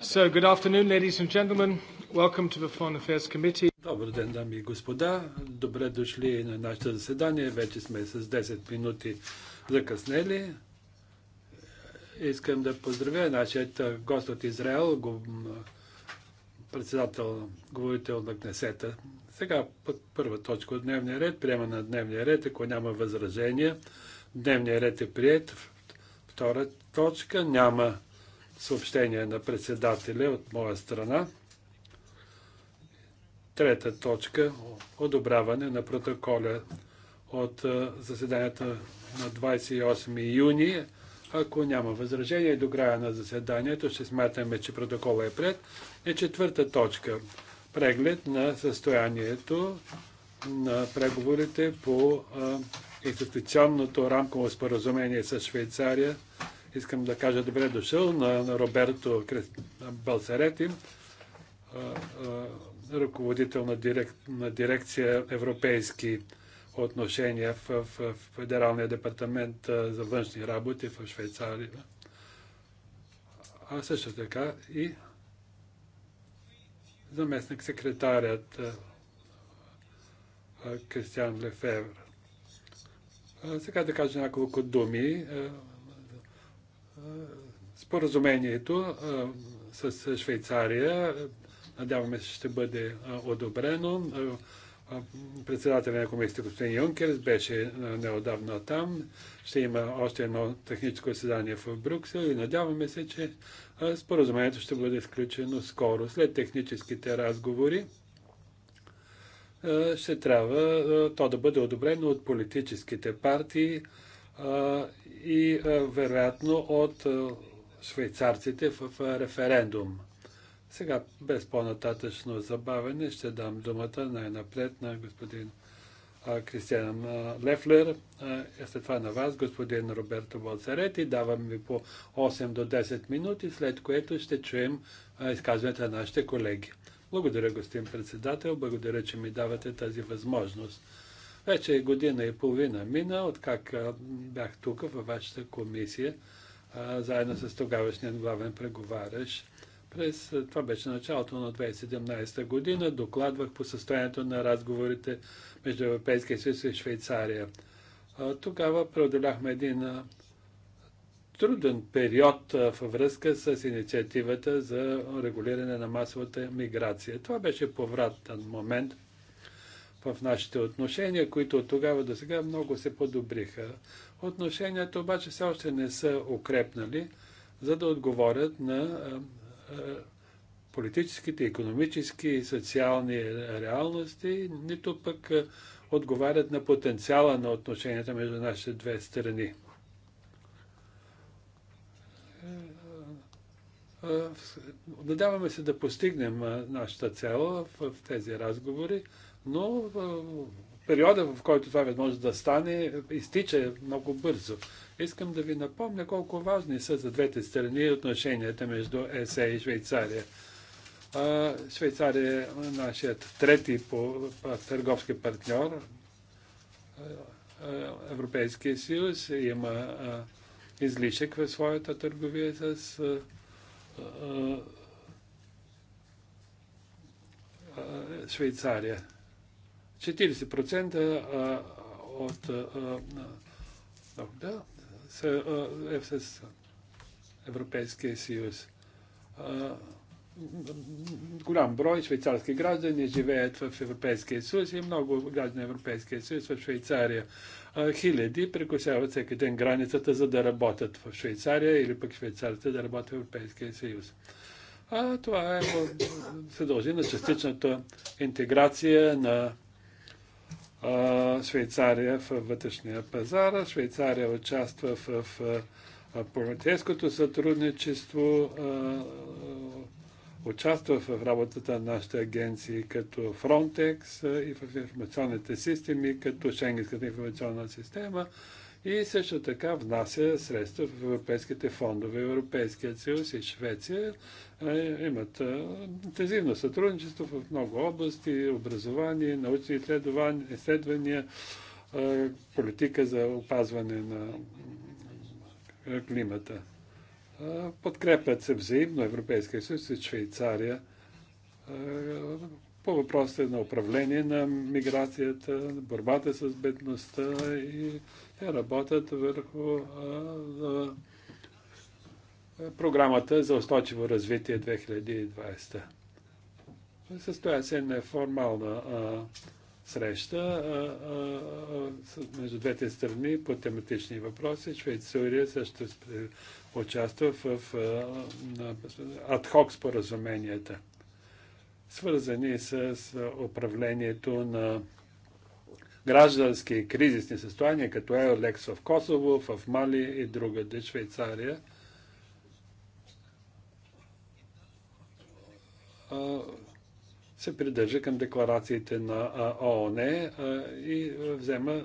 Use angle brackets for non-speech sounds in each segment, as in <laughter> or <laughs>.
So, good afternoon, ladies and gentlemen. Welcome to the Foreign Affairs Committee. Добър ден, дами и господа. Добре дошли на нашето заседание. Вече сме с 10 минути закъснели. Искам да поздравя нашият гост от Израел, председател, говорител на Кнесета. Сега първа точка от дневния ред, приема на дневния ред, ако няма възражения. Дневния ред е прият. Втора точка няма съобщение на председателя от моя страна. Трета точка – одобряване на протоколя от заседанието на 28 юни. Ако няма възражение до края на заседанието, ще смятаме, че протокола е пред. И четвърта точка – преглед на състоянието на преговорите по институционното рамково споразумение с Швейцария – Искам да кажа добре дошъл на, на Роберто Балсарети, ръководител на, дирек, на дирекция Европейски отношения в, в, в Федералния департамент за външни работи в Швейцария. А също така и заместник секретарят Кристиан Лефевр. Сега да кажа няколко думи Споразумението с Швейцария, надяваме се, ще бъде одобрено. Председателя на комисията господин Юнкерс беше неодавна там. Ще има още едно техническо заседание в Брюксел и надяваме се, че споразумението ще бъде изключено скоро. След техническите разговори ще трябва то да бъде одобрено от политическите партии и вероятно от швейцарците в референдум. Сега, без по-нататъчно забавене, ще дам думата най-напред на господин Кристиан Лефлер, е след това на вас, господин Роберто Болцарет и давам ви по 8 до 10 минути, след което ще чуем изказването на нашите колеги. Благодаря, господин председател, благодаря, че ми давате тази възможност. Вече е година и половина мина, откак бях тук във вашата комисия, заедно с тогавашният главен преговарящ. През, това беше началото на 2017 година. Докладвах по състоянието на разговорите между Европейския съюз и Швейцария. Тогава преодоляхме един труден период във връзка с инициативата за регулиране на масовата миграция. Това беше повратен момент – в нашите отношения, които от тогава до сега много се подобриха. Отношенията обаче все още не са укрепнали, за да отговорят на политическите, економически и социални реалности, нито пък отговарят на потенциала на отношенията между нашите две страни. Надяваме се да постигнем нашата цел в тези разговори но периода, в който това може да стане, изтича много бързо. Искам да ви напомня колко важни са за двете страни отношенията между ЕСЕ и Швейцария. Швейцария е нашият трети по търговски партньор. Европейския съюз има излишък в своята търговия с Швейцария. 40% от да, е с Европейския съюз. Голям брой швейцарски граждани живеят в Европейския съюз и много граждани Европейския съюз в Швейцария. Хиляди прекусяват всеки ден границата, за да работят в Швейцария или пък швейцарите да работят в Европейския съюз. А това е, се дължи на частичната интеграция на Швейцария в вътрешния пазар. Швейцария участва в, полицейското сътрудничество, участва в работата на нашите агенции като Frontex и в информационните системи, като Шенгенската информационна система и също така внася средства в европейските фондове. Европейският съюз и Швеция имат интензивно сътрудничество в много области, образование, научни изследвания, политика за опазване на климата. Подкрепят се взаимно Европейския съюз и Швейцария по въпросите на управление на миграцията, борбата с бедността и те работят върху а, а, програмата за устойчиво развитие 2020. Състоя се неформална а, среща а, между двете страни по тематични въпроси. Швейцария също е, участва в адхок споразуменията, свързани с управлението на граждански кризисни състояния, като Еолекс в Косово, в Мали и друга, де Швейцария. се придържа към декларациите на ООН и взема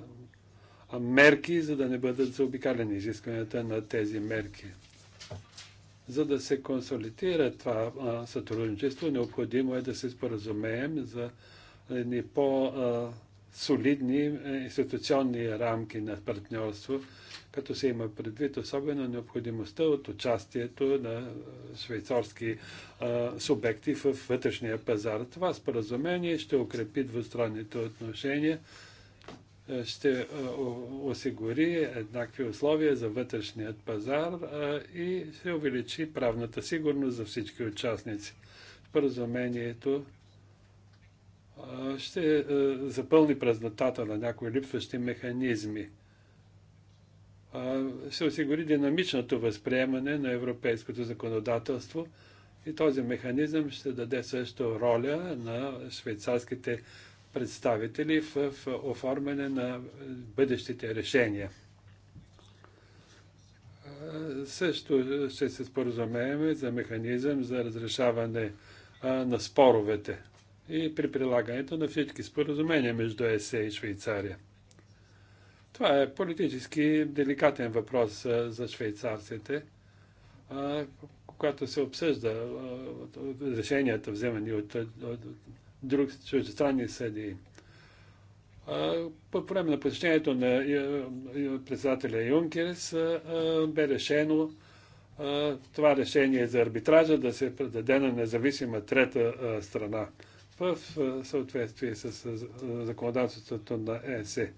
мерки, за да не бъдат заобикалени изискванията на тези мерки. За да се консолидира това сътрудничество, необходимо е да се споразумеем за едни по- солидни е, институционни рамки на партньорство, като се има предвид особено необходимостта от участието на е, швейцарски е, субекти в вътрешния пазар. Това споразумение ще укрепи двустранните отношения, ще осигури еднакви условия за вътрешният пазар и ще увеличи правната сигурност за всички участници. Споразумението ще е, запълни празнатата на някои липсващи механизми. Ще осигури динамичното възприемане на европейското законодателство и този механизъм ще даде също роля на швейцарските представители в оформяне на бъдещите решения. Също ще се споразумеем за механизъм за разрешаване на споровете и при прилагането на всички споразумения между ЕСЕ и Швейцария. Това е политически деликатен въпрос за швейцарците, когато се обсъжда решенията, вземани от, друг чуждестранни съдии. По време на посещението на председателя Юнкерс бе решено това решение за арбитража да се предаде на независима трета страна в съответствие с законодателството на ЕСЕ.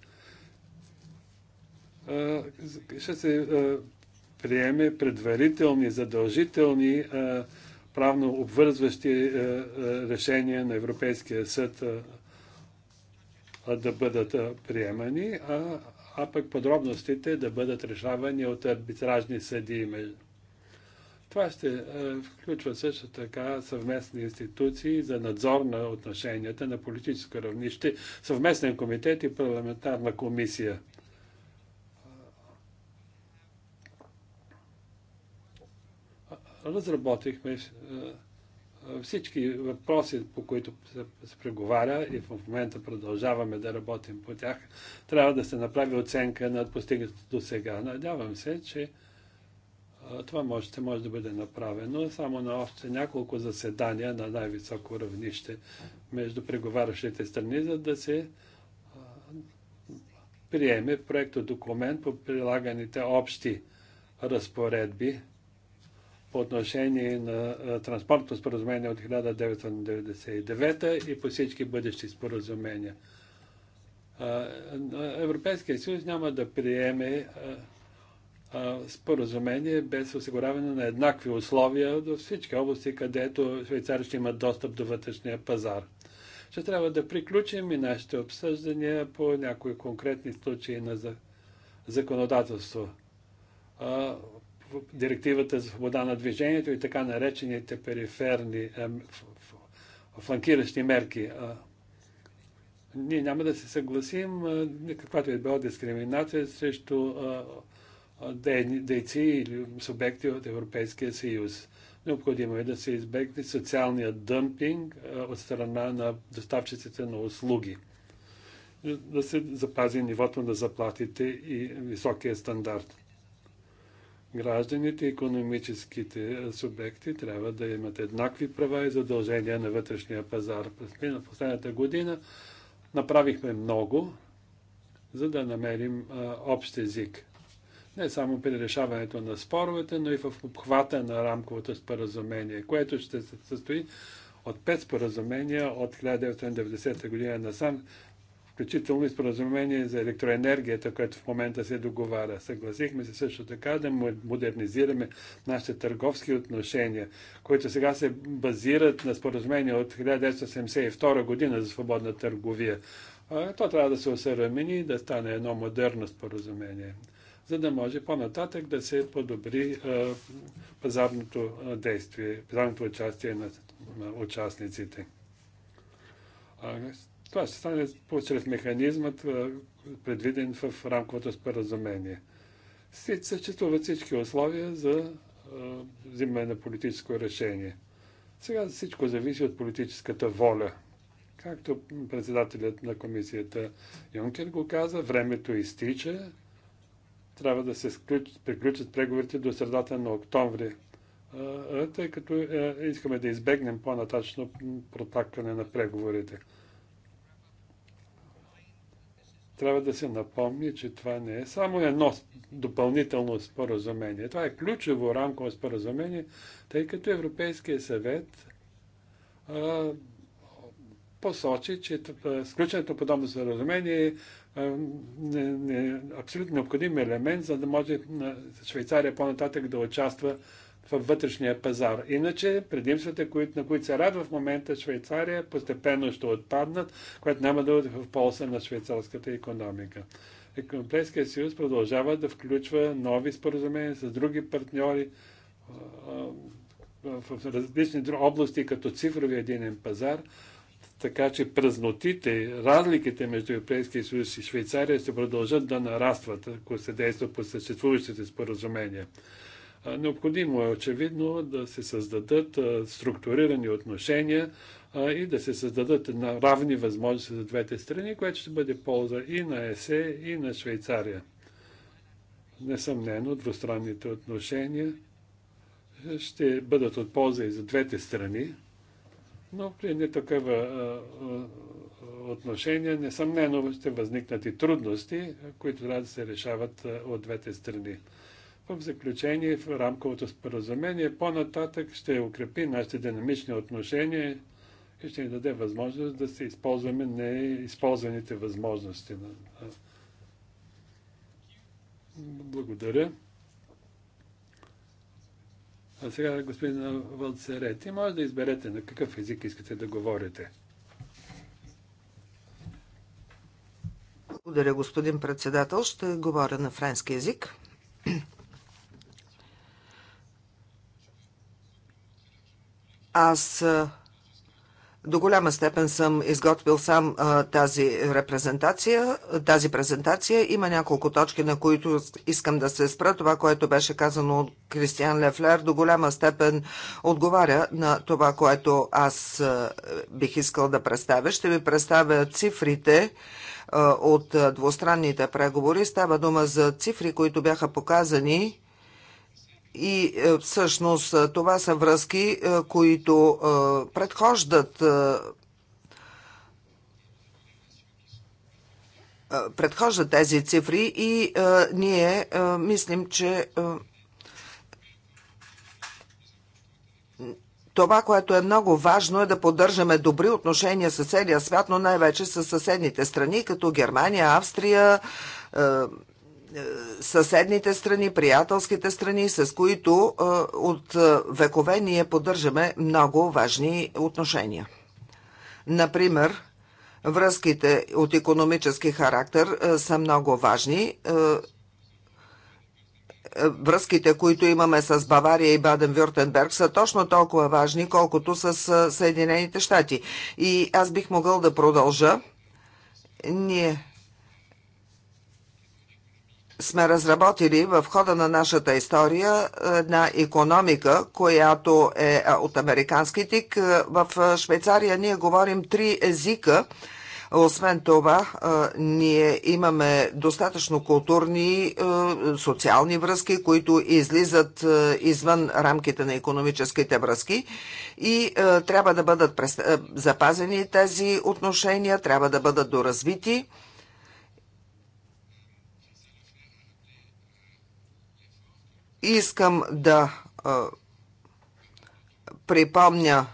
Ще се приеме предварителни, задължителни, правно обвързващи решения на Европейския съд да бъдат приемани, а, а пък подробностите да бъдат решавани от арбитражни съдии това ще е, включва също така съвместни институции за надзор на отношенията на политическо равнище, съвместен комитет и парламентарна комисия. Разработихме е, всички въпроси, по които се преговаря и в момента продължаваме да работим по тях. Трябва да се направи оценка на постигнатото до сега. Надявам се, че това може, може да бъде направено само на още няколко заседания на най-високо равнище между преговарящите страни, за да се приеме проекто документ по прилаганите общи разпоредби по отношение на транспортното споразумение от 1999 и по всички бъдещи споразумения. Европейския съюз няма да приеме споразумение без осигуряване на еднакви условия до всички области, където швейцари ще имат достъп до вътрешния пазар. Ще трябва да приключим и нашите обсъждания по някои конкретни случаи на законодателство. Директивата за свобода на движението и така наречените периферни фланкиращи мерки. Ние няма да се съгласим каквато е била дискриминация срещу дейци е или субекти от Европейския съюз. Необходимо е да се избегне социалния дъмпинг от страна на доставчиците на услуги. Да се запази нивото на заплатите и високия стандарт. Гражданите и економическите субекти трябва да имат еднакви права и задължения на вътрешния пазар. През последната година направихме много, за да намерим общ език не само при решаването на споровете, но и в обхвата на рамковото споразумение, което ще се състои от пет споразумения от 1990 година насам, включително и споразумение за електроенергията, което в момента се договаря. Съгласихме се също така да модернизираме нашите търговски отношения, които сега се базират на споразумение от 1972 година за свободна търговия. То трябва да се осъвремени и да стане едно модерно споразумение за да може по-нататък да се подобри е, пазарното е, действие, пазарното участие на участниците. Това ще стане чрез механизмът, е, предвиден в рамковото споразумение. Съществуват всички условия за взимане на политическо решение. Сега всичко зависи от политическата воля. Както председателят на комисията Юнкер го каза, времето изтича, трябва да се приключат преговорите до средата на октомври, тъй като е, е, искаме да избегнем по-нататъчно протакане на преговорите. Трябва да се напомни, че това не е само едно допълнително споразумение. Това е ключово рамково споразумение, тъй като Европейския съвет посочи, че сключването подобно споразумение е, не, не, абсолютно необходим елемент, за да може Швейцария по-нататък да участва в вътрешния пазар. Иначе предимствата, на които се радва в момента Швейцария, постепенно ще отпаднат, което няма да бъде в полза на швейцарската економика. Европейския съюз продължава да включва нови споразумения с други партньори е, е, в различни области, като цифрови единен пазар, така че празнотите, разликите между Европейския съюз и Швейцария ще продължат да нарастват, ако се действа по съществуващите споразумения. Необходимо е очевидно да се създадат структурирани отношения и да се създадат равни възможности за двете страни, което ще бъде полза и на ЕСЕ, и на Швейцария. Несъмнено, двустранните отношения ще бъдат от полза и за двете страни но при едни такива отношения несъмнено ще възникнат и трудности, които трябва да се решават от двете страни. В заключение, в рамковото споразумение по-нататък ще укрепи нашите динамични отношения и ще ни даде възможност да се използваме неизползваните възможности. Благодаря. А сега, господин и може да изберете на какъв език искате да говорите. Благодаря, господин председател. Ще говоря на френски език. Аз до голяма степен съм изготвил сам а, тази репрезентация, тази презентация. Има няколко точки, на които искам да се спра. Това, което беше казано от Кристиан Лефлер, до голяма степен отговаря на това, което аз а, бих искал да представя. Ще ви представя цифрите а, от двустранните преговори. Става дума за цифри, които бяха показани и е, всъщност е, това са връзки, е, които предхождат предхождат тези цифри и ние мислим, че Това, което е много важно е да поддържаме добри отношения с целия свят, но най-вече с съседните страни, като Германия, Австрия, е, съседните страни, приятелските страни, с които е, от е, векове ние поддържаме много важни отношения. Например, връзките от економически характер са много важни. Връзките, които имаме с Бавария и Баден-Вюртенберг са точно толкова важни, колкото с Съединените щати. И аз бих могъл да продължа. Ние сме разработили в хода на нашата история е, една економика, която е, е от американски тик. Е, в Швейцария ние говорим три езика. Освен това, ние имаме достатъчно културни, социални връзки, които излизат извън рамките на економическите връзки и трябва да бъдат запазени тези отношения, трябва да бъдат доразвити. Искам да припомня,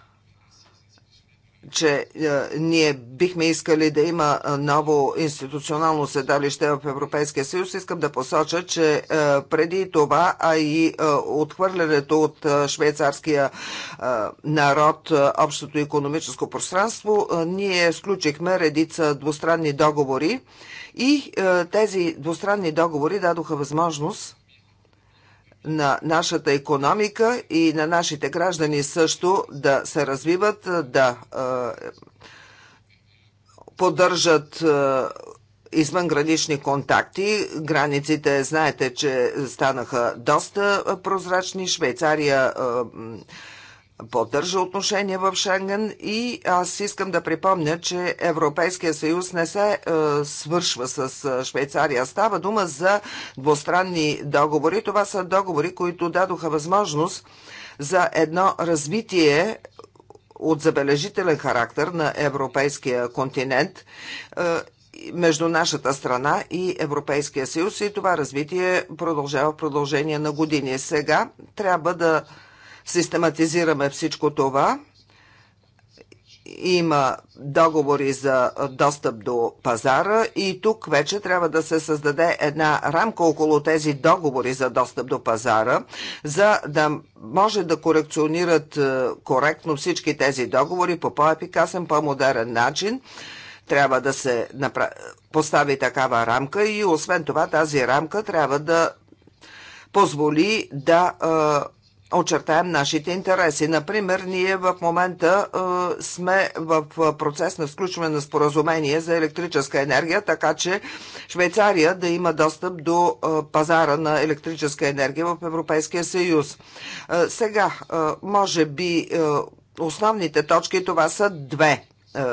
че а, ние бихме искали да има ново институционално седалище в Европейския съюз. Искам да посоча, че а, преди това, а и а, отхвърлянето от а, швейцарския а, народ, а, общото економическо пространство, а, ние сключихме редица двустранни договори и а, тези двустранни договори дадоха възможност на нашата економика и на нашите граждани също да се развиват, да е, поддържат е, извънгранични контакти. Границите, знаете, че станаха доста е, прозрачни. Швейцария поддържа отношения в Шенген и аз искам да припомня, че Европейския съюз не се е, свършва с е, Швейцария. Става дума за двустранни договори. Това са договори, които дадоха възможност за едно развитие от забележителен характер на европейския континент е, между нашата страна и Европейския съюз и това развитие продължава в продължение на години. Сега трябва да систематизираме всичко това. Има договори за достъп до пазара и тук вече трябва да се създаде една рамка около тези договори за достъп до пазара, за да може да корекционират е, коректно всички тези договори по по-ефикасен, по-модерен начин трябва да се постави такава рамка и освен това тази рамка трябва да позволи да е, очертаем нашите интереси. Например, ние в момента е, сме в е, процес на включване на споразумение за електрическа енергия, така че Швейцария да има достъп до е, пазара на електрическа енергия в Европейския съюз. Е, сега, е, може би, е, основните точки това са две. Е,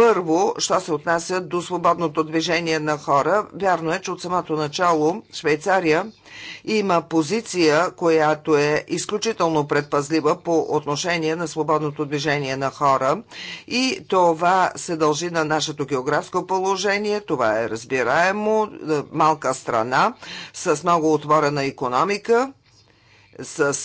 първо, що се отнася до свободното движение на хора, вярно е, че от самото начало Швейцария има позиция, която е изключително предпазлива по отношение на свободното движение на хора и това се дължи на нашето географско положение, това е разбираемо, малка страна с много отворена економика, с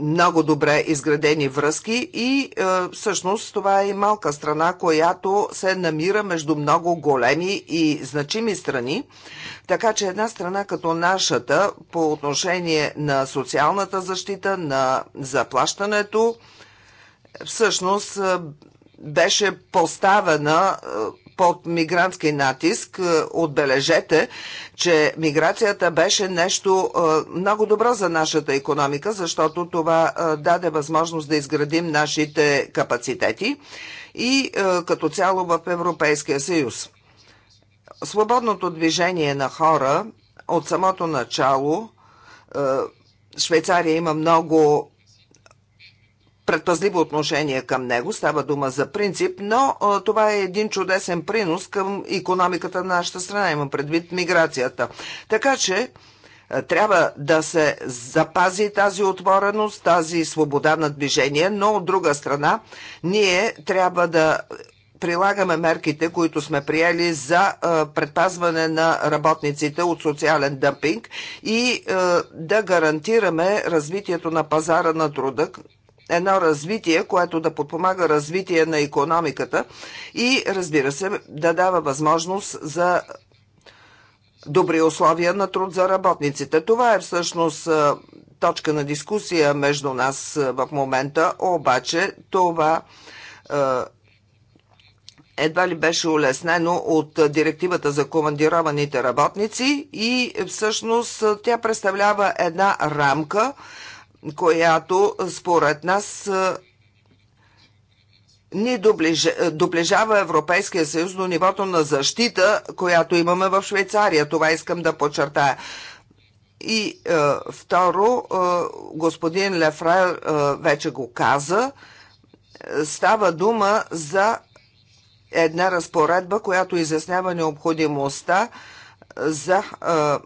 много добре изградени връзки и е, всъщност това е и малка страна, която се намира между много големи и значими страни. Така че една страна като нашата по отношение на социалната защита, на заплащането, всъщност е, беше поставена е, под мигрантски натиск. Е, отбележете, че миграцията беше нещо е, много добро за нашата економика, защото това е, даде възможност да изградим нашите капацитети и като цяло в Европейския съюз. Свободното движение на хора от самото начало Швейцария има много предпазливо отношение към него. Става дума за принцип, но това е един чудесен принос към економиката на нашата страна. Имам предвид миграцията. Така че трябва да се запази тази отвореност, тази свобода на движение, но от друга страна ние трябва да прилагаме мерките, които сме приели за предпазване на работниците от социален дъмпинг и да гарантираме развитието на пазара на труда, едно развитие, което да подпомага развитие на економиката и, разбира се, да дава възможност за добри условия на труд за работниците. Това е всъщност точка на дискусия между нас в момента, обаче това едва ли беше улеснено от директивата за командированите работници и всъщност тя представлява една рамка, която според нас ни доближава Европейския съюз до нивото на защита, която имаме в Швейцария. Това искам да подчертая. И е, второ, е, господин Лефрайл е, вече го каза, става дума за една разпоредба, която изяснява необходимостта за е,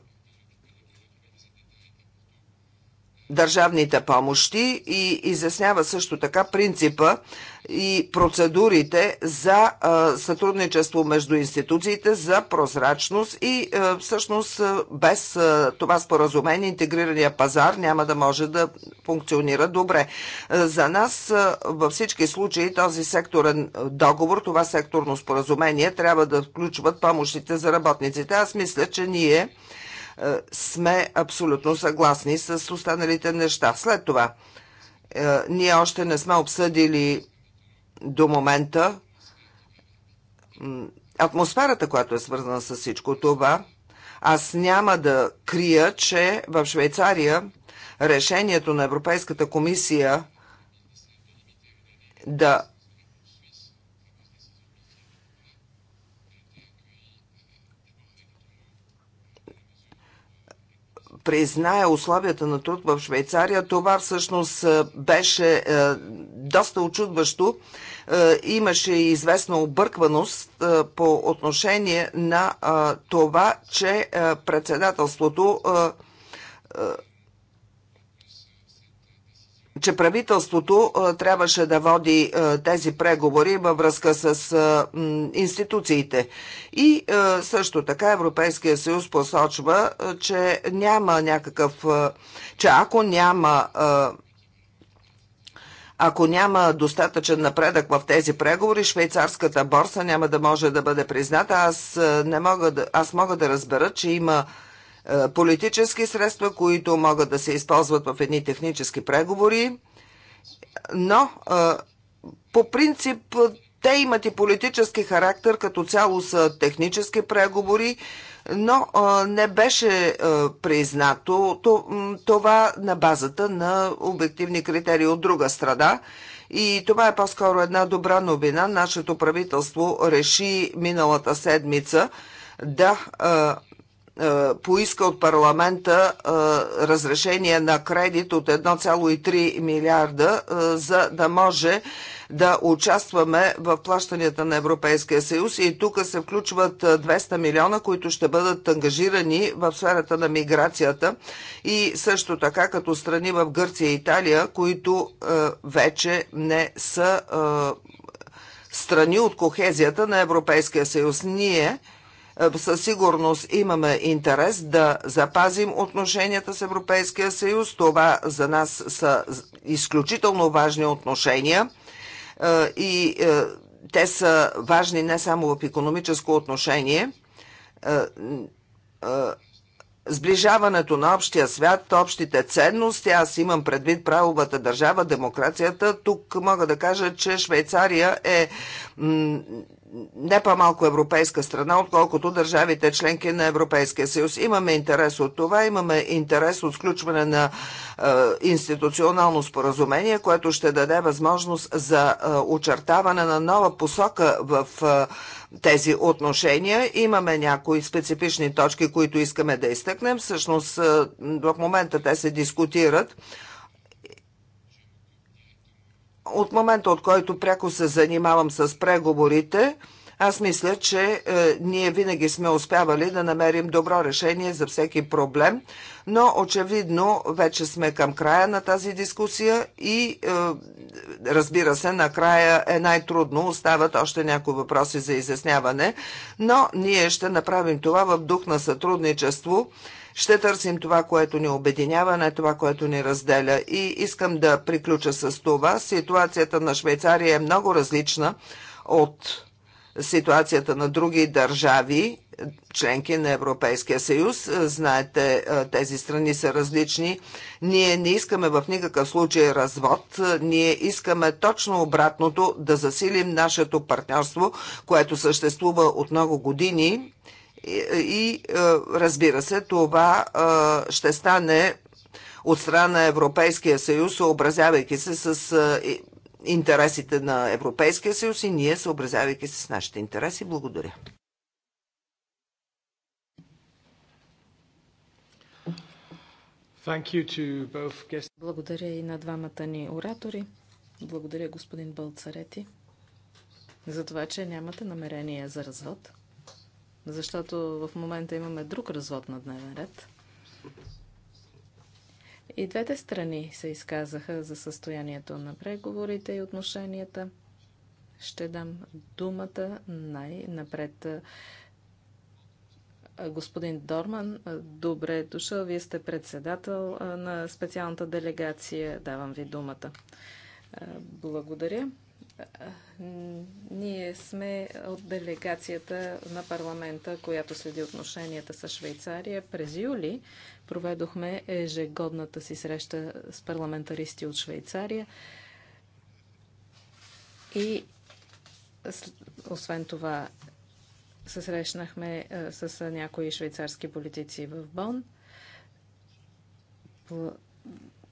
държавните помощи и изяснява също така принципа и процедурите за сътрудничество между институциите за прозрачност и всъщност без това споразумение интегрирания пазар няма да може да функционира добре. За нас във всички случаи този секторен договор, това секторно споразумение трябва да включват помощите за работниците. Аз мисля, че ние е, сме абсолютно съгласни с останалите неща. След това, е, ние още не сме обсъдили до момента атмосферата, която е свързана с всичко това. Аз няма да крия, че в Швейцария решението на Европейската комисия да призная условията на труд в Швейцария, това всъщност е, беше е, доста очудващо. Е, имаше и известна объркваност по отношение на това, че председателството че правителството трябваше да води тези преговори във връзка с институциите. И също така Европейския съюз посочва, че няма някакъв, че ако няма ако няма достатъчен напредък в тези преговори, швейцарската борса няма да може да бъде призната. Аз, не мога да, аз мога да разбера, че има е, политически средства, които могат да се използват в едни технически преговори, но е, по принцип е, те имат и политически характер, като цяло са технически преговори, но не беше признато това на базата на обективни критерии от друга страда, И това е по-скоро една добра новина. Нашето правителство реши миналата седмица да е, поиска от парламента е, разрешение на кредит от 1,3 милиарда, е, за да може да участваме в плащанията на Европейския съюз и тук се включват 200 милиона, които ще бъдат ангажирани в сферата на миграцията и също така като страни в Гърция и Италия, които вече не са страни от кохезията на Европейския съюз. Ние е, със сигурност имаме интерес да запазим отношенията с Европейския съюз. Това за нас са изключително важни отношения е, и е, те са важни не само в економическо отношение. Сближаването на общия свят, общите ценности, аз имам предвид правовата държава, демокрацията, тук мога да кажа, че Швейцария е не по-малко европейска страна, отколкото държавите членки на Европейския съюз. Имаме интерес от това, имаме интерес от включване на е, институционално споразумение, което ще даде възможност за е, очертаване на нова посока в е, тези отношения. Имаме някои специфични точки, които искаме да изтъкнем. Всъщност е, в момента те се дискутират от момента, от който пряко се занимавам с преговорите, аз мисля, че е, ние винаги сме успявали да намерим добро решение за всеки проблем, но очевидно вече сме към края на тази дискусия и е, разбира се, накрая е най-трудно, остават още някои въпроси за изясняване, но ние ще направим това в дух на сътрудничество ще търсим това, което ни обединява, не това, което ни разделя. И искам да приключа с това. Ситуацията на Швейцария е много различна от ситуацията на други държави, членки на Европейския съюз. Знаете, тези страни са различни. Ние не искаме в никакъв случай развод. Ние искаме точно обратното да засилим нашето партньорство, което съществува от много години и, е, разбира се, това е, ще стане от страна на Европейския съюз, съобразявайки се с е, интересите на Европейския съюз и ние съобразявайки се с нашите интереси. Благодаря. Благодаря и на двамата ни оратори. Благодаря господин Бълцарети за това, че нямате намерение за развод защото в момента имаме друг развод на дневен ред. И двете страни се изказаха за състоянието на преговорите и отношенията. Ще дам думата най-напред господин Дорман. Добре е дошъл. Вие сте председател на специалната делегация. Давам ви думата. Благодаря. Ние сме от делегацията на парламента, която следи отношенията с Швейцария. През юли проведохме ежегодната си среща с парламентаристи от Швейцария. И освен това се срещнахме с някои швейцарски политици в Бон.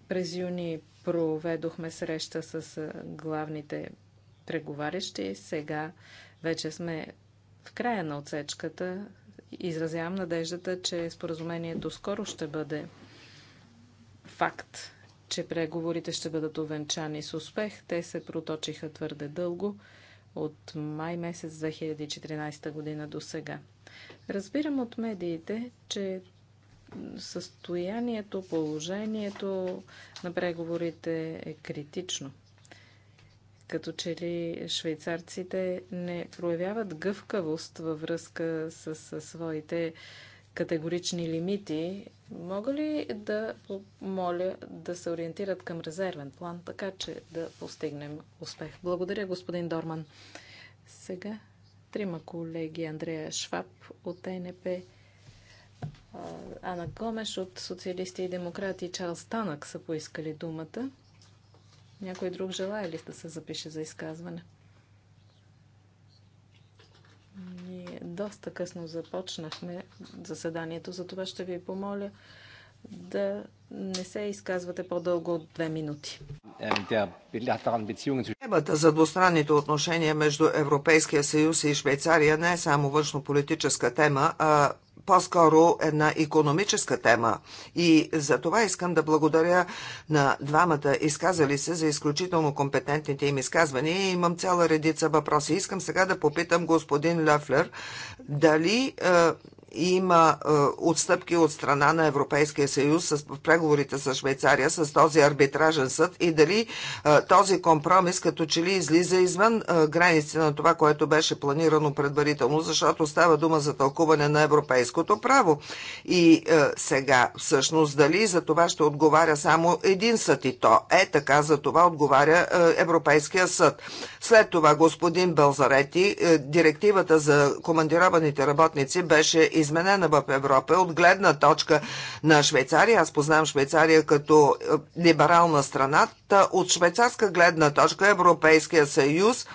През юни проведохме среща с главните преговарящи. Сега вече сме в края на отсечката. Изразявам надеждата, че споразумението скоро ще бъде факт, че преговорите ще бъдат увенчани с успех. Те се проточиха твърде дълго от май месец 2014 година до сега. Разбирам от медиите, че състоянието, положението на преговорите е критично – като че ли швейцарците не проявяват гъвкавост във връзка с, с своите категорични лимити, мога ли да моля да се ориентират към резервен план, така че да постигнем успех? Благодаря, господин Дорман. Сега трима колеги Андрея Шваб от НП, Ана Гомеш от Социалисти и Демократи и Чарлз Танък са поискали думата. Някой друг желая ли да се запише за изказване? Ние доста късно започнахме заседанието, затова ще ви помоля да не се изказвате по-дълго от две минути. Äh, Темата за двустранните отношения между Европейския съюз и Швейцария не е само външно-политическа тема, а по-скоро една економическа тема. И за това искам да благодаря на двамата изказали се за изключително компетентните им изказвания. И имам цяла редица въпроси. Искам сега да попитам господин Лефлер дали е, има е, отстъпки от страна на Европейския съюз с, в преговорите с Швейцария с този арбитражен съд и дали е, този компромис като че ли излиза извън е, границите на това, което беше планирано предварително, защото става дума за тълкуване на европейското право. И е, сега всъщност дали за това ще отговаря само един съд и то е така, за това отговаря е, Европейския съд. След това господин Белзарети, е, директивата за командированите работници беше изменена в Европа. От гледна точка на Швейцария, аз познавам Швейцария като е, либерална страна, от швейцарска гледна точка Европейския съюз –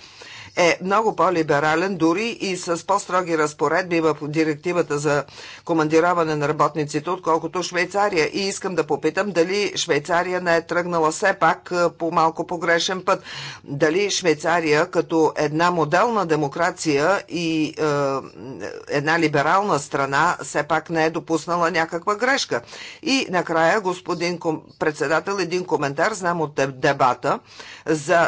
е много по-либерален, дори и с по-строги разпоредби в директивата за командираване на работниците, отколкото Швейцария. И искам да попитам дали Швейцария не е тръгнала все пак е, по малко погрешен път. Дали Швейцария като една моделна демокрация и е, една либерална страна все пак не е допуснала някаква грешка. И накрая, господин председател, един коментар, знам от дебата за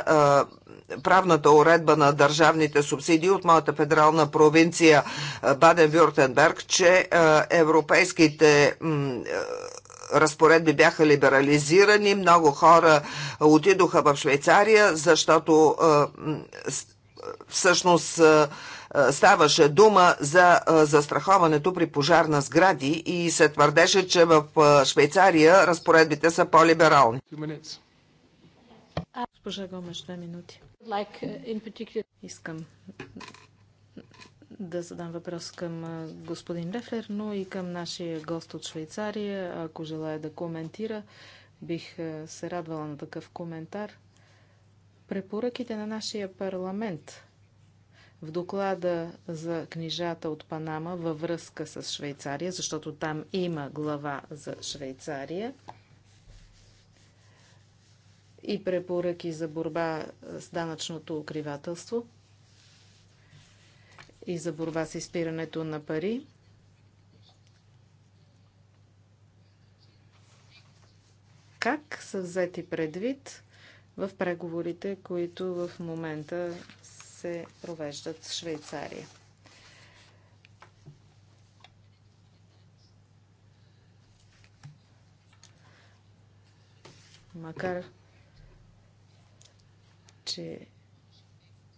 е, правната уредба на държавните субсидии от моята федерална провинция е, Баден-Вюртенберг, че е, европейските е, разпоредби бяха либерализирани, много хора отидоха в Швейцария, защото всъщност ставаше дума за застраховането при пожар на сгради и се твърдеше, че в Швейцария разпоредбите са по-либерални. Госпожа Гомеш, две минути. Uh, Искам да задам въпрос към господин Лефлер, но и към нашия гост от Швейцария. Ако желая да коментира, бих се радвала на такъв коментар. Препоръките на нашия парламент в доклада за книжата от Панама във връзка с Швейцария, защото там има глава за Швейцария – и препоръки за борба с данъчното укривателство и за борба с изпирането на пари. Как са взети предвид в преговорите, които в момента се провеждат в Швейцария? Макар че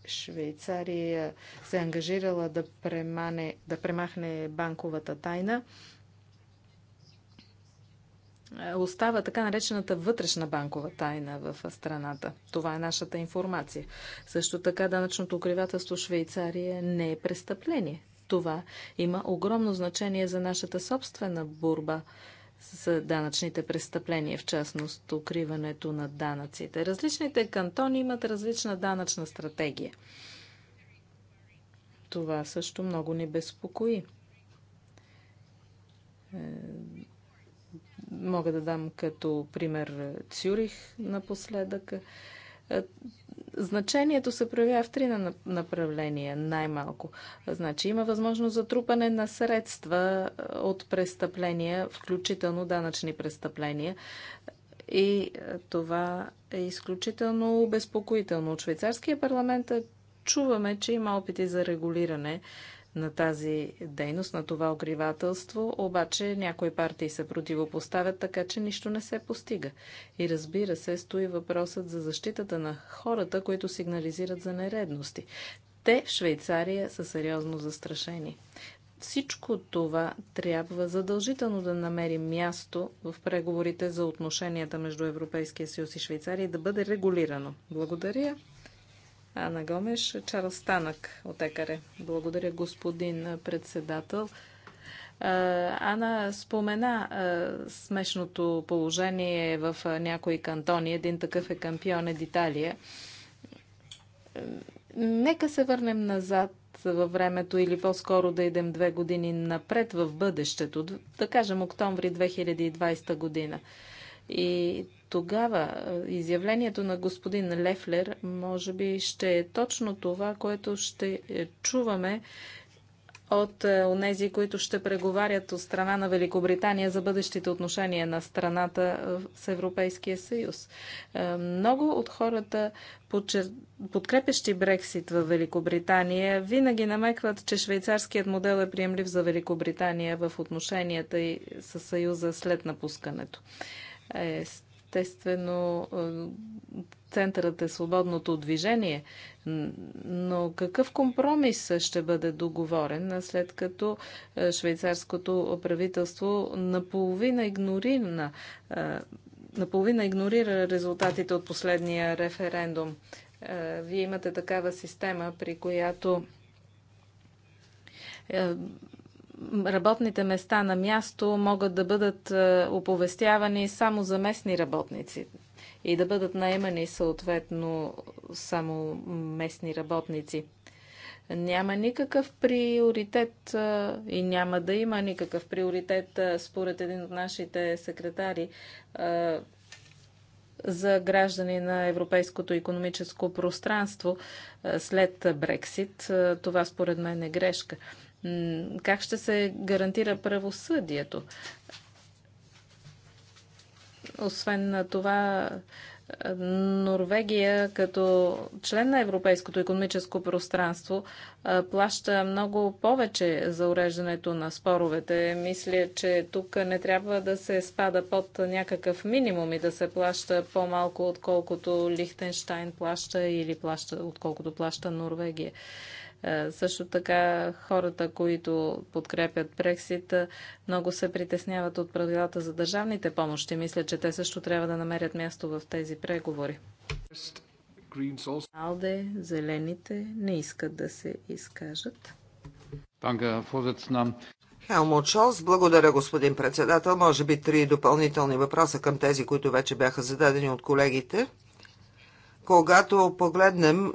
Швейцария се е ангажирала да, премане, да премахне банковата тайна, остава така наречената вътрешна банкова тайна в страната. Това е нашата информация. Също така данъчното укривателство в Швейцария не е престъпление. Това има огромно значение за нашата собствена борба с данъчните престъпления, в частност укриването на данъците. Различните кантони имат различна данъчна стратегия. Това също много ни безпокои. Е, мога да дам като пример Цюрих напоследък. Е, Значението се проявява в три направления, най-малко. Значи има възможност за трупане на средства от престъпления, включително данъчни престъпления. И това е изключително обезпокоително. От швейцарския парламент чуваме, че има опити за регулиране на тази дейност, на това огривателство, обаче някои партии се противопоставят, така че нищо не се постига. И разбира се, стои въпросът за защитата на хората, които сигнализират за нередности. Те в Швейцария са сериозно застрашени. Всичко това трябва задължително да намери място в преговорите за отношенията между Европейския съюз и Швейцария и да бъде регулирано. Благодаря. Ана Гомеш, Чарлз Станък от Екаре. Благодаря, господин председател. Ана спомена смешното положение в някои кантони. Един такъв е кампион Италия. Нека се върнем назад във времето или по-скоро да идем две години напред в бъдещето, да кажем октомври 2020 година. И тогава е, изявлението на господин Лефлер може би ще е точно това, което ще е, чуваме от е, онези, които ще преговарят от страна на Великобритания за бъдещите отношения на страната с Европейския съюз. Много от хората, подкрепящи Брексит в Великобритания, винаги намекват, че швейцарският модел е приемлив за Великобритания в отношенията и със съюза след напускането. Естествено, е, центърът е свободното движение, но какъв компромис ще бъде договорен, след като е, швейцарското правителство наполовина игнорира, е, наполовина игнорира резултатите от последния референдум? Вие имате такава система, при която работните места на място могат да бъдат е, оповестявани само за местни работници и да бъдат наемани съответно само местни работници. Няма никакъв приоритет е, и няма да има никакъв приоритет, е, според един от нашите секретари, за граждани на Европейското економическо пространство след Брексит. Това според мен е грешка. Как ще се гарантира правосъдието? Освен на това, Норвегия като член на Европейското економическо пространство плаща много повече за уреждането на споровете. Мисля, че тук не трябва да се спада под някакъв минимум и да се плаща по-малко, отколкото Лихтенштайн плаща или плаща, отколкото плаща Норвегия. Е, също така хората, които подкрепят Брексит, е, много се притесняват от правилата за държавните помощи. Мисля, че те също трябва да намерят място в тези преговори. Алде, зелените не искат да се изкажат. Хелмут Шолс, благодаря господин председател. Може би три допълнителни въпроса към тези, които вече бяха зададени от колегите. Когато погледнем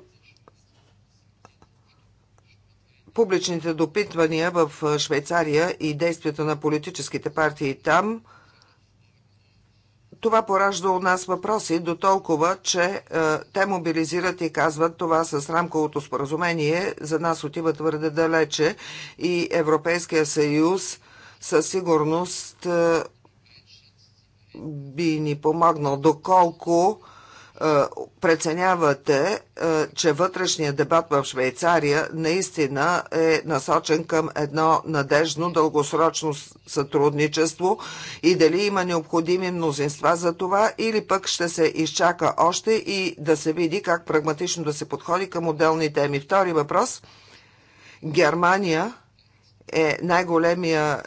публичните допитвания в е, Швейцария и действията на политическите партии там, това поражда у нас въпроси до толкова, че е, те мобилизират и казват това с рамковото споразумение. За нас отива твърде далече и Европейския съюз със сигурност е, би ни помогнал доколко е, е, преценявате, е, че вътрешният дебат в Швейцария наистина е насочен към едно надежно дългосрочно сътрудничество и дали има необходими мнозинства за това или пък ще се изчака още и да се види как прагматично да се подходи към отделни теми. Втори въпрос. Германия е най-големия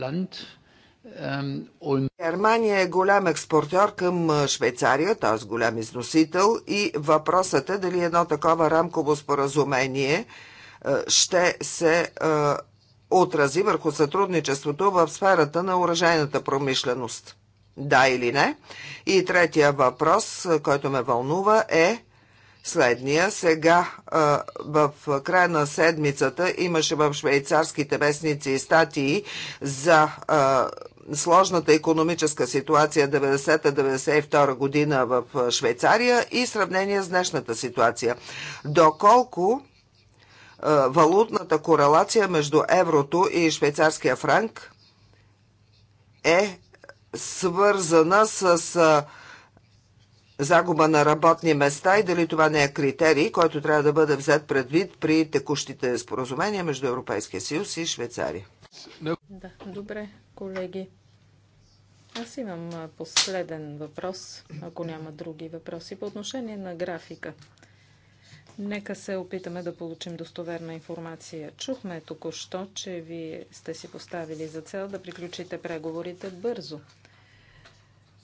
Land Германия е голям експортьор към Швейцария, т.е. голям износител и въпросът е дали едно такова рамково споразумение е, ще се е, отрази върху сътрудничеството в сферата на уражайната промишленост. Да или не? И третия въпрос, е, който ме вълнува е следния. Сега в края на седмицата имаше в швейцарските вестници статии за сложната економическа ситуация 90-92 година в Швейцария и сравнение с днешната ситуация. Доколко валутната корелация между еврото и швейцарския франк е свързана с загуба на работни места и дали това не е критерий, който трябва да бъде взет предвид при текущите споразумения между Европейския съюз и Швейцария. Да, добре колеги. Аз имам последен въпрос, ако няма други въпроси, по отношение на графика. Нека се опитаме да получим достоверна информация. Чухме току-що, че вие сте си поставили за цел да приключите преговорите бързо.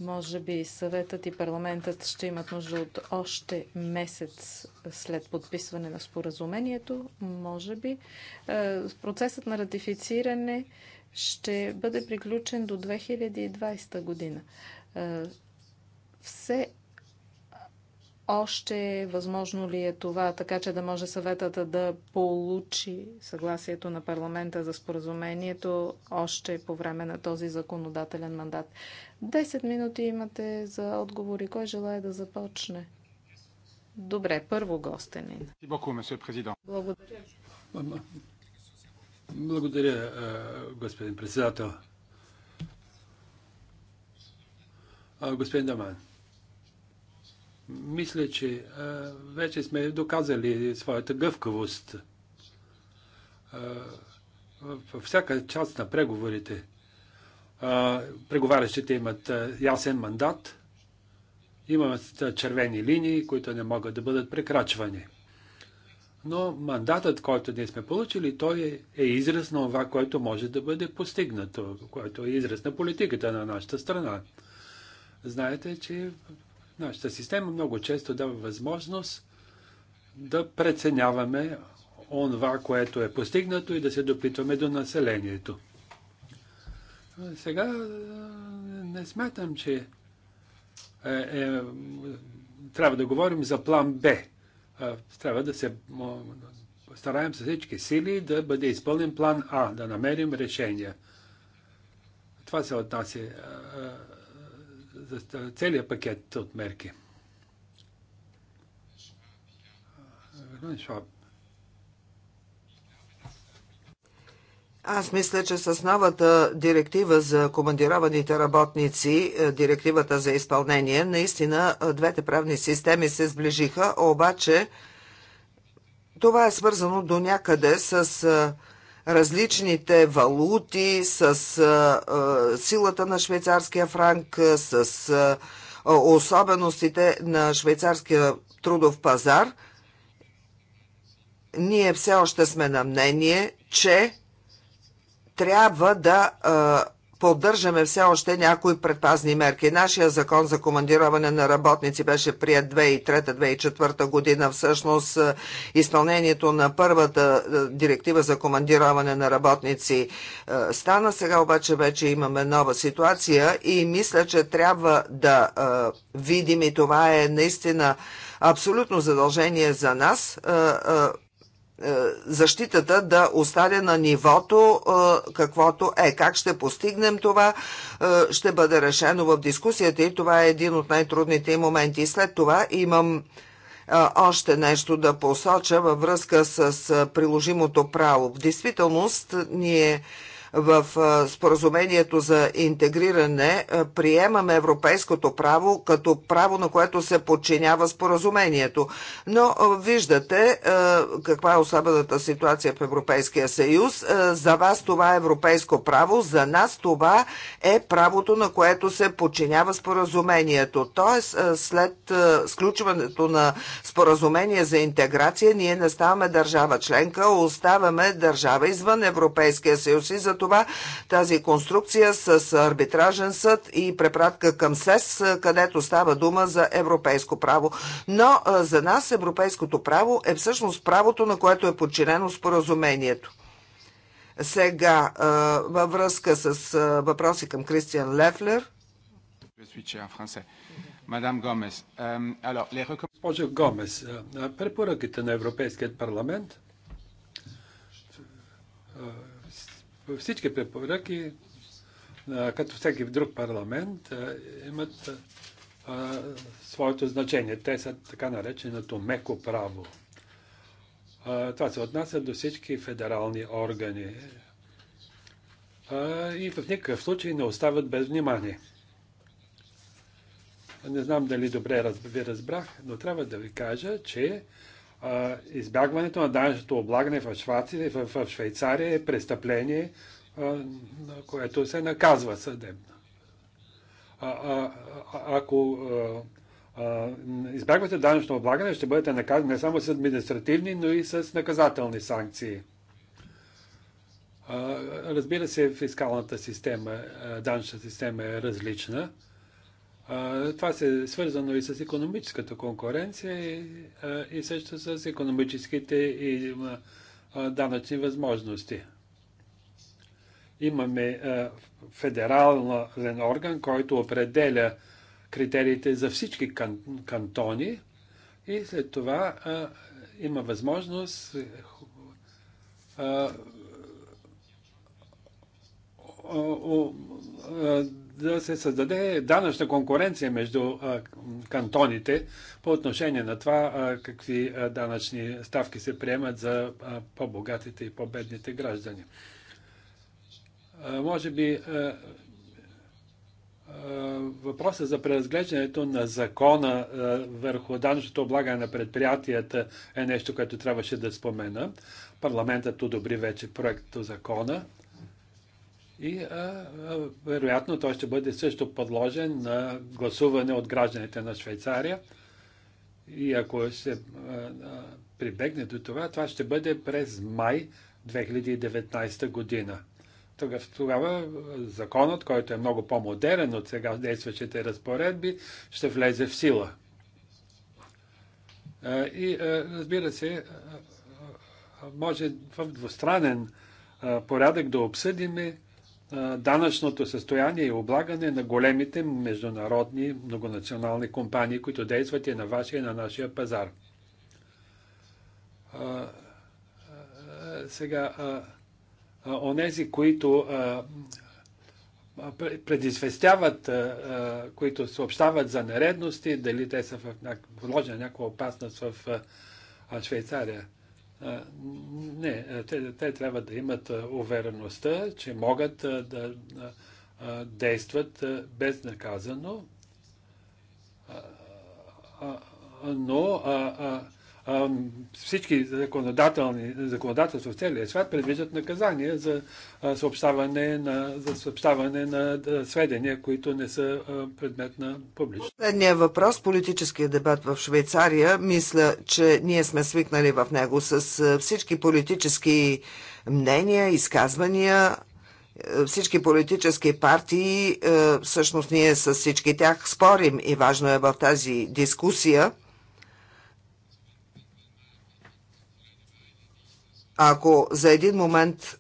Може би съветът и парламентът ще имат нужда от още месец след подписване на споразумението. Може би процесът на ратифициране ще бъде приключен до 2020 година. Все още възможно ли е това, така че да може съветът да получи съгласието на парламента за споразумението още по време на този законодателен мандат? 10 минути имате за отговори. Кой желая да започне? Добре, първо гостенин. Благодаря. Благодаря, господин председател. Господин Даман, мисля, че вече сме доказали своята гъвкавост във всяка част на преговорите. Преговарящите имат ясен мандат, имат червени линии, които не могат да бъдат прекрачвани но мандатът, който ние сме получили, той е, е израз на това, което може да бъде постигнато, което е израз на политиката на нашата страна. Знаете, че нашата система много често дава възможност да преценяваме онова, което е постигнато и да се допитваме до населението. Сега не смятам, че е, е, трябва да говорим за план Б трябва да се стараем с всички сили да бъде изпълнен план А, да намерим решение. Това се отнася за целият пакет от мерки. Шваб. Аз мисля, че с новата директива за командированите работници, е, директивата за изпълнение, наистина е, двете правни системи се сближиха, обаче това е свързано до някъде с е, различните валути, с силата на швейцарския франк, с особеностите на швейцарския трудов пазар. Ние все още сме на мнение, че трябва да поддържаме все още някои предпазни мерки. Нашия закон за командироване на работници беше прият 2003-2004 година. Всъщност изпълнението на първата директива за командироване на работници стана. Сега обаче вече имаме нова ситуация и мисля, че трябва да видим и това е наистина абсолютно задължение за нас е, защитата да остане на нивото, е, каквото е. Как ще постигнем това, е, ще бъде решено в дискусията и това е един от най-трудните моменти. След това имам още нещо да посоча във връзка с приложимото право. В действителност ние в споразумението за интегриране приемаме европейското право като право, на което се подчинява споразумението. Но виждате каква е особената ситуация в Европейския съюз. За вас това е европейско право, за нас това е правото, на което се подчинява споразумението. Тоест, след сключването на споразумение за интеграция, ние не ставаме държава членка, оставаме държава извън Европейския съюз и за това тази конструкция с арбитражен съд и препратка към СЕС, където става дума за европейско право. Но за нас европейското право е всъщност правото, на което е подчинено споразумението. Сега, във връзка с въпроси към Кристиан Лефлер. Мадам euh, Гомес, Госпожа Гомес, препоръките на Европейският парламент Всички препоръки, като всеки друг парламент, имат своето значение. Те са така нареченото меко право. Това се отнася до всички федерални органи и в никакъв случай не остават без внимание. Не знам дали добре ви разбрах, но трябва да ви кажа, че избягването на данъчното облагане в, Швация, в, в Швейцария е престъпление, което се наказва съдебно. А, а, а, ако а, избягвате данъчно облагане, ще бъдете наказани не само с административни, но и с наказателни санкции. А, разбира се, фискалната система, данъчната система е различна. Това се е свързано и с економическата конкуренция и, също с економическите и данъчни възможности. Имаме федерален орган, който определя критериите за всички кантони и след това има възможност да се създаде данъчна конкуренция между кантоните по отношение на това какви данъчни ставки се приемат за по-богатите и по-бедните граждани. Може би въпросът за преразглеждането на закона върху данъчното облагане на предприятията е нещо, което трябваше да спомена. Парламентът одобри вече до закона. И а, а, вероятно той ще бъде също подложен на гласуване от гражданите на Швейцария. И ако се а, а, прибегне до това, това ще бъде през май 2019 година. Тогава, тогава законът, който е много по-модерен от сега действащите разпоредби, ще влезе в сила. А, и а, разбира се, а, може в двустранен порядък да обсъдиме данъчното състояние и облагане на големите международни многонационални компании, които действат и на вашия и на нашия пазар. сега, онези, които предизвестяват, които съобщават за нередности, дали те са в, някаква опасност в Швейцария. Не, те, те трябва да имат увереността, че могат да действат безнаказано, но всички законодателни, законодателства в целия свят предвиждат наказания за съобщаване на, за съобщаване на сведения, които не са предмет на публично. Последният въпрос, политическия дебат в Швейцария, мисля, че ние сме свикнали в него с всички политически мнения, изказвания, всички политически партии, всъщност ние с всички тях спорим и важно е в тази дискусия ако за един момент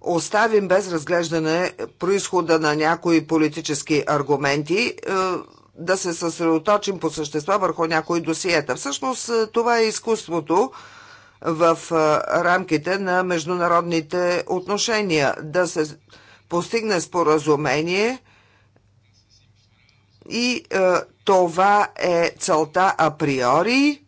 оставим без разглеждане происхода на някои политически аргументи, е, да се съсредоточим по същество върху някои досиета. Всъщност е, това е изкуството в е, рамките на международните отношения. Да се постигне споразумение и това е целта априори.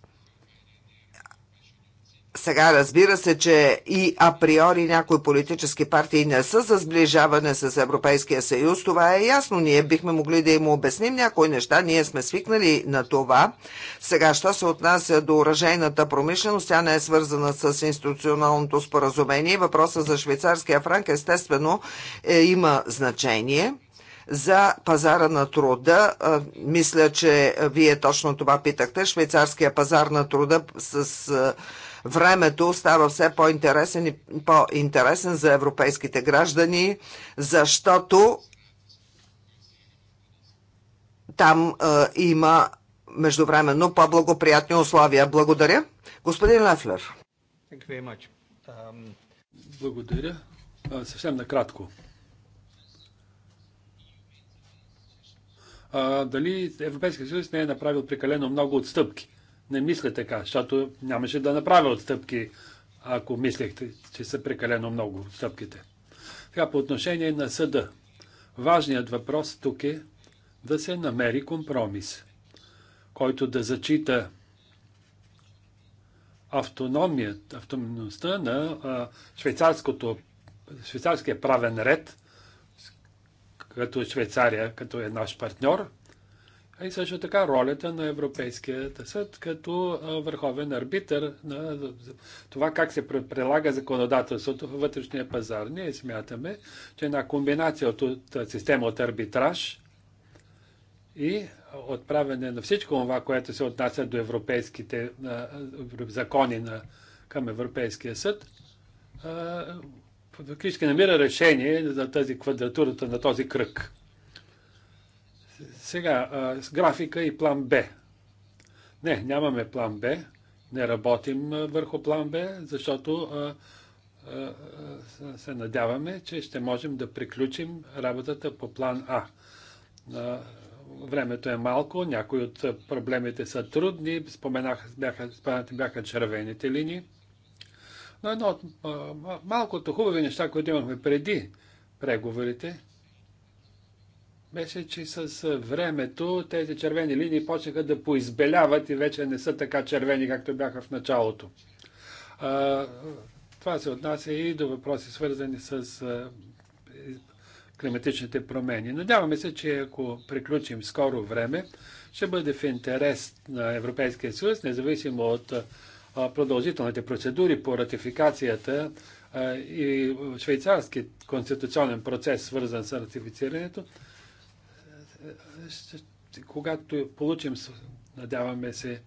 Сега разбира се, че и априори някои политически партии не са за сближаване с Европейския съюз. Това е ясно. Ние бихме могли да им обясним някои неща. Ние сме свикнали на това. Сега, що се отнася до уражейната промишленост, тя не е свързана с институционалното споразумение. Въпросът за швейцарския франк естествено е, има значение – за пазара на труда, мисля, че вие точно това питахте, швейцарския пазар на труда с времето става все по-интересен и по-интересен за европейските граждани, защото там има междувременно по-благоприятни условия. Благодаря. Господин Лефлер. Um, Благодаря. съвсем накратко. а, дали Европейския съюз не е направил прекалено много отстъпки. Не мисля така, защото нямаше да направя отстъпки, ако мислехте, че са прекалено много отстъпките. Така, по отношение на съда. Важният въпрос тук е да се намери компромис, който да зачита автономията, автономността на а, швейцарското, швейцарския правен ред – като Швейцария, като е наш партньор, а и също така ролята на Европейския съд като върховен арбитър на това как се прилага законодателството в вътрешния пазар. Ние смятаме, че една комбинация от система от арбитраж и отправяне на всичко това, което се отнася до европейските закони на, към Европейския съд, фактически намира решение за тази квадратурата на този кръг. Сега, с графика и план Б. Не, нямаме план Б. Не работим върху план Б, защото се надяваме, че ще можем да приключим работата по план А. Времето е малко, някои от проблемите са трудни, споменах, бяха, споменати бяха червените линии. Но едно от малкото хубави неща, които имахме преди преговорите, беше, че с времето тези червени линии почнаха да поизбеляват и вече не са така червени, както бяха в началото. А, това се отнася и до въпроси, свързани с а, климатичните промени. Надяваме се, че ако приключим скоро време, ще бъде в интерес на Европейския съюз, независимо от продължителните процедури по ратификацията и швейцарски конституционен процес, свързан с ратифицирането, когато получим, надяваме се,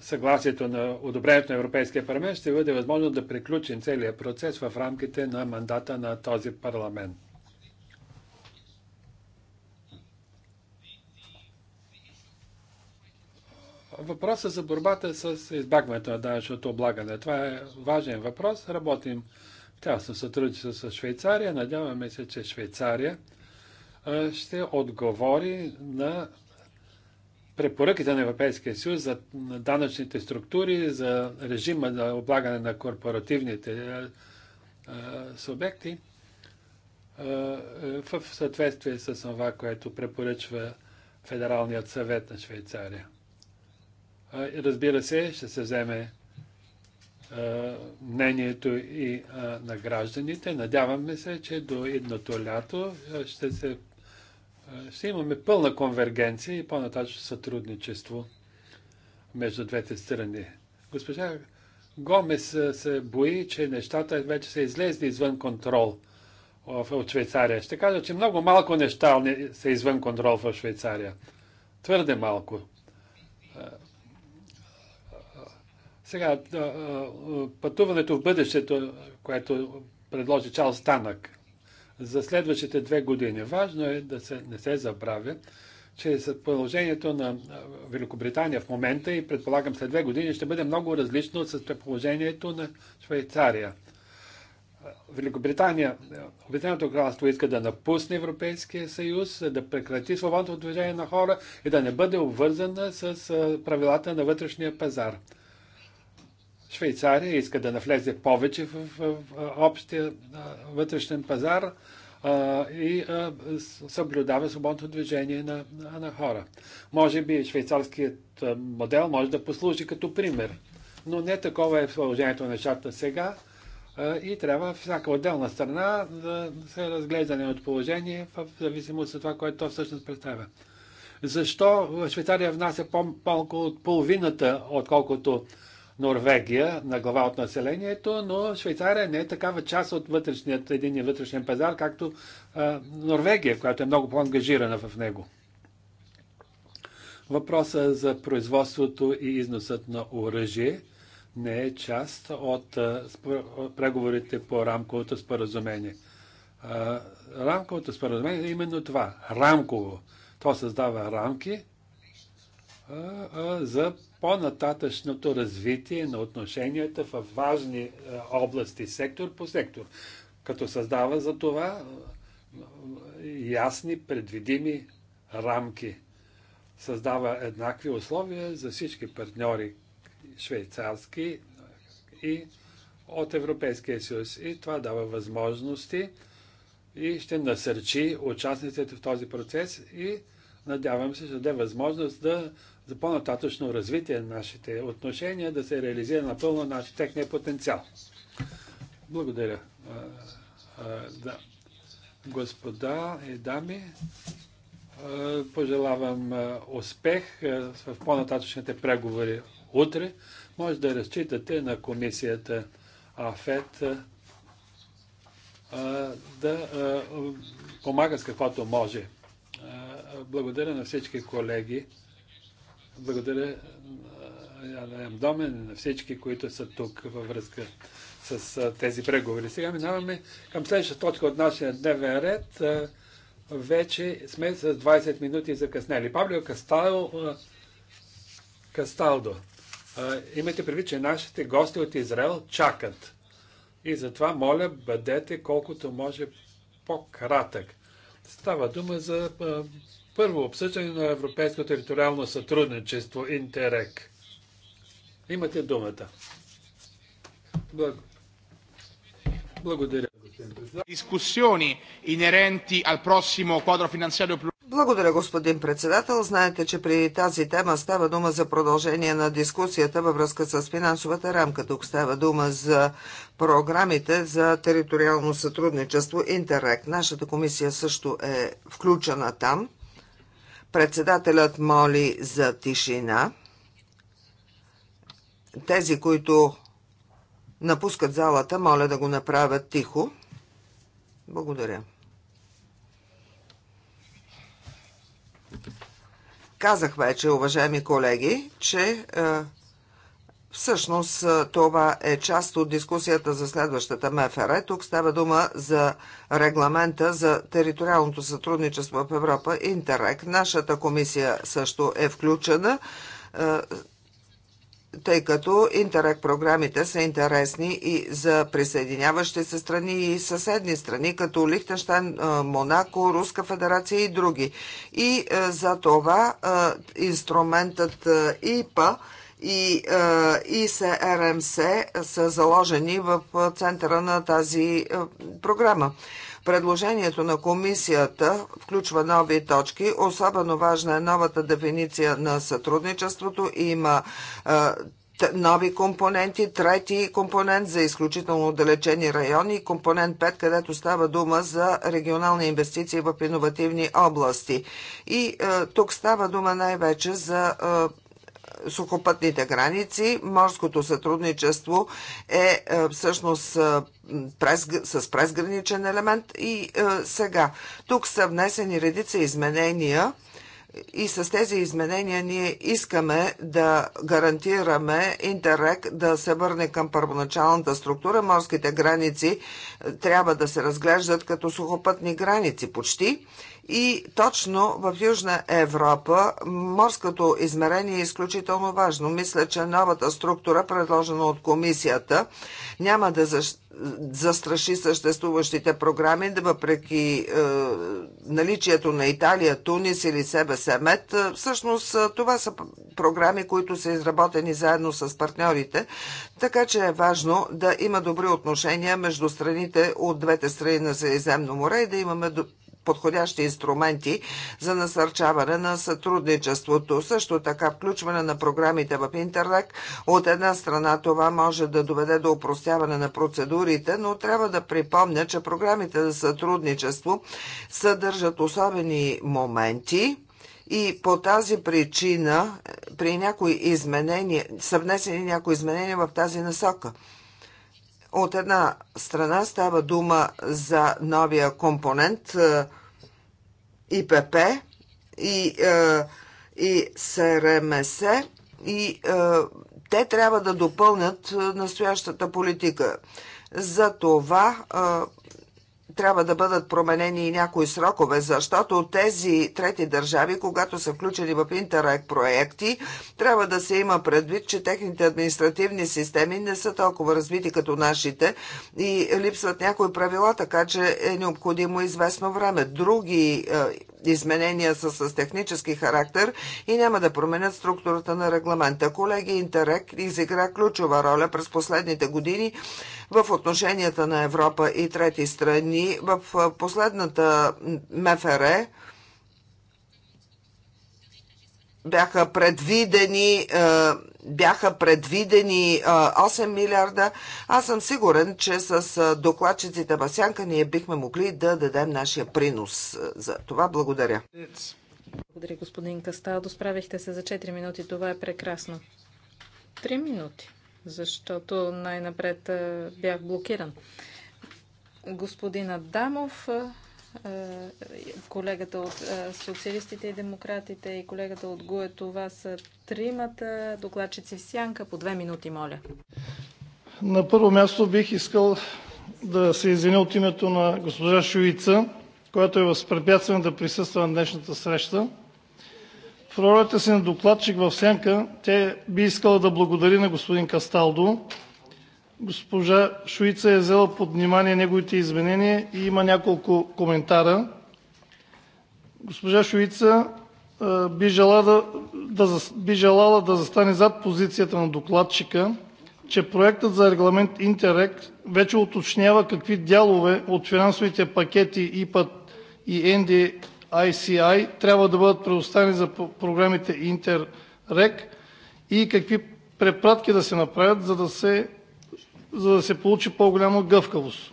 съгласието на одобрението на Европейския парламент, ще бъде възможно да приключим целият процес в рамките на мандата на този парламент. Въпросът за борбата с избягването на данъчното облагане. Това е важен въпрос. Работим в тясно сътрудничество с Швейцария. Надяваме се, че Швейцария ще отговори на препоръките на Европейския съюз за данъчните структури, за режима на облагане на корпоративните субекти в съответствие с това, което препоръчва Федералният съвет на Швейцария. Разбира се, ще се вземе мнението и на гражданите. Надяваме се, че до едното лято ще, се, ще имаме пълна конвергенция и по-нататъчно сътрудничество между двете страни. Госпожа Гомес се бои, че нещата вече са излезли извън контрол в Швейцария. Ще кажа, че много малко неща са извън контрол в Швейцария. Твърде малко. Сега, пътуването в бъдещето, което предложи Чал Станък за следващите две години. Важно е да се, не се забравя, че положението на Великобритания в момента и предполагам след две години ще бъде много различно от положението на Швейцария. Великобритания, Обединеното кралство иска да напусне Европейския съюз, да прекрати свободното движение на хора и да не бъде обвързана с правилата на вътрешния пазар. Швейцария иска да навлезе повече в, в, в общия вътрешен пазар а, и а, съблюдава свободното движение на, на, на хора. Може би швейцарският модел може да послужи като пример, но не такова е положението на нещата сега а, и трябва всяка отделна страна да се разглежда от положение в зависимост от това, което то всъщност представя. Защо Швейцария внася по-малко от половината, отколкото Норвегия на глава от населението, но Швейцария не е такава част от вътрешният, един вътрешен пазар, както а, Норвегия, която е много по-ангажирана в него. Въпроса за производството и износът на оръжие не е част от а, преговорите по рамковото споразумение. А, рамковото споразумение е именно това. Рамково. То създава рамки, за по-нататъчното развитие на отношенията в важни области, сектор по сектор, като създава за това ясни, предвидими рамки. Създава еднакви условия за всички партньори, швейцарски и от Европейския съюз. И това дава възможности и ще насърчи участниците в този процес и надявам се, ще даде възможност да за по-нататъчно развитие на нашите отношения, да се реализира напълно наш, техния потенциал. Благодаря. Да. Господа и дами, пожелавам успех в по-нататъчните преговори утре. Може да разчитате на комисията АФЕТ да помага с каквото може. Благодаря на всички колеги. Благодаря Яна Ямдомен, на всички, които са тук във връзка с тези преговори. Сега минаваме към следващата точка от нашия дневен ред. Вече сме с 20 минути закъснели. Паблио Кастал, Касталдо, имайте предвид, че нашите гости от Израел чакат. И затова, моля, бъдете колкото може по-кратък. Става дума за първо, обсъждане на европейско териториално сътрудничество Интерек. Имате думата. Благ... Благодаря. Дискусиони инеренти ал благодаря, господин председател. Знаете, че при тази тема става дума за продължение на дискусията във връзка с финансовата рамка. Тук става дума за програмите за териториално сътрудничество Интеррект. Нашата комисия също е включена там. Председателят моли за тишина. Тези, които напускат залата, моля да го направят тихо. Благодаря. Казах вече, уважаеми колеги, че е, Всъщност това е част от дискусията за следващата МФР. Тук става дума за регламента за териториалното сътрудничество в Европа Интерек. Нашата комисия също е включена, тъй като Интерек програмите са интересни и за присъединяващи се страни и съседни страни, като Лихтенштайн, Монако, Руска федерация и други. И за това инструментът ИПА – и ИСРМС са заложени в центъра на тази програма. Предложението на комисията включва нови точки. Особено важна е новата дефиниция на сътрудничеството. Има нови компоненти, трети компонент за изключително отдалечени райони и компонент 5, където става дума за регионални инвестиции в иновативни области. И е, тук става дума най-вече за е, сухопътните граници. Морското сътрудничество е, е всъщност е, през, с презграничен елемент и е, сега. Тук са внесени редица изменения и с тези изменения ние искаме да гарантираме Интеррек да се върне към първоначалната структура. Морските граници трябва да се разглеждат като сухопътни граници почти и точно в Южна Европа морското измерение е изключително важно. Мисля, че новата структура, предложена от комисията, няма да застраши съществуващите програми, да въпреки е, наличието на Италия, Тунис или СБСМЕТ. Е, всъщност е, това са програми, които са изработени заедно с партньорите, така че е важно да има добри отношения между страните от двете страни на Средиземно море и да имаме подходящи инструменти за насърчаване на сътрудничеството. Също така включване на програмите в интернет, От една страна това може да доведе до упростяване на процедурите, но трябва да припомня, че програмите за сътрудничество съдържат особени моменти, и по тази причина при някои изменения, са внесени някои изменения в тази насока. От една страна става дума за новия компонент ИПП е, и, и СРМС е, и е, те трябва да допълнят настоящата политика. За това трябва да бъдат променени и някои срокове, защото тези трети държави, когато са включени в Интерек проекти, трябва да се има предвид, че техните административни системи не са толкова развити като нашите и липсват някои правила, така че е необходимо известно време. Други е, изменения са с технически характер и няма да променят структурата на регламента. Колеги, Интерек изигра ключова роля през последните години в отношенията на Европа и трети страни. В последната МФР бяха предвидени е, бяха предвидени 8 е, милиарда. Аз съм сигурен, че с е, докладчиците Басянка ние бихме могли да дадем нашия принос. За това благодаря. Благодаря, господин Касталдо. Справихте се за 4 минути. Това е прекрасно. 3 минути, защото най-напред бях блокиран. Господин Адамов, е, колегата от е, социалистите и демократите и колегата от ГУЕ. Това са тримата докладчици в сянка. По две минути, моля. На първо място бих искал да се извиня от името на госпожа Шуица, която е възпрепятствена да присъства на днешната среща. В ролята си на докладчик в сянка тя би искала да благодари на господин Касталдо Госпожа Шуица е взела под внимание неговите изменения и има няколко коментара. Госпожа Шуица би желала да застане зад позицията на докладчика, че Проектът за Регламент ИНТЕРРЕГ вече уточнява какви дялове от финансовите пакети ИПАД и NDICI трябва да бъдат предоставени за програмите ИНТЕРРЕГ и какви препратки да се направят, за да се за да се получи по-голяма гъвкавост.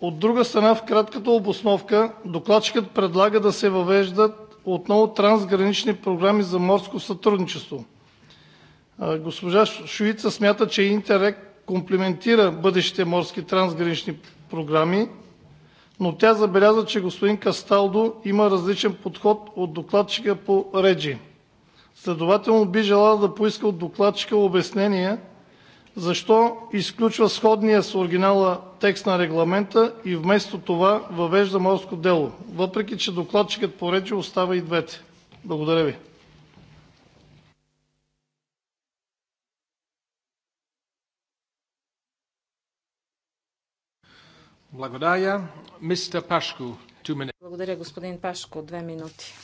От друга страна, в кратката обосновка докладчикът предлага да се въвеждат отново трансгранични програми за морско сътрудничество. Госпожа Шуица смята, че „Интеррег“ комплиментира бъдещите морски трансгранични програми, но тя забеляза, че господин Касталдо има различен подход от докладчика по Реджи. Следователно би желала да поиска от докладчика обяснения защо изключва сходния с оригинала текст на Регламента и вместо това въвежда морско дело, въпреки че докладчикът поречи остава и двете? Благодаря Ви. Благодаря. Мистер Пашко, Благодаря, господин Пашко. Две минути.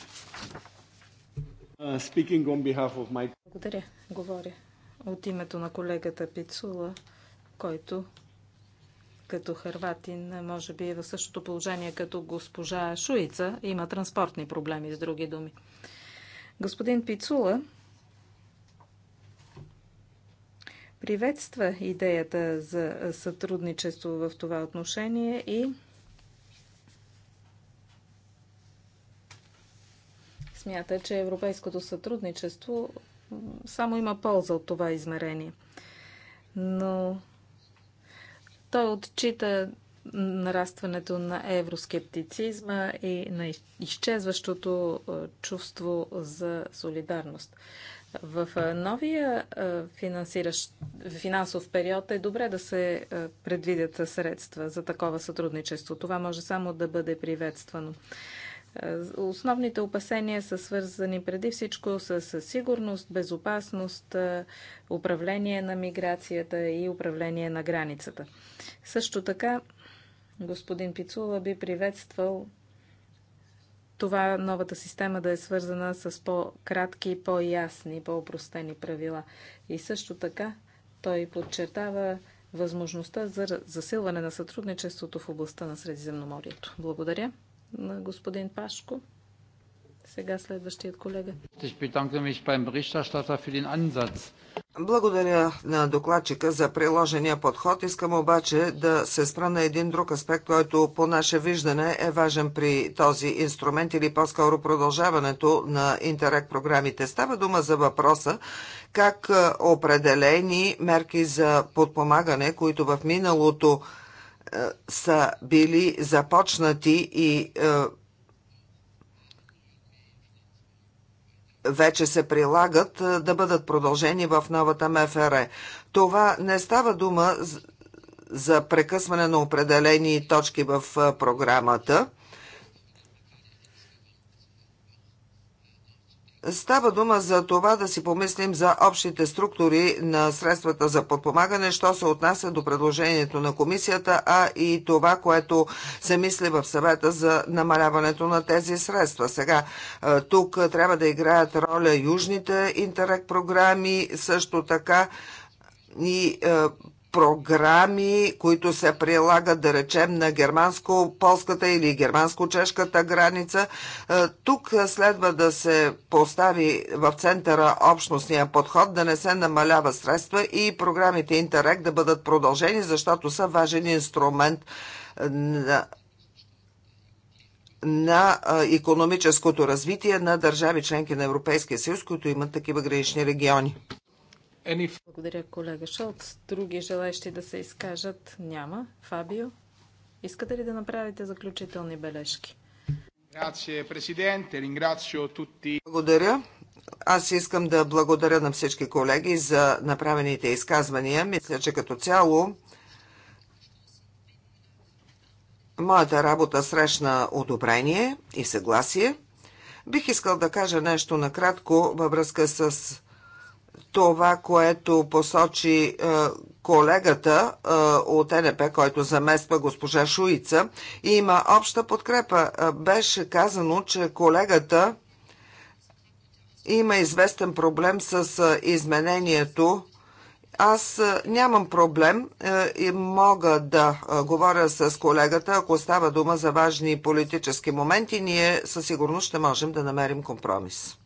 Uh, my... Благодаря. Говоря от името на колегата Пицула, който като Харватин, е, може би е в същото положение като госпожа Шуица, има транспортни проблеми, с други думи. Господин Пицула приветства идеята за сътрудничество в това отношение и смята, че европейското сътрудничество само има полза от това измерение. Но той отчита нарастването на евроскептицизма и на изчезващото чувство за солидарност. В новия финансиращ, финансов период е добре да се предвидят средства за такова сътрудничество. Това може само да бъде приветствано. Основните опасения са свързани преди всичко с сигурност, безопасност, е, управление на миграцията и управление на границата. Също така, господин Пицула би приветствал това новата система да е свързана с по-кратки, по-ясни, по-опростени правила. И също така той подчертава възможността за засилване на сътрудничеството в областта на Средиземноморието. Благодаря на господин Пашко. Сега следващият колега. Благодаря на докладчика за приложения подход. Искам обаче да се спра на един друг аспект, който по наше виждане е важен при този инструмент или по-скоро продължаването на интерект програмите. Става дума за въпроса как е, определени мерки за подпомагане, които в миналото е, са били започнати и е, вече се прилагат, е, да бъдат продължени в новата МФР. Това не става дума за прекъсване на определени точки в програмата – Става дума за това да си помислим за общите структури на средствата за подпомагане, що се отнася до предложението на комисията, а и това, което се мисли в съвета за намаляването на тези средства. Сега, тук трябва да играят роля южните интерект програми, също така и програми, които се прилагат, да речем, на германско-полската или германско-чешката граница. Е, тук следва да се постави в центъра общностния подход, да не се намалява средства и програмите Интерек да бъдат продължени, защото са важен инструмент е, на на економическото развитие на държави членки на Европейския съюз, които имат такива гранични региони. Благодаря, колега Шолц. Други желащи да се изкажат няма. Фабио, искате ли да направите заключителни бележки? Благодаря. Аз искам да благодаря на всички колеги за направените изказвания. Мисля, че като цяло моята работа срещна одобрение и съгласие. Бих искал да кажа нещо накратко във връзка с това, което посочи е, колегата е, от НП, който замества госпожа Шуица, има обща подкрепа. Е, беше казано, че колегата има известен проблем с изменението аз нямам проблем и мога да говоря с колегата, ако става дума за важни политически моменти, ние със сигурност ще можем да намерим компромис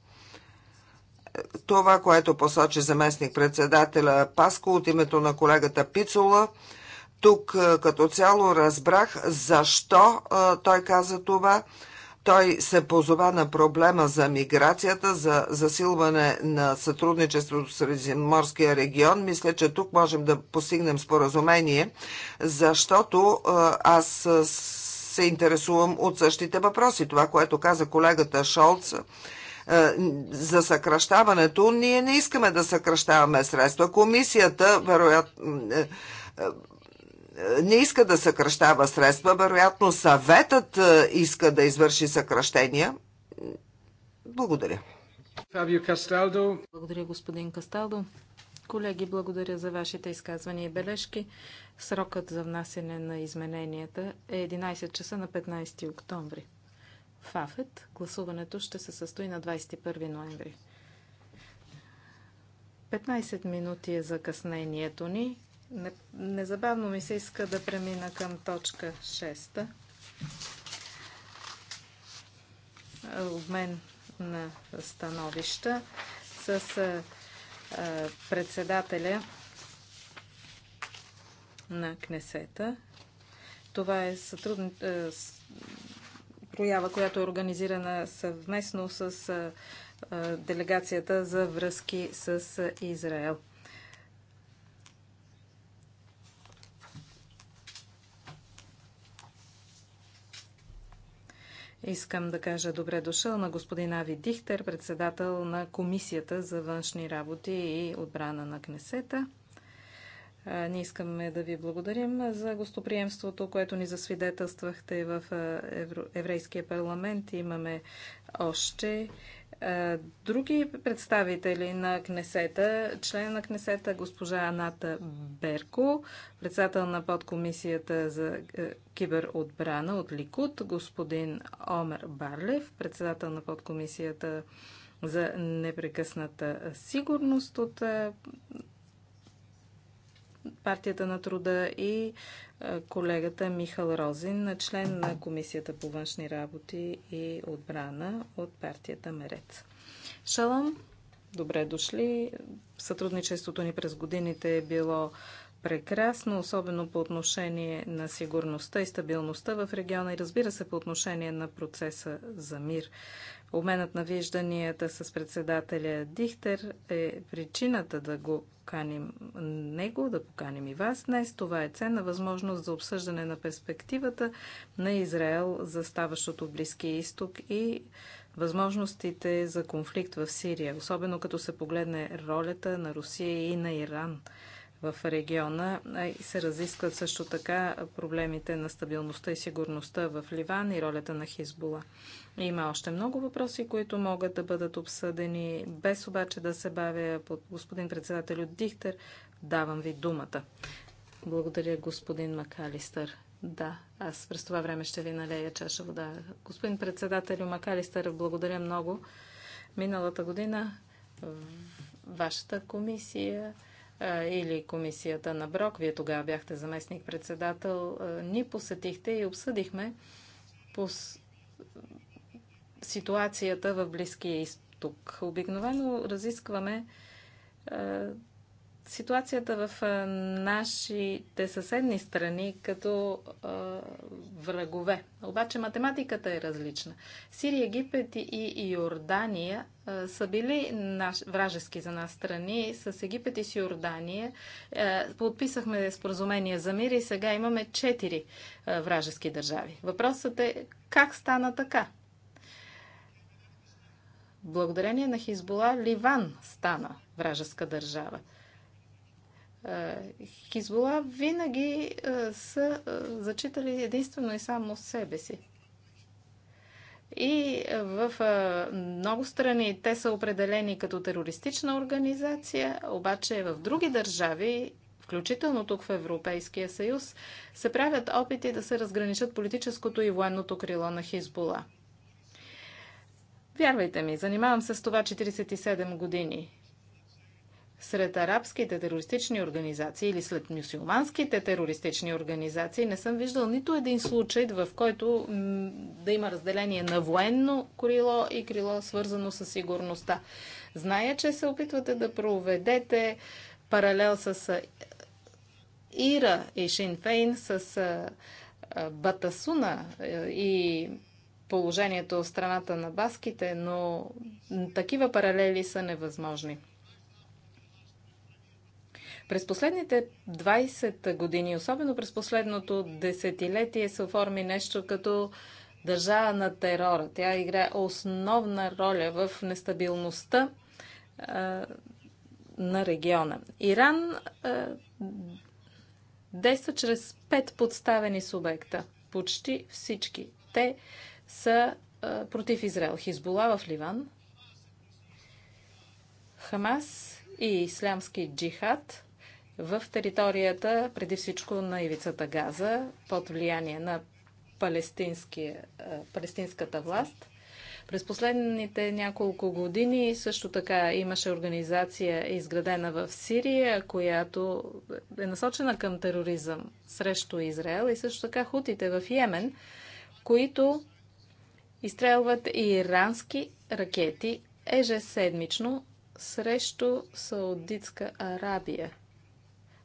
това, което посочи заместник председателя Паско от името на колегата Пицола. Тук е, като цяло разбрах защо е, той каза това. Той се позова на проблема за миграцията, за засилване на сътрудничеството с Средиземноморския регион. Мисля, че тук можем да постигнем споразумение, защото е, аз се интересувам от същите въпроси. Това, което каза колегата Шолц, е, за съкръщаването, ние не искаме да съкръщаваме средства. Комисията, вероятно, е, е, не иска да съкръщава средства, вероятно съветът иска да извърши съкръщения. Благодаря. Фабио Касталдо. Благодаря, господин Касталдо. Колеги, благодаря за вашите изказвания и бележки. Срокът за внасяне на измененията е 11 часа на 15 октомври в АФЕТ. Гласуването ще се състои на 21 ноември. 15 минути е закъснението ни. Незабавно ми се иска да премина към точка 6. Обмен на становища с председателя на Кнесета. Това е сътрудни проява, която е организирана съвместно с делегацията за връзки с Израел. Искам да кажа добре дошъл на господин Ави Дихтер, председател на Комисията за външни работи и отбрана на Кнесета. Ние искаме да ви благодарим за гостоприемството, което ни засвидетелствахте в Еврейския парламент. Имаме още други представители на Кнесета, член на Кнесета госпожа Аната Берко, председател на подкомисията за киберотбрана от Ликут, господин Омер Барлев, председател на подкомисията за непрекъсната сигурност от партията на труда и е, колегата Михал Розин, член на Комисията по външни работи и отбрана от партията Мерец. Шалом, добре дошли. Сътрудничеството ни през годините е било прекрасно, особено по отношение на сигурността и стабилността в региона и разбира се по отношение на процеса за мир. Обменът на вижданията с председателя Дихтер е причината да го каним него, да поканим и вас днес. Това е ценна възможност за обсъждане на перспективата на Израел за ставащото Близкия изток и възможностите за конфликт в Сирия, особено като се погледне ролята на Русия и на Иран – в региона и се разискват също така проблемите на стабилността и сигурността в Ливан и ролята на Хизбула. Има още много въпроси, които могат да бъдат обсъдени, без обаче да се бавя под господин председател от Дихтер. Давам ви думата. Благодаря, господин Макалистър. Да, аз през това време ще ви налея чаша вода. Господин председател Макалистър, благодаря много. Миналата година вашата комисия или комисията на Брок, вие тогава бяхте заместник-председател, ни посетихте и обсъдихме по ситуацията в Близкия изток. Обикновено разискваме ситуацията в нашите съседни страни като а, врагове. Обаче математиката е различна. Сирия, Египет и Йордания а, са били наш, вражески за нас страни. С Египет и с Йордания а, подписахме споразумение за мир и сега имаме четири а, вражески държави. Въпросът е как стана така? Благодарение на Хизбола Ливан стана вражеска държава. Е, Хизбола винаги е, са е, зачитали единствено и само себе си. И в много страни те са определени като терористична организация, обаче в други държави, включително тук в Европейския съюз, се правят опити да се разграничат политическото и военното крило на Хизбола. Вярвайте ми, занимавам се с това 47 години сред арабските терористични организации или след мюсюлманските терористични организации не съм виждал нито един случай, в който да има разделение на военно крило и крило свързано с сигурността. Зная, че се опитвате да проведете паралел с Ира и Шинфейн, с Батасуна е, и положението в страната на баските, но такива паралели са невъзможни. През последните 20 години, особено през последното десетилетие, се оформи нещо като държава на терора. Тя играе основна роля в нестабилността а, на региона. Иран а, действа чрез пет подставени субекта. Почти всички. Те са а, против Израел. Хизбола в Ливан, Хамас и Ислямски джихад в територията, преди всичко на ивицата Газа, под влияние на е, палестинската власт. През последните няколко години също така имаше организация, изградена в Сирия, която е насочена към тероризъм срещу Израел и също така хутите в Йемен, които изстрелват и ирански ракети ежеседмично срещу Саудитска Арабия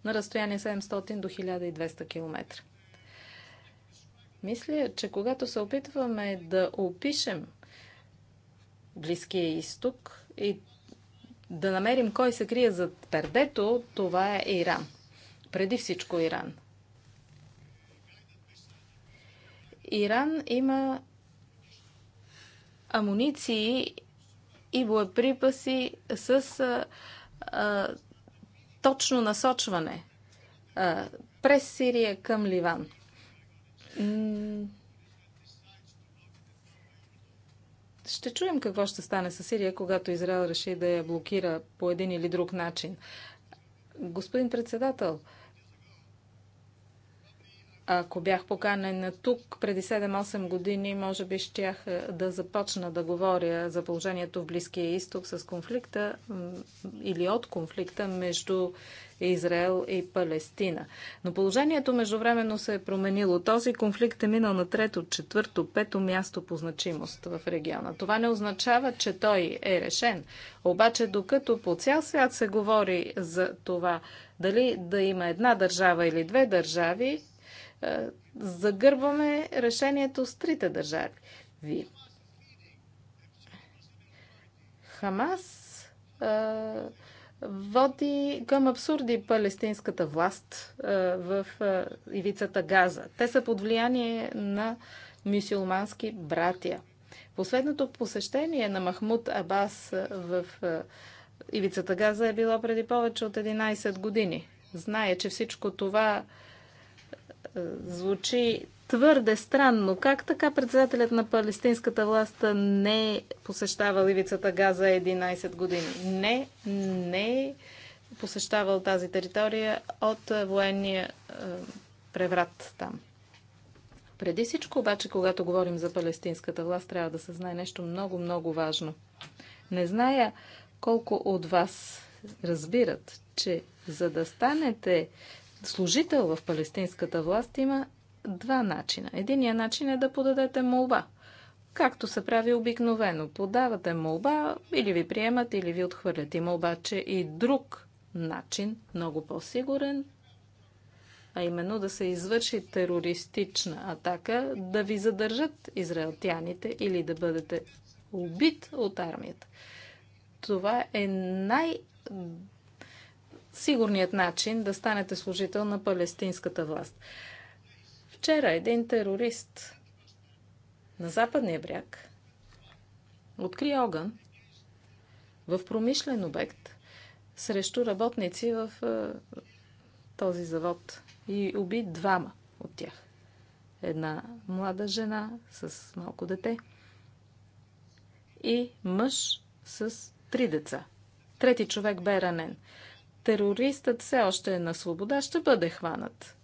на разстояние 700 до 1200 км. Мисля, че когато се опитваме да опишем Близкия изток и да намерим кой се крие зад пердето, това е Иран. Преди всичко Иран. Иран има амуниции и боеприпаси с а, а, точно насочване а, през Сирия към Ливан. Ще чуем какво ще стане с Сирия, когато Израел реши да я блокира по един или друг начин. Господин председател, а, ако бях поканена тук преди 7-8 години, може би щях е, да започна да говоря за положението в Близкия изток с конфликта или от конфликта между Израел и Палестина. Но положението междувременно се е променило. Този конфликт е минал на трето, четвърто, пето място по значимост в региона. Това не означава, че той е решен. Обаче, докато по цял свят се говори за това дали да има една държава или две държави, е, загърбваме решението с трите държави. Ви. Хамас а, е, води към абсурди палестинската власт а, е, в а, ивицата Газа. Те са под влияние на мюсюлмански братия. Последното посещение на Махмуд Абас в ивицата Газа е било преди повече от 11 години. Знае, че всичко това звучи твърде странно. Как така председателят на палестинската власт не посещава ливицата Газа 11 години? Не, не е посещавал тази територия от военния е, преврат там. Преди всичко, обаче, когато говорим за палестинската власт, трябва да се знае нещо много, много важно. Не зная колко от вас разбират, че за да станете служител в палестинската власт има два начина. Единият начин е да подадете молба. Както се прави обикновено. Подавате молба, или ви приемат, или ви отхвърлят. Има обаче и друг начин, много по-сигурен, а именно да се извърши терористична атака, да ви задържат израелтяните или да бъдете убит от армията. Това е най- сигурният начин да станете служител на палестинската власт. Вчера един терорист на западния бряг откри огън в промишлен обект срещу работници в е, този завод и уби двама от тях. Една млада жена с малко дете и мъж с три деца. Трети човек бе ранен терористът все още е на свобода, ще бъде хванат.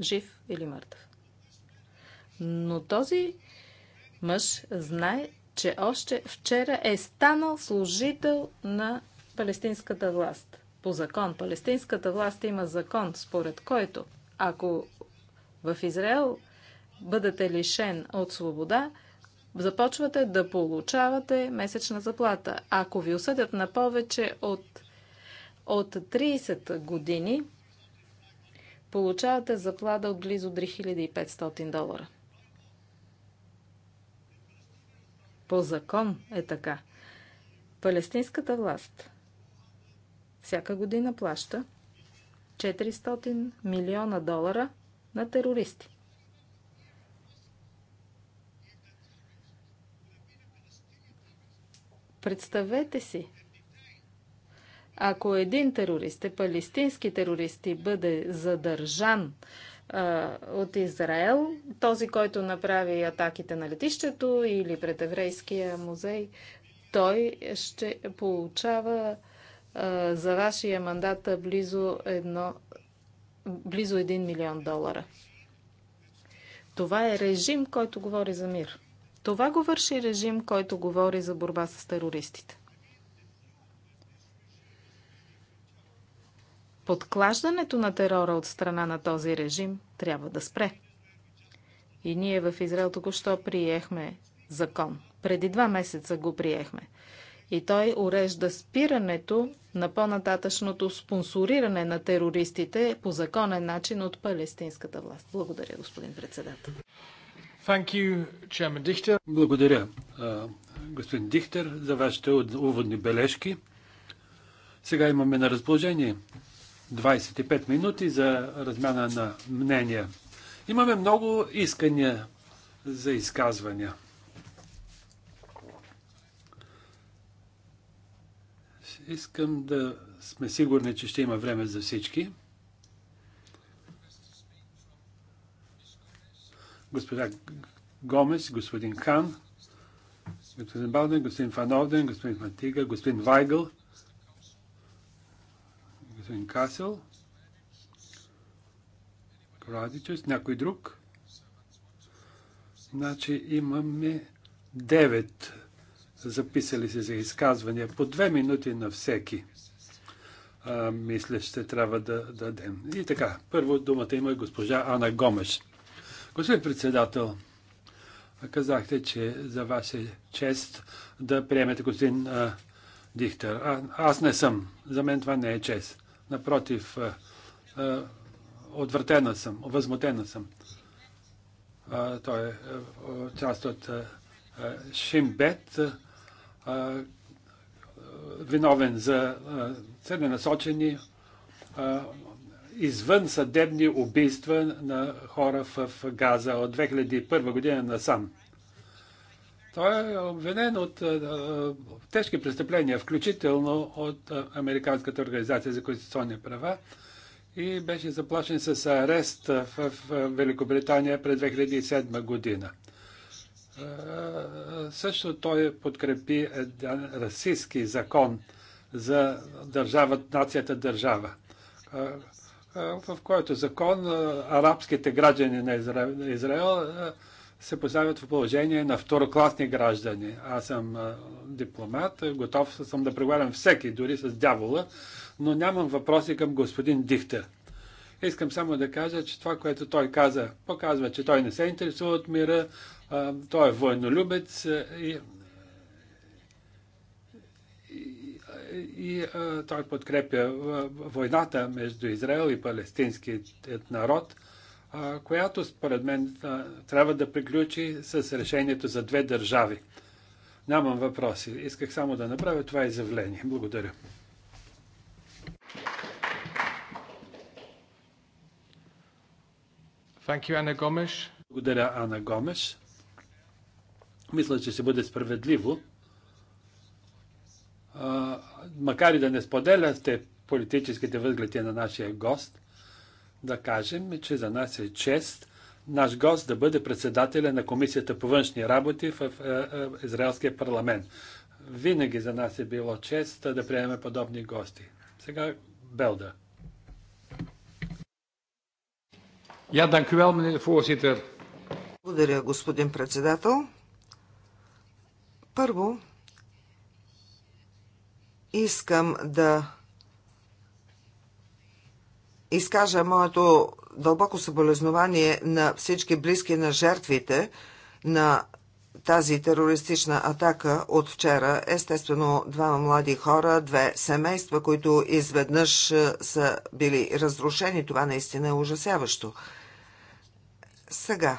Жив или мъртъв. Но този мъж знае, че още вчера е станал служител на палестинската власт. По закон. Палестинската власт има закон, според който ако в Израел бъдете лишен от свобода, започвате да получавате месечна заплата. Ако ви осъдят на повече от от 30 години получавате заплата от близо 3500 долара. По закон е така. Палестинската власт всяка година плаща 400 милиона долара на терористи. Представете си ако един терорист е палестински терорист и бъде задържан а, от Израел, този, който направи атаките на летището или пред еврейския музей, той ще получава а, за вашия мандат близо, едно, близо 1 милион долара. Това е режим, който говори за мир. Това го върши режим, който говори за борба с терористите. Подклаждането на терора от страна на този режим трябва да спре. И ние в Израел току-що приехме закон. Преди два месеца го приехме. И той урежда спирането на по-нататъчното спонсориране на терористите по законен начин от палестинската власт. Благодаря, господин председател. You, Благодаря, господин Дихтер, за вашите уводни бележки. Сега имаме на разположение 25 минути за размяна на мнения. Имаме много искания за изказвания. Искам да сме сигурни, че ще има време за всички. Господа Гомес, господин Хан, господин Балден, господин Фановден, господин Матига, господин Вайгъл, господин Касел, Радичус, някой друг. Значи имаме 9 записали се за изказвания. По две минути на всеки. А, мисля, ще трябва да, да дадем. И така, първо думата има госпожа Ана Гомеш. Господин председател, казахте, че за ваша чест да приемете господин а, Дихтер. А, аз не съм. За мен това не е чест. Напротив, отвратена съм, възмутена съм. Той е част от Шимбет, виновен за целенасочени извън съдебни убийства на хора в Газа от 2001 година насам. Той е обвинен от а, е, е, тежки престъпления, включително от а, е, Американската организация за конституционни права и беше заплашен с арест в, в Великобритания през 2007 година. А, също той подкрепи един расистски закон за държава, нацията държава, в който закон арабските граждани на Израел, на Израел се поставят в положение на второкласни граждани. Аз съм дипломат, готов съм да преговарям всеки, дори с дявола, но нямам въпроси към господин Дихтер. Искам само да кажа, че това, което той каза, показва, че той не се интересува от мира, той е войнолюбец и, и, и той подкрепя войната между Израел и палестинският народ – която според мен трябва да приключи с решението за две държави. Нямам въпроси. Исках само да направя това изявление. Благодаря. Thank you, Благодаря, Ана Гомеш. Мисля, че ще бъде справедливо. А, макар и да не споделяте политическите възгледи на нашия гост, да кажем, че за нас е чест наш гост да бъде председателя на Комисията по външни работи в е, е, Израелския парламент. Винаги за нас е било чест да приемем подобни гости. Сега Белда. Я, данкювел, мене, Благодаря, господин председател. Първо, искам да изкажа моето дълбоко съболезнование на всички близки на жертвите на тази терористична атака от вчера. Естествено, двама млади хора, две семейства, които изведнъж е, са били разрушени. Това наистина е ужасяващо. Сега,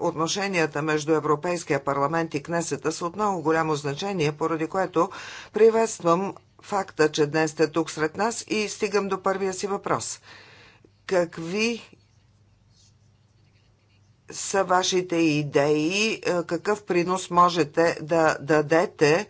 Отношенията между Европейския парламент и Кнесета са от много голямо значение, поради което приветствам факта, че днес сте тук сред нас и стигам до първия си въпрос. Какви са вашите идеи, какъв принос можете да дадете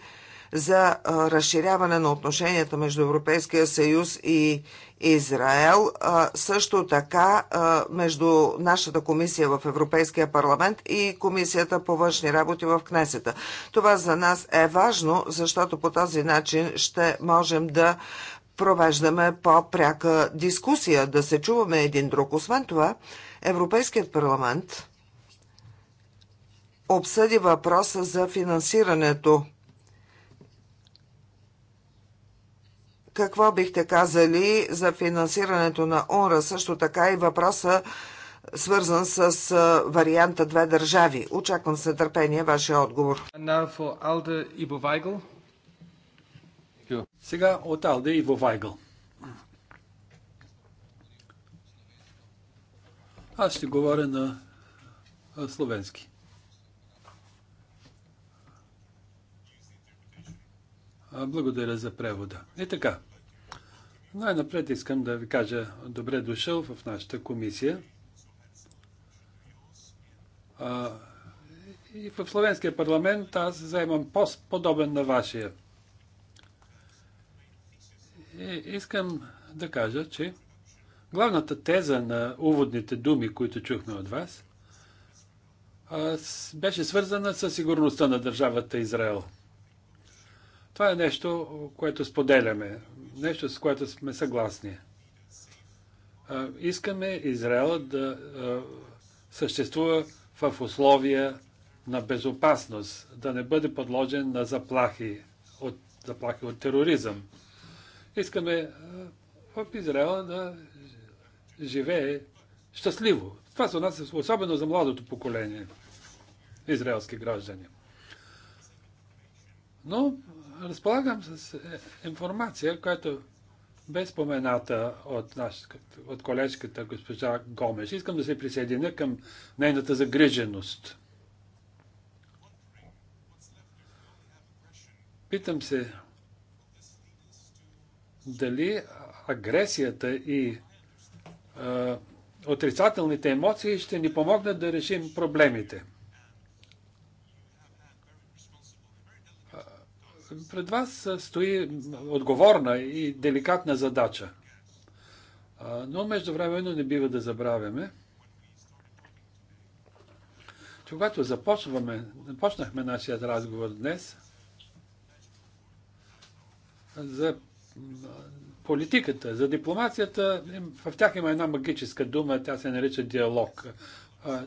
за разширяване на отношенията между Европейския съюз и Израел, също така между нашата комисия в Европейския парламент и комисията по външни работи в Кнесета. Това за нас е важно, защото по този начин ще можем да провеждаме по-пряка дискусия, да се чуваме един друг. Освен това, Европейският парламент обсъди въпроса за финансирането Какво бихте казали за финансирането на ОНРА, също така и въпроса свързан с варианта две държави? Очаквам с нетърпение вашия отговор. Сега от Алде Иво Вайгъл. Аз ще говоря на словенски. Благодаря за превода. И е така. Най-напред искам да ви кажа добре дошъл в нашата комисия. А, и в Словенския парламент аз заемам пост подобен на вашия. И искам да кажа, че главната теза на уводните думи, които чухме от вас, беше свързана с сигурността на държавата Израел – това е нещо, което споделяме, нещо, с което сме съгласни. Искаме Израел да съществува в условия на безопасност, да не бъде подложен на заплахи от, заплахи от тероризъм. Искаме в Израел да живее щастливо. Това се отнася особено за младото поколение израелски граждани. Но разполагам с е, информация, която е бе спомената от, наш, от колежката госпожа Гомеш. Искам да се присъединя към нейната загриженост. Питам се дали агресията и а, е, отрицателните емоции ще ни помогнат да решим проблемите. Пред вас стои отговорна и деликатна задача. Но междувременно не бива да забравяме, че когато започваме, започнахме нашия разговор днес за политиката, за дипломацията, в тях има една магическа дума, тя се нарича диалог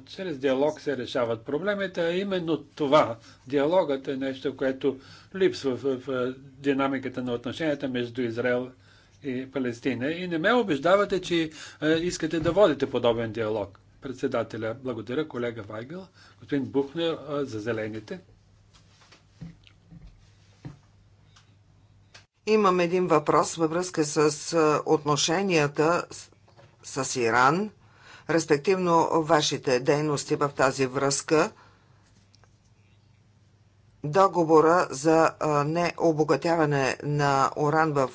чрез диалог се решават проблемите, а именно това. Диалогът е нещо, което липсва в, в динамиката на отношенията между Израел и Палестина. И не ме убеждавате, че искате да водите подобен диалог. Председателя, благодаря, колега Вайгъл. Господин Бухнер за зелените. Имам един въпрос във връзка с отношенията с Иран респективно вашите дейности в тази връзка. Договора за необогатяване на уран в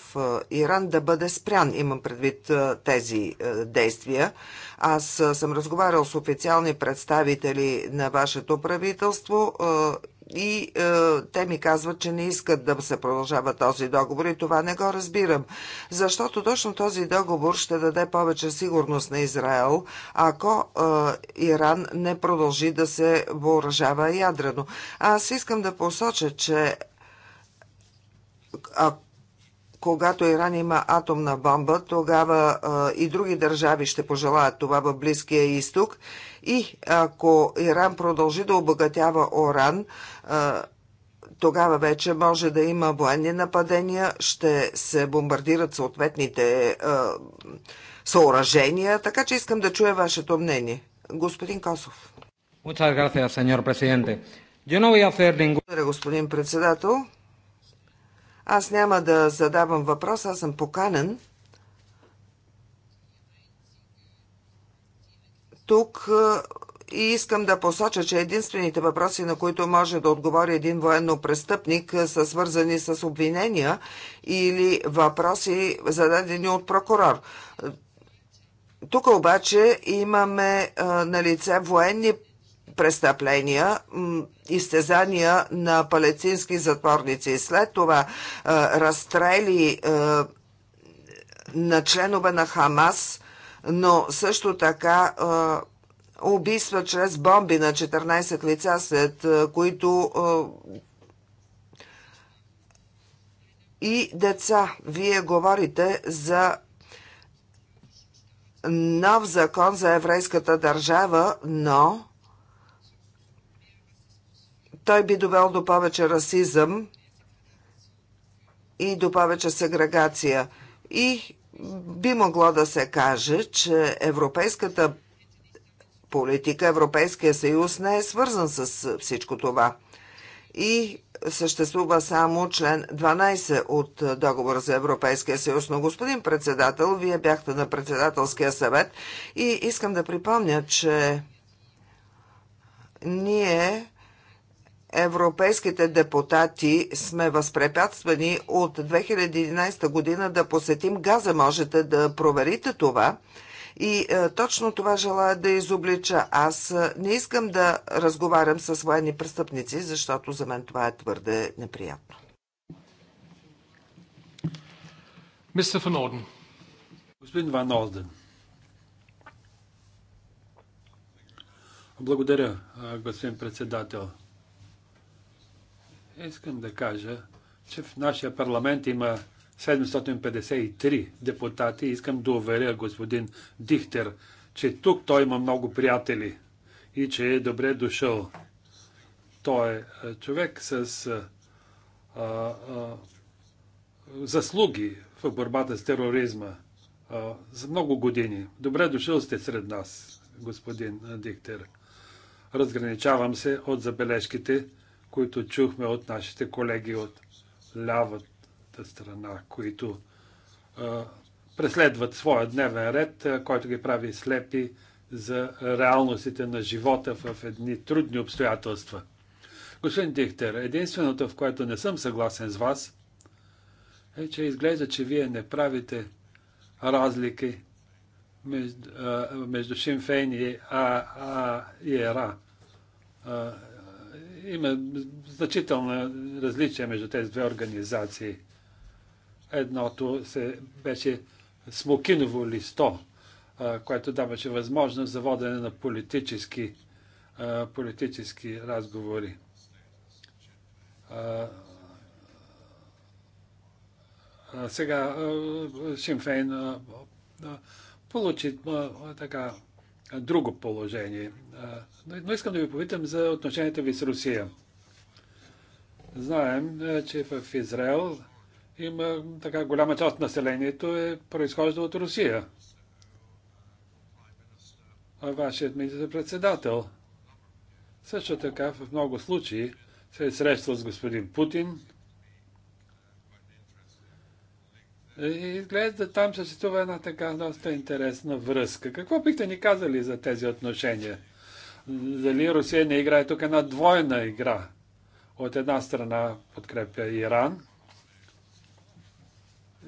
Иран да бъде спрян, имам предвид тези действия. Аз съм разговарял с официални представители на вашето правителство и е, те ми казват, че не искат да се продължава този договор и това не го разбирам. Защото точно този договор ще даде повече сигурност на Израел, ако е, Иран не продължи да се въоръжава ядрено. Аз искам да посоча, че а, когато Иран има атомна бомба, тогава е, и други държави ще пожелаят това в Близкия изток. И ако Иран продължи да обогатява Оран, тогава вече може да има военни нападения, ще се бомбардират съответните е, съоръжения, така че искам да чуя вашето мнение. Господин Косов. Благодаря, господин председател. Аз няма да задавам въпрос, аз съм поканен. Тук е, и искам да посоча, че единствените въпроси, на които може да отговори един военно престъпник, е, са свързани с обвинения или въпроси, зададени от прокурор. Тук обаче имаме е, на лице военни престъпления, изтезания на палецински затворници. След това е, разстрели на членове на Хамас, но също така убийства чрез бомби на 14 лица, след които и деца. Вие говорите за нов закон за еврейската държава, но той би довел до повече расизъм и до повече сегрегация. И би могло да се каже, че европейската политика. Европейския съюз не е свързан с всичко това. И съществува само член 12 от договора за Европейския съюз. Но, господин председател, вие бяхте на председателския съвет и искам да припомня, че ние европейските депутати сме възпрепятствани от 2011 година да посетим Газа. Можете да проверите това. И а, е, точно това желая да изоблича. Аз е, не искам да разговарям с военни престъпници, защото за мен това е твърде неприятно. Мистер Фан Орден. Господин Ван Орден. Благодаря, е, господин председател. Искам да кажа, че в нашия парламент има 753 депутати. Искам да уверя господин Дихтер, че тук той има много приятели и че е добре дошъл. Той е, е човек с а, е, а, е, заслуги в борбата с тероризма а, за много години. Добре дошъл сте сред нас, господин Диктер. Разграничавам се от забележките, които чухме от нашите колеги от лявата своята страна, които а, преследват своя дневен ред, а, който ги прави слепи за реалностите на живота в едни трудни обстоятелства. Господин Дихтер, единственото, в което не съм съгласен с вас, е, че изглежда, че вие не правите разлики между, а, между Шимфейн и АИРА. Има значително различие между тези две организации. Едното се, беше смокиново листо, което даваше възможност за водене на политически, политически разговори. Сега Шимфейн получи така друго положение. Но искам да ви попитам за отношенията ви с Русия. Знаем, че в Израел има така голяма част от населението е произхожда от Русия. А вашият министър-председател също така в много случаи се е срещал с господин Путин. И изглежда там съществува една така доста интересна връзка. Какво бихте ни казали за тези отношения? Дали Русия не играе тук една двойна игра? От една страна подкрепя Иран,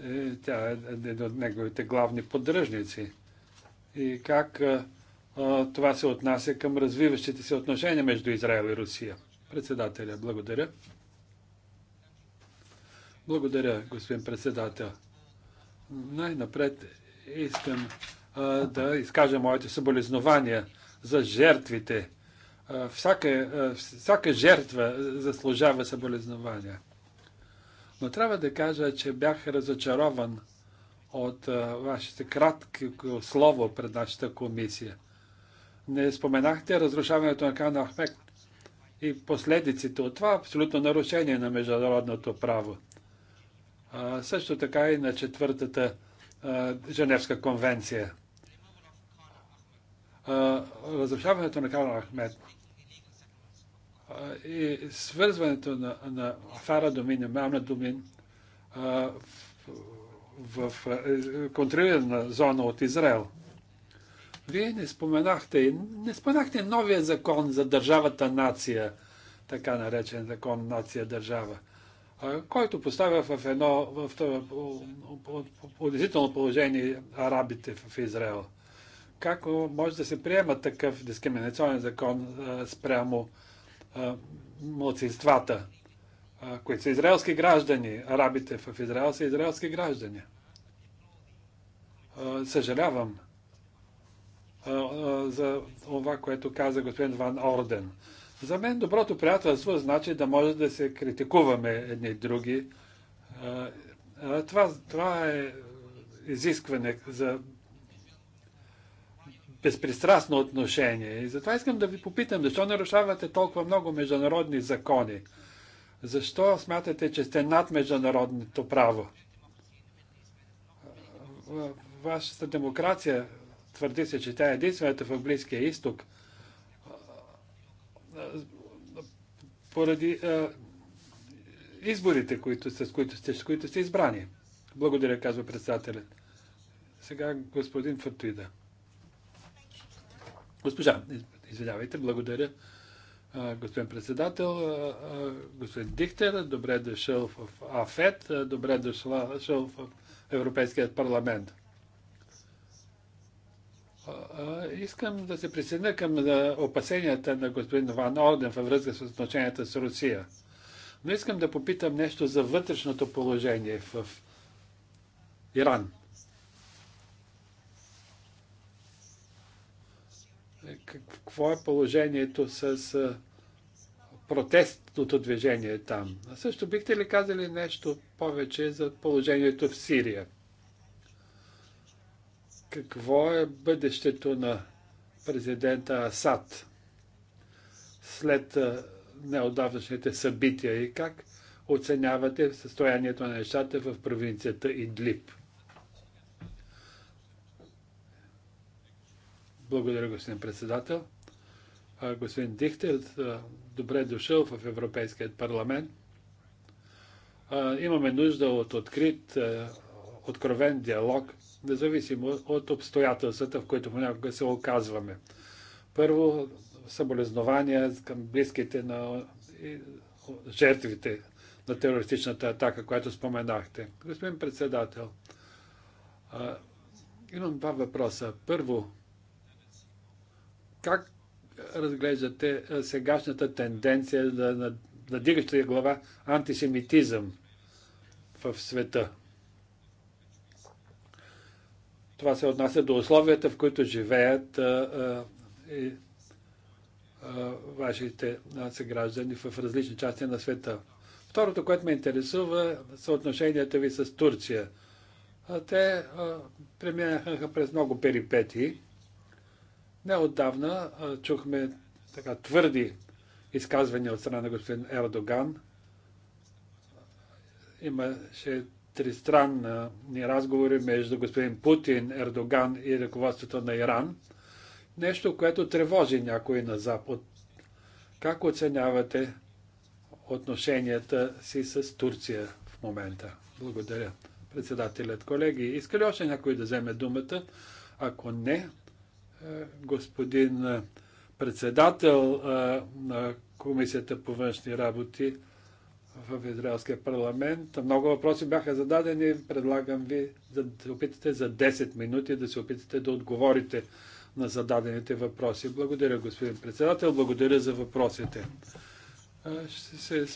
е, тя е един от неговите главни поддръжници. И как е, е, това се отнася към развиващите се отношения между Израел и Русия. Председателя, благодаря. Благодаря, господин председател. Най-напред искам а, да изкажа моите съболезнования за жертвите. А, всяка, а, всяка жертва заслужава съболезнования. Но трябва да кажа, че бях разочарован от вашето кратко слово пред нашата комисия. Не споменахте разрушаването на Кан Ахмек и последиците от това абсолютно нарушение на международното право. А, също така и на четвъртата а, Женевска конвенция. А, разрушаването на Кан Ахмед и свързването на, на Фара Домин и Мамна Домин в, в, в контролирана зона от Израел. Вие не споменахте, не споменахте новия закон за държавата нация, така наречен закон нация държава, който поставя в едно в, в, в, в положение арабите в Израел. Как може да се приема такъв дискриминационен закон спрямо младсинствата, които са израелски граждани. Арабите в Израел са израелски граждани. Съжалявам за това, което каза господин Ван Орден. За мен доброто приятелство значи да може да се критикуваме едни други. Това, това е изискване за безпристрастно отношение. И затова искам да ви попитам, защо нарушавате толкова много международни закони? Защо смятате, че сте над международното право? Вашата демокрация твърди се, че тя е единствената в Близкия изток. Поради изборите, които, с, които сте, с които сте избрани. Благодаря, казва председателят. Сега господин Фатуида. Госпожа, извинявайте, благодаря, господин председател, господин Дихтер, добре дошъл в АФЕД, добре дошъл в Европейският парламент. Искам да се присъединя към опасенията на господин Ван Орден във връзка с отношенията с Русия. Но искам да попитам нещо за вътрешното положение в Иран. какво е положението с протестното движение там. А също бихте ли казали нещо повече за положението в Сирия? Какво е бъдещето на президента Асад след неодавнашните събития и как оценявате състоянието на нещата в провинцията Идлиб? Благодаря, господин председател. Господин Дихтер, добре дошъл в Европейският парламент. Имаме нужда от открит, откровен диалог, независимо от обстоятелствата, в които понякога се оказваме. Първо, съболезнования към близките на жертвите на терористичната атака, която споменахте. Господин председател, имам два въпроса. Първо, как разглеждате сегашната тенденция на надигаща глава антисемитизъм в света? Това се отнася до условията, в които живеят а, а, и, а, вашите съграждани в различни части на света. Второто, което ме интересува, са отношенията ви с Турция. Те преминаха през много перипетии. Не отдавна чухме така твърди изказвания от страна на господин Ердоган. Имаше тристранни разговори между господин Путин, Ердоган и ръководството на Иран. Нещо, което тревожи някой на Запад. Как оценявате отношенията си с Турция в момента? Благодаря. Председателят, колеги, иска ли още някой да вземе думата? Ако не, господин председател на Комисията по външни работи в Израелския парламент. Много въпроси бяха зададени. Предлагам ви да се опитате за 10 минути да се опитате да отговорите на зададените въпроси. Благодаря, господин председател. Благодаря за въпросите. Ще се...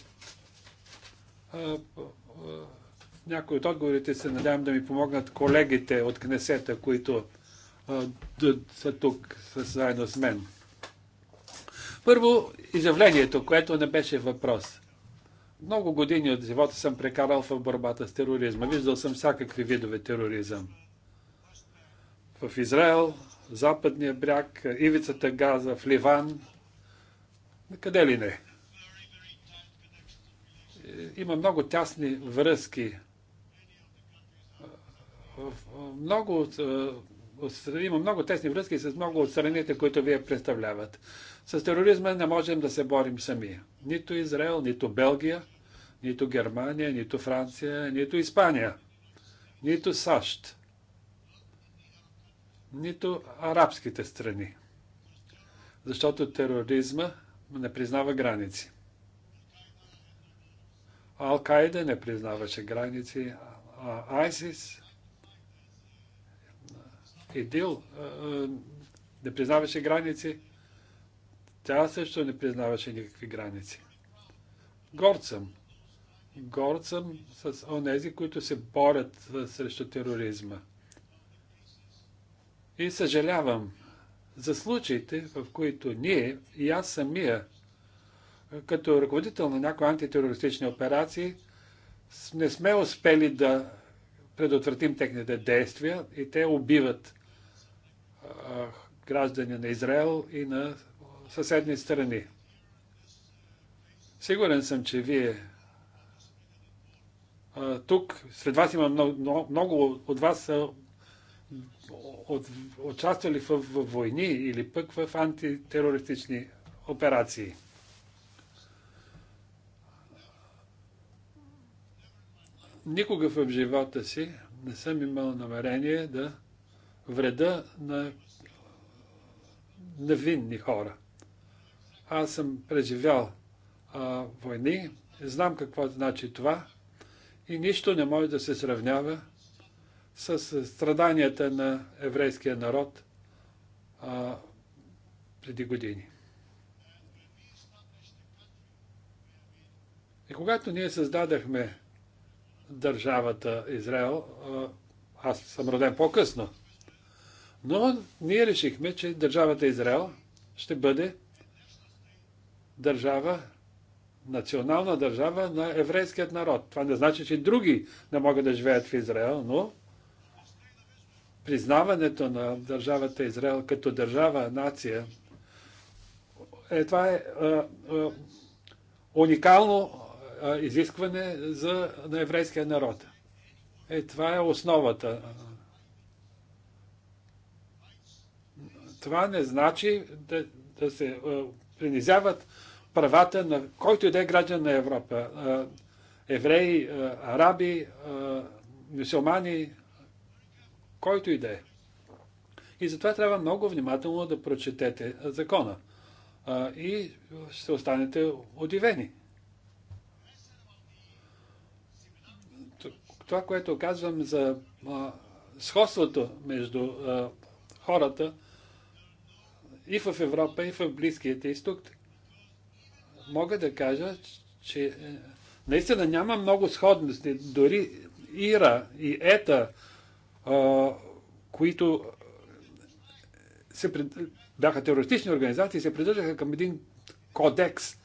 Някои от отговорите се надявам да ми помогнат колегите от Кнесета, които са тук заедно с мен. Първо, изявлението, което не беше въпрос. Много години от живота съм прекарал в борбата с тероризма. Виждал съм всякакви видове тероризъм. В Израел, Западния бряг, Ивицата Газа, в Ливан, къде ли не. Има много тясни връзки много от има много тесни връзки с много от страните, които вие представляват. С тероризма не можем да се борим сами. Нито Израел, нито Белгия, нито Германия, нито Франция, нито Испания, нито САЩ, нито арабските страни. Защото тероризма не признава граници. Ал-Каида не признаваше граници, а Айсис – ИДИЛ не признаваше граници. Тя също не признаваше никакви граници. Горд съм. Горд съм с онези, които се борят срещу тероризма. И съжалявам за случаите, в които ние и аз самия, като ръководител на някои антитерористични операции, не сме успели да предотвратим техните действия и те убиват граждани на Израел и на съседни страни. Сигурен съм, че вие тук, сред вас има много, много от вас са участвали в войни или пък в антитерористични операции. Никога в живота си не съм имал намерение да вреда на невинни хора. Аз съм преживял а, войни, знам какво значи това и нищо не може да се сравнява с страданията на еврейския народ а, преди години. И когато ние създадахме държавата Израел, аз съм роден по-късно, но ние решихме, че държавата Израел ще бъде държава, национална държава на еврейският народ. Това не значи, че други не могат да живеят в Израел, но признаването на държавата Израел като държава, нация, е, това е е, е уникално е, изискване за, на еврейския народ. Е, това е основата това не значи да, да се е, принизяват правата на който и да е граждан на Европа. Е, евреи, е, араби, мусулмани, който и да е. И затова трябва много внимателно да прочетете закона. И ще останете удивени. Това, което казвам за сходството между хората, и в Европа, и в Близкият изток, мога да кажа, че е, наистина няма много сходности. Дори Ира и Ета, които се пред... бяха терористични организации, се придържаха към един кодекс.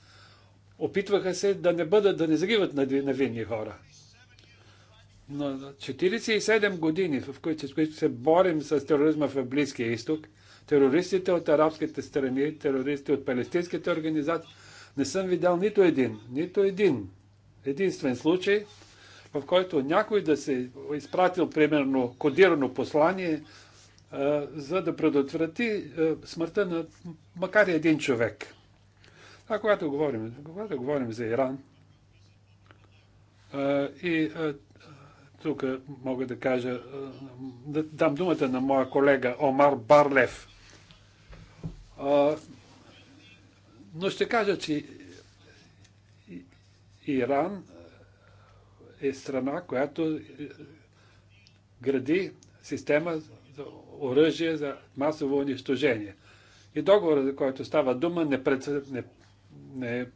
Опитваха се да не бъдат, да не загиват невинни хора. Но 47 години, в които се борим с тероризма в Близкия изток – терористите от арабските страни, терористи от палестинските организации. Не съм видял нито един, нито един единствен случай, в който някой да се изпратил, примерно, кодирано послание, за да предотврати смъртта на макар и един човек. А когато говорим, когато говорим за Иран, и тук мога да кажа, да дам думата на моя колега Омар Барлев но ще кажа, че Иран е страна, която гради система за оръжие за масово унищожение. И договорът, за който става дума, не, пред, не, не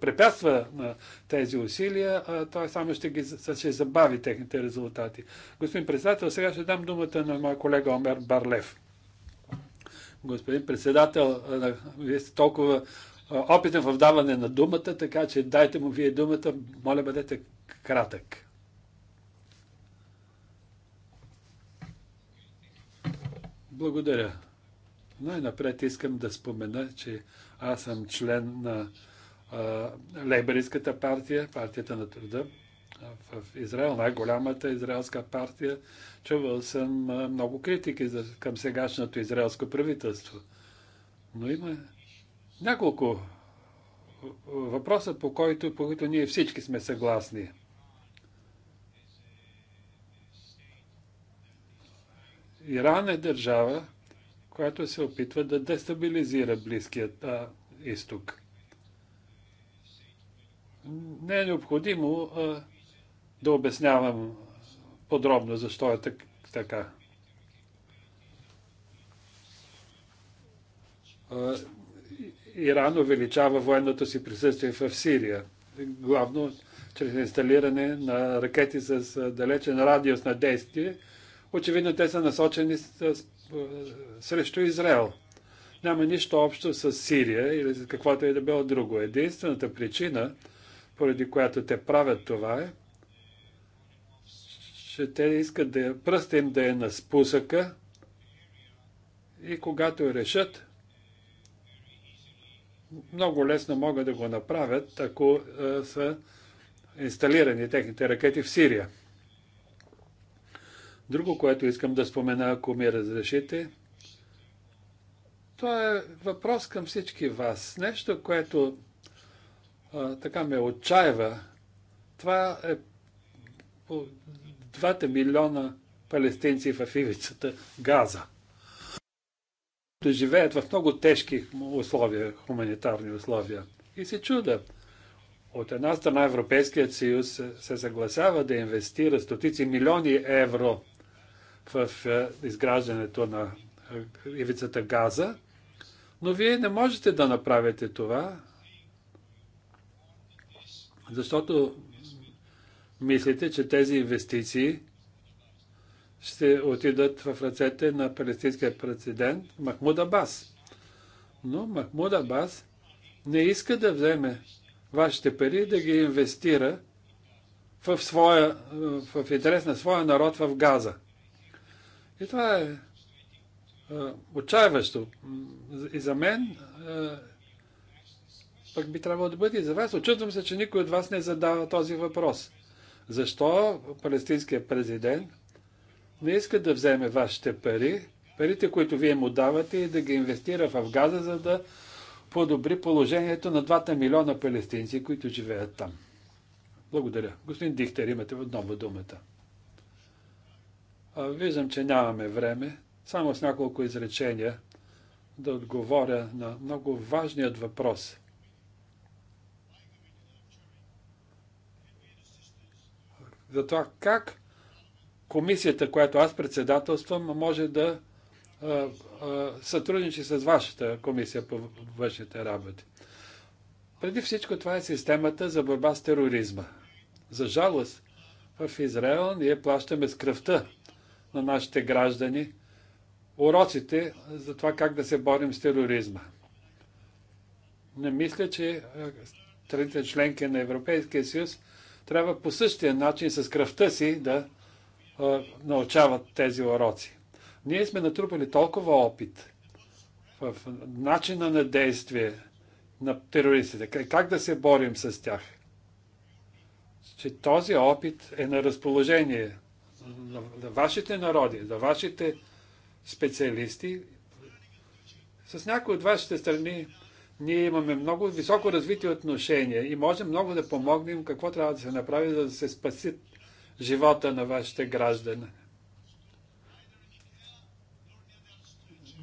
препятства на тези усилия, а той само ще, ги, ще забави техните резултати. Господин председател, сега ще дам думата на моя колега Омер Барлев господин председател, вие сте толкова опитен в даване на думата, така че дайте му вие думата. Моля, бъдете кратък. Благодаря. Най-напред искам да спомена, че аз съм член на Лейбористската партия, партията на труда в Израел, най-голямата израелска партия, чувал съм много критики за, към сегашното израелско правителство. Но има няколко въпроса, по които, по които ние всички сме съгласни. Иран е държава, която се опитва да дестабилизира Близкият а, изток. Не е необходимо а, да обяснявам подробно защо е така. Иран увеличава военното си присъствие в Сирия, главно чрез инсталиране на ракети с далечен радиус на действие. Очевидно те са насочени срещу Израел. Няма нищо общо с Сирия или с каквото и е да било друго. Единствената причина, поради която те правят това е, че те искат да, пръста им да е на спусъка и когато решат, много лесно могат да го направят, ако са инсталирани техните ракети в Сирия. Друго, което искам да спомена, ако ми разрешите, то е въпрос към всички вас. Нещо, което а, така ме отчаива, това е двата милиона палестинци в ивицата Газа. Да живеят в много тежки условия, хуманитарни условия. И се чуда. От една страна Европейският съюз се съгласява да инвестира стотици милиони евро в е, изграждането на е, ивицата Газа, но вие не можете да направите това, защото мислите, че тези инвестиции ще отидат в ръцете на палестинския президент Махмуд Абас. Но Махмуд Абас не иска да вземе вашите пари да ги инвестира в, своя, в интерес на своя народ в Газа. И това е отчаяващо. И за мен, пък би трябвало да бъде и за вас. Очудвам се, че никой от вас не задава този въпрос. Защо палестинският президент не иска да вземе вашите пари, парите, които вие му давате и да ги инвестира в Газа, за да подобри положението на двата милиона палестинци, които живеят там. Благодаря. Господин Дихтер, имате отново думата. Виждам, че нямаме време. Само с няколко изречения да отговоря на много важният въпрос – за това как комисията, която аз председателствам, може да сътрудничи с вашата комисия по външните работи. Преди всичко това е системата за борба с тероризма. За жалост, в Израел ние плащаме с кръвта на нашите граждани уроците за това как да се борим с тероризма. Не мисля, че страните членки на Европейския съюз трябва по същия начин с кръвта си да а, научават тези уроци. Ние сме натрупали толкова опит в начина на действие на терористите, как да се борим с тях, че този опит е на разположение на, на вашите народи, на вашите специалисти. С някои от вашите страни ние имаме много високо развити отношения и можем много да помогнем какво трябва да се направи, за да се спасят живота на вашите граждани.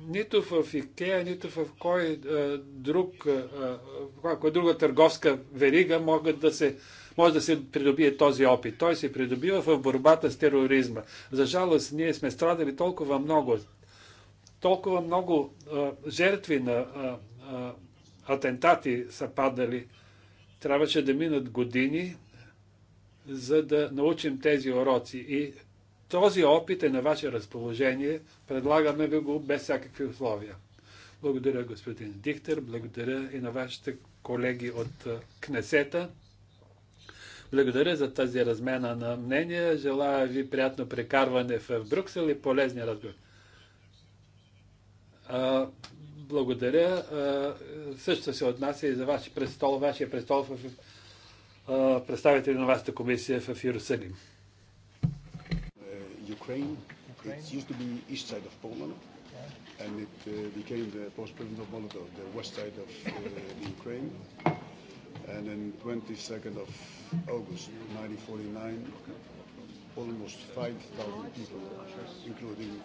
Нито в Икея, нито в кой е, друг, е, е, кой друга търговска верига могат да се може да се придобие този опит. Той се придобива в борбата с тероризма. За жалост, ние сме страдали толкова много, толкова много а, жертви на а, а, атентати са падали. Трябваше да минат години, за да научим тези уроци. И този опит е на ваше разположение. Предлагаме ви го без всякакви условия. Благодаря, господин Дихтер. Благодаря и на вашите колеги от Кнесета. Благодаря за тази размена на мнения. Желая ви приятно прекарване в Брюксел и полезни разговори благодаря. Е, Също се отнася и за ваше престол, вашия престол в е, представители на вашата комисия в Иерусалим almost 5,000 people, including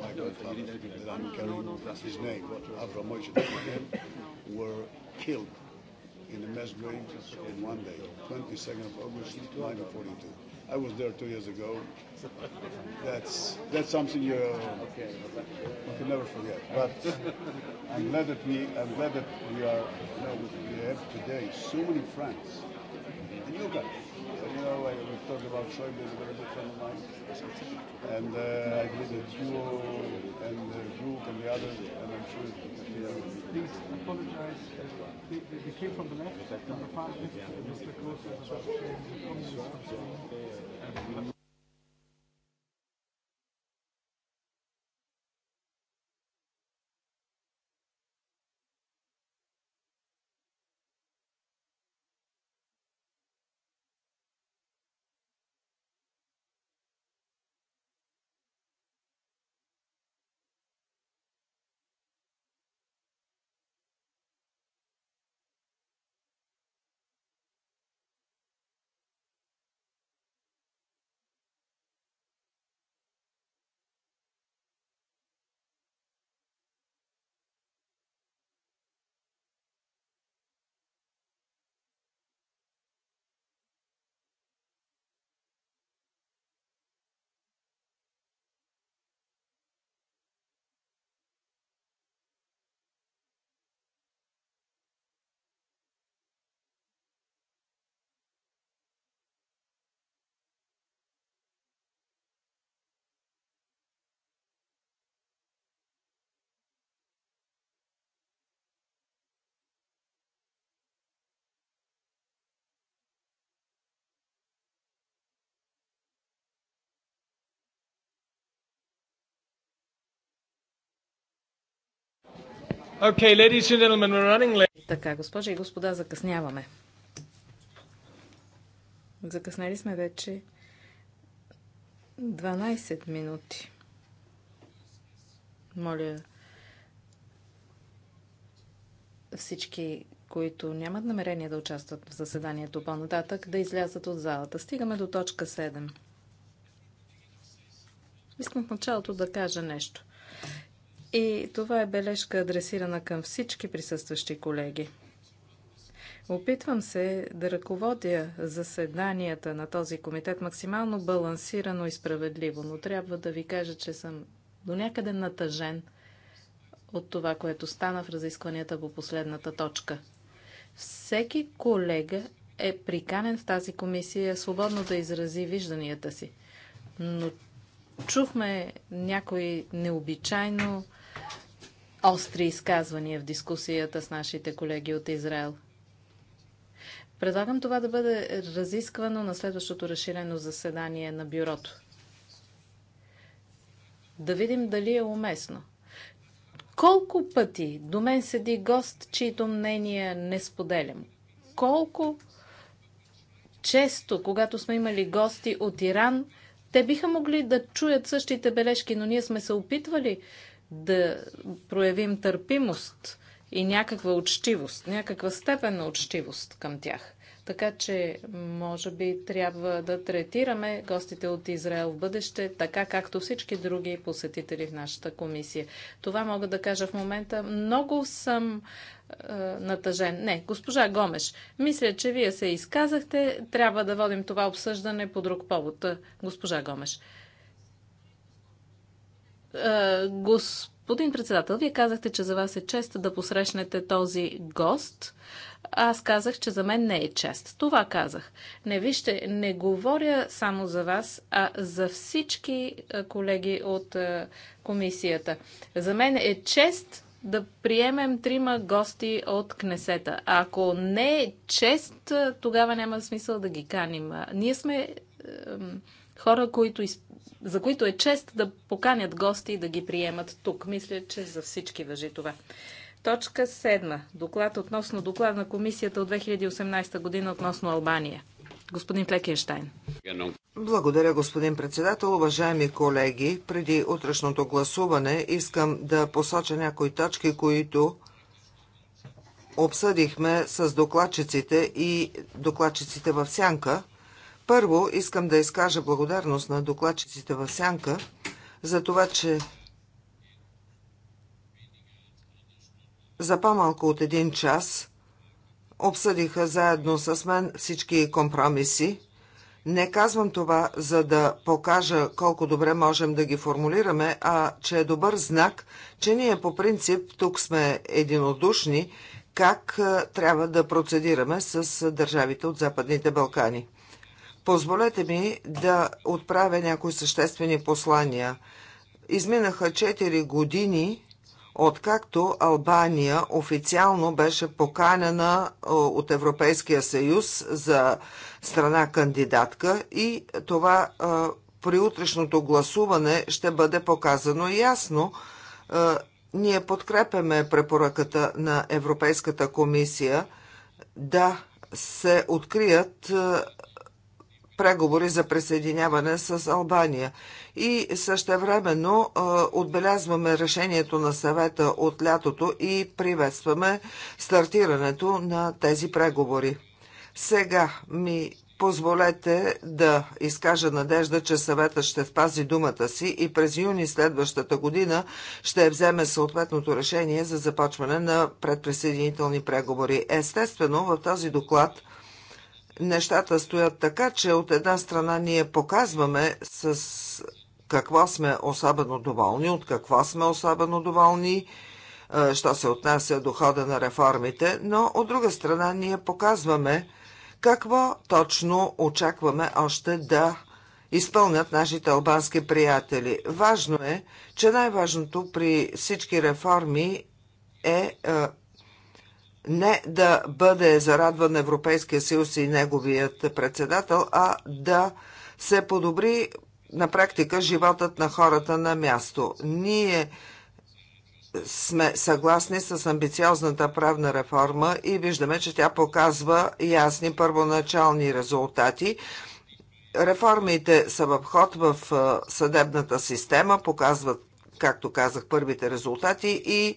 my grandfather that I'm carrying his name, Avram were killed in a mass grave in one day, 22nd of August 1942. I was there two years ago. That's that's something you, uh you can never forget. But I'm glad that we I'm glad that we are you know, we have today so many friends. And you guys talk about Schäuble is a very good friend of mine. And uh, I believe that you and uh, group and the others, and I'm sure Please apologize. They, they, came from the left, number five, Mr. Klose, the Okay, ladies and gentlemen, we're running late. Така, госпожи и господа, закъсняваме. Закъснели сме вече 12 минути. Моля всички, които нямат намерение да участват в заседанието по-нататък, да излязат от залата. Стигаме до точка 7. Искам в началото да кажа нещо. И това е бележка адресирана към всички присъстващи колеги. Опитвам се да ръководя заседанията на този комитет максимално балансирано и справедливо, но трябва да ви кажа, че съм до някъде натъжен от това, което стана в разискванията по последната точка. Всеки колега е приканен в тази комисия свободно да изрази вижданията си. Но чухме някои необичайно остри изказвания в дискусията с нашите колеги от Израел. Предлагам това да бъде разисквано на следващото разширено заседание на бюрото. Да видим дали е уместно. Колко пъти до мен седи гост, чието мнение не споделям? Колко често, когато сме имали гости от Иран, те биха могли да чуят същите бележки, но ние сме се опитвали да проявим търпимост и някаква учтивост, някаква степен на учтивост към тях. Така че, може би, трябва да третираме гостите от Израел в бъдеще, така както всички други посетители в нашата комисия. Това мога да кажа в момента. Много съм е, натъжен. Не, госпожа Гомеш, мисля, че вие се изказахте. Трябва да водим това обсъждане по друг повод. Госпожа Гомеш. Е, господин председател, вие казахте, че за вас е чест да посрещнете този гост. Аз казах, че за мен не е чест. Това казах. Не вижте, не говоря само за вас, а за всички е, колеги от е, комисията. За мен е чест да приемем трима гости от Кнесета. А ако не е чест, тогава няма смисъл да ги каним. Ние сме хора, които изпълняват за които е чест да поканят гости и да ги приемат тук. Мисля, че за всички въжи това. Точка 7. Доклад относно доклад на комисията от 2018 година относно Албания. Господин Флекенштайн. Благодаря, господин председател. Уважаеми колеги, преди утрешното гласуване искам да посоча някои точки, които обсъдихме с докладчиците и докладчиците в сянка – първо искам да изкажа благодарност на докладчиците в Сянка за това, че за по-малко от един час обсъдиха заедно с мен всички компромиси. Не казвам това, за да покажа колко добре можем да ги формулираме, а че е добър знак, че ние по принцип тук сме единодушни как трябва да процедираме с държавите от Западните Балкани. Позволете ми да отправя някои съществени послания. Изминаха 4 години, откакто Албания официално беше поканена е, от Европейския съюз за страна кандидатка и това е, при утрешното гласуване ще бъде показано ясно. Е, ние подкрепяме препоръката на Европейската комисия да се открият преговори за присъединяване с Албания. И същевременно отбелязваме решението на съвета от лятото и приветстваме стартирането на тези преговори. Сега ми Позволете да изкажа надежда, че съвета ще спази думата си и през юни следващата година ще вземе съответното решение за започване на предприсъединителни преговори. Естествено, в този доклад нещата стоят така, че от една страна ние показваме с какво сме особено доволни, от какво сме особено доволни, е, що се отнася до хода на реформите, но от друга страна ние показваме какво точно очакваме още да изпълнят нашите албански приятели. Важно е, че най-важното при всички реформи е, е не да бъде зарадван Европейския съюз и неговият председател, а да се подобри на практика животът на хората на място. Ние сме съгласни с амбициозната правна реформа и виждаме, че тя показва ясни първоначални резултати. Реформите са в ход в съдебната система, показват, както казах, първите резултати и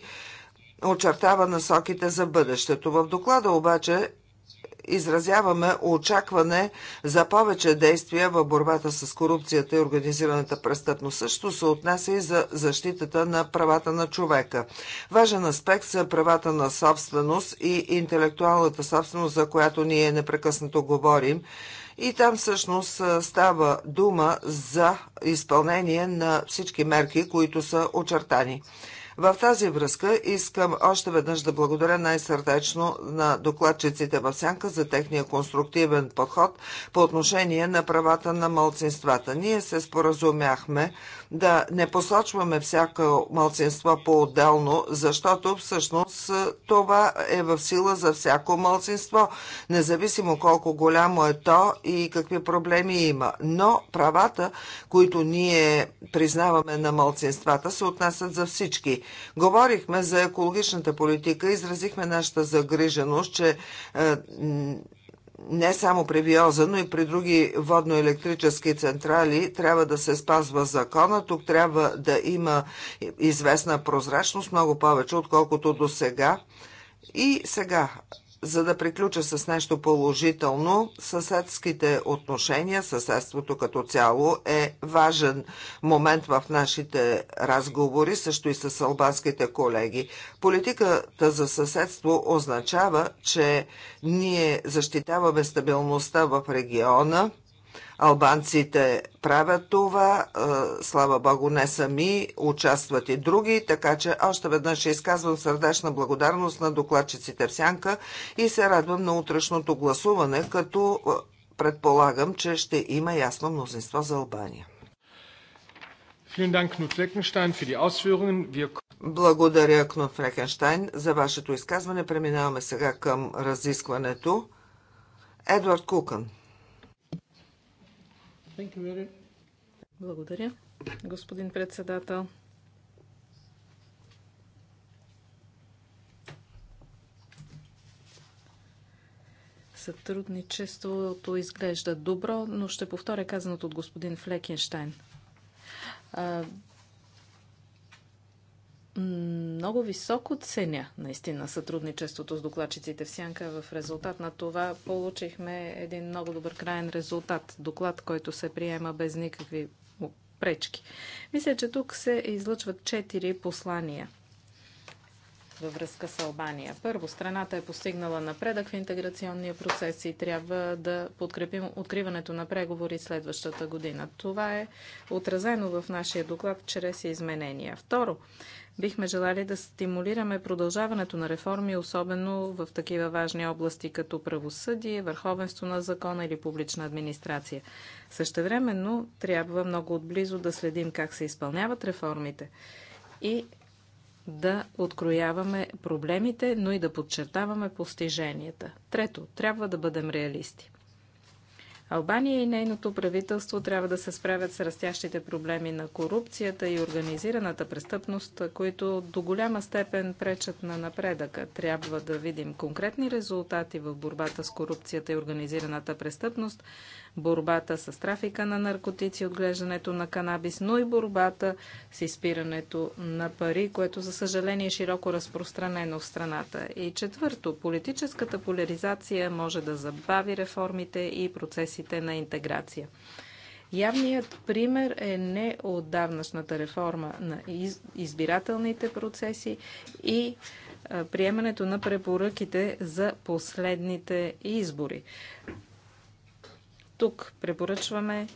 очертава насоките за бъдещето. В доклада обаче изразяваме очакване за повече действия в борбата с корупцията и организираната престъпност. Също се отнася и за защитата на правата на човека. Важен аспект са правата на собственост и интелектуалната собственост, за която ние непрекъснато говорим. И там всъщност става дума за изпълнение на всички мерки, които са очертани. В тази връзка искам още веднъж да благодаря най-сърдечно на докладчиците в Сянка за техния конструктивен подход по отношение на правата на малцинствата. Ние се споразумяхме да не посочваме всяко мълцинство по-отделно, защото всъщност това е в сила за всяко мълцинство, независимо колко голямо е то и какви проблеми има. Но правата, които ние признаваме на мълцинствата, се отнасят за всички. Говорихме за екологичната политика, изразихме нашата загриженост, че не само при Виоза, но и при други водно-електрически централи трябва да се спазва закона. Тук трябва да има известна прозрачност, много повече, отколкото до сега. И сега за да приключа с нещо положително, съседските отношения, съседството като цяло е важен момент в нашите разговори, също и с албанските колеги. Политиката за съседство означава, че ние защитаваме стабилността в региона, Албанците правят това, слава Богу, не сами, участват и други, така че още веднъж изказвам сърдечна благодарност на докладчиците в Сянка и се радвам на утрешното гласуване, като предполагам, че ще има ясно мнозинство за Албания. Благодаря, Кнут Флекенштайн, за вашето изказване. Преминаваме сега към разискването. Едвард Кукън. Благодаря, господин председател. Сътрудничеството изглежда добро, но ще повторя казаното от господин Флекенштайн много високо ценя наистина сътрудничеството с докладчиците в Сянка. В резултат на това получихме един много добър крайен резултат. Доклад, който се приема без никакви пречки. Мисля, че тук се излъчват четири послания – във връзка с Албания. Първо, страната е постигнала напредък в интеграционния процес и трябва да подкрепим откриването на преговори следващата година. Това е отразено в нашия доклад чрез изменения. Второ, бихме желали да стимулираме продължаването на реформи, особено в такива важни области като правосъдие, върховенство на закона или публична администрация. Същевременно трябва много отблизо да следим как се изпълняват реформите и да открояваме проблемите, но и да подчертаваме постиженията. Трето, трябва да бъдем реалисти. Албания и нейното правителство трябва да се справят с растящите проблеми на корупцията и организираната престъпност, които до голяма степен пречат на напредъка. Трябва да видим конкретни резултати в борбата с корупцията и организираната престъпност, борбата с трафика на наркотици, отглеждането на канабис, но и борбата с изпирането на пари, което за съжаление е широко разпространено в страната. И четвърто, политическата поляризация може да забави реформите и процесите на интеграция. Явният пример е не отдавнашната реформа на избирателните процеси и е, приемането на препоръките за последните избори. Тук препоръчваме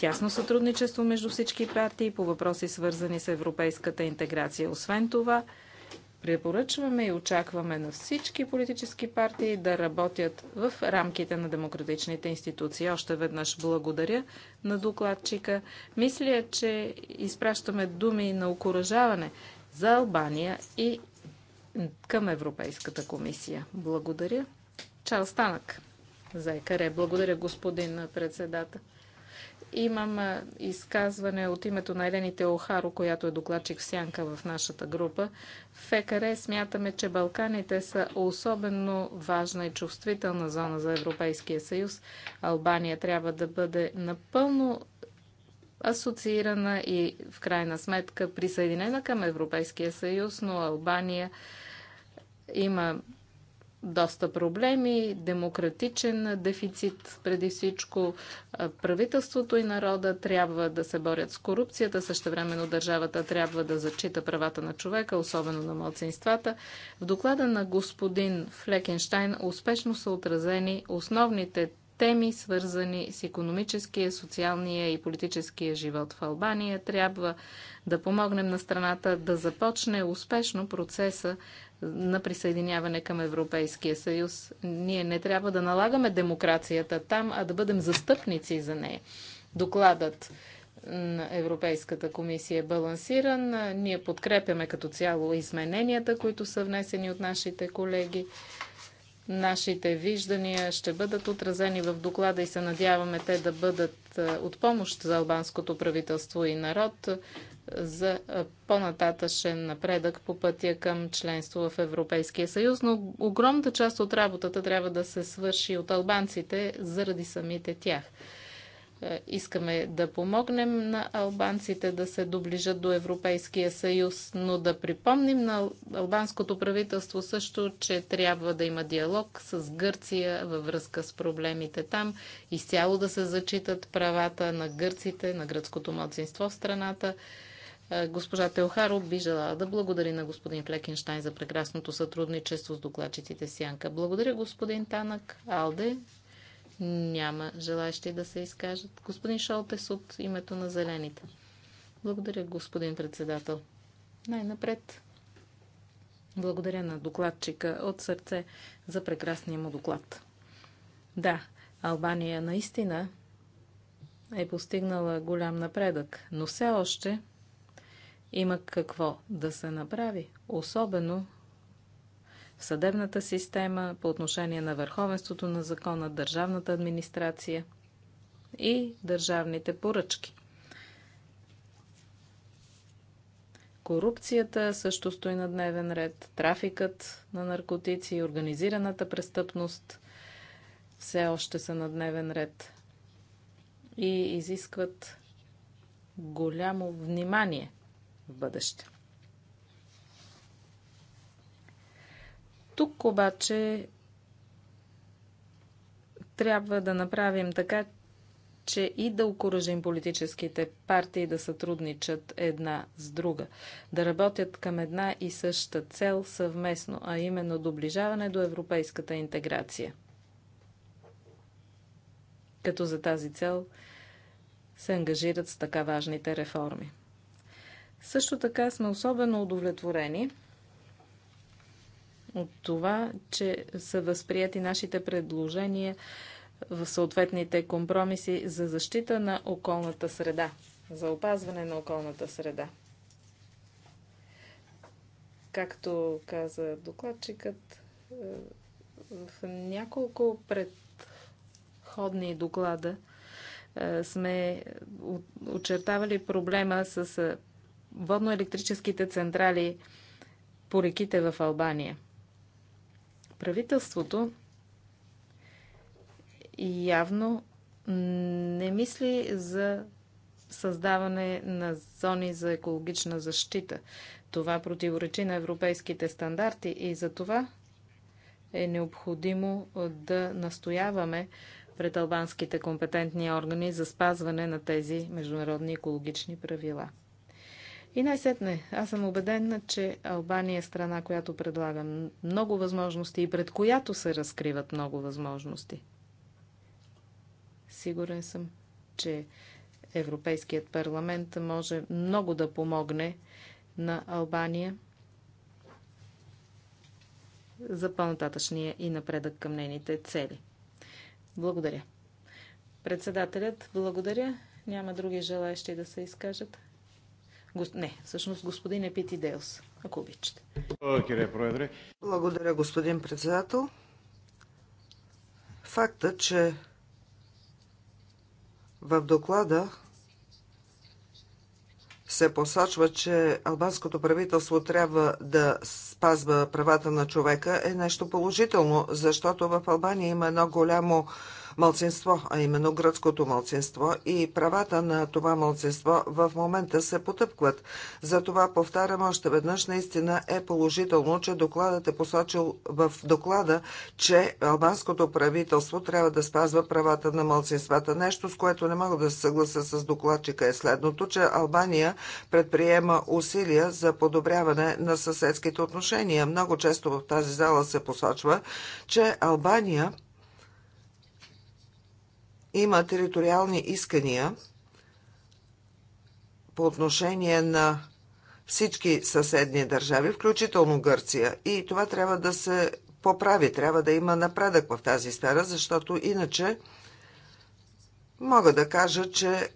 тясно сътрудничество между всички партии по въпроси свързани с европейската интеграция. Освен това, препоръчваме и очакваме на всички политически партии да работят в рамките на демократичните институции. Още веднъж благодаря на докладчика. Мисля, че изпращаме думи на окоръжаване за Албания и към Европейската комисия. Благодаря. Чао, станък! за ЕКАРЕ. Благодаря, господин председател. Имам изказване от името на Елените Охаро, която е докладчик в Сянка в нашата група. В ЕКР смятаме, че Балканите са особено важна и чувствителна зона за Европейския съюз. Албания трябва да бъде напълно асоциирана и в крайна сметка присъединена към Европейския съюз, но Албания има доста проблеми, демократичен дефицит преди всичко. Правителството и народа трябва да се борят с корупцията, същевременно държавата трябва да зачита правата на човека, особено на младсинствата. В доклада на господин Флекенштайн успешно са отразени основните теми, свързани с економическия, социалния и политическия живот в Албания. Трябва да помогнем на страната да започне успешно процеса на присъединяване към Европейския съюз. Ние не трябва да налагаме демокрацията там, а да бъдем застъпници за нея. Докладът на Европейската комисия е балансиран. Ние подкрепяме като цяло измененията, които са внесени от нашите колеги. Нашите виждания ще бъдат отразени в доклада и се надяваме те да бъдат е, от помощ за албанското правителство и народ за по-нататъчен напредък по пътя към членство в Европейския съюз, но огромната част от работата трябва да се свърши от албанците заради самите тях. Искаме да помогнем на албанците да се доближат до Европейския съюз, но да припомним на албанското правителство също, че трябва да има диалог с Гърция във връзка с проблемите там, изцяло да се зачитат правата на гърците, на гръцкото младсинство в страната е, госпожа Телхаро би желала да благодари на господин Флекенштайн за прекрасното сътрудничество с докладчиците Сянка. Благодаря, господин Танък. Алде, няма желащи да се изкажат. Господин Шолтес от името на Зелените. Благодаря, господин председател. Най-напред. Благодаря на докладчика от сърце за прекрасния му доклад. Да, Албания наистина е постигнала голям напредък, но все още има какво да се направи, особено в съдебната система, по отношение на върховенството на закона, държавната администрация и държавните поръчки. Корупцията също стои на дневен ред, трафикът на наркотици и организираната престъпност все още са на дневен ред и изискват голямо внимание – в бъдеще. Тук обаче трябва да направим така, че и да окоръжим политическите партии да сътрудничат една с друга, да работят към една и съща цел съвместно, а именно доближаване до европейската интеграция. Като за тази цел се ангажират с така важните реформи. Също така сме особено удовлетворени от това, че са възприяти нашите предложения в съответните компромиси за защита на околната среда, за опазване на околната среда. Както каза докладчикът, е, в няколко предходни доклада е, сме очертавали проблема с е, водноелектрическите централи по реките в Албания. Правителството явно не мисли за създаване на зони за екологична защита. Това противоречи на европейските стандарти и за това е необходимо да настояваме пред албанските компетентни органи за спазване на тези международни екологични правила. И най-сетне, аз съм убедена, че Албания е страна, която предлага много възможности и пред която се разкриват много възможности. Сигурен съм, че Европейският парламент може много да помогне на Албания за по-нататъчния и напредък към нейните цели. Благодаря. Председателят, благодаря. Няма други желаящи да се изкажат. Гос... Не, всъщност господин Епити Дейлс, ако обичате. Благодаря, господин председател. Факта, че в доклада се посочва, че албанското правителство трябва да спазва правата на човека е нещо положително, защото в Албания има едно голямо мълцинство, а именно гръцкото мълцинство и правата на това мълцинство в момента се потъпкват. Затова повтарям още веднъж, наистина е положително, че докладът е посочил в доклада, че албанското правителство трябва да спазва правата на мълцинствата. Нещо, с което не мога да се съглася с докладчика е следното, че Албания предприема усилия за подобряване на съседските отношения. Много често в тази зала се посочва, че Албания има териториални искания по отношение на всички съседни държави, включително Гърция. И това трябва да се поправи, трябва да има напредък в тази сфера, защото иначе мога да кажа, че е,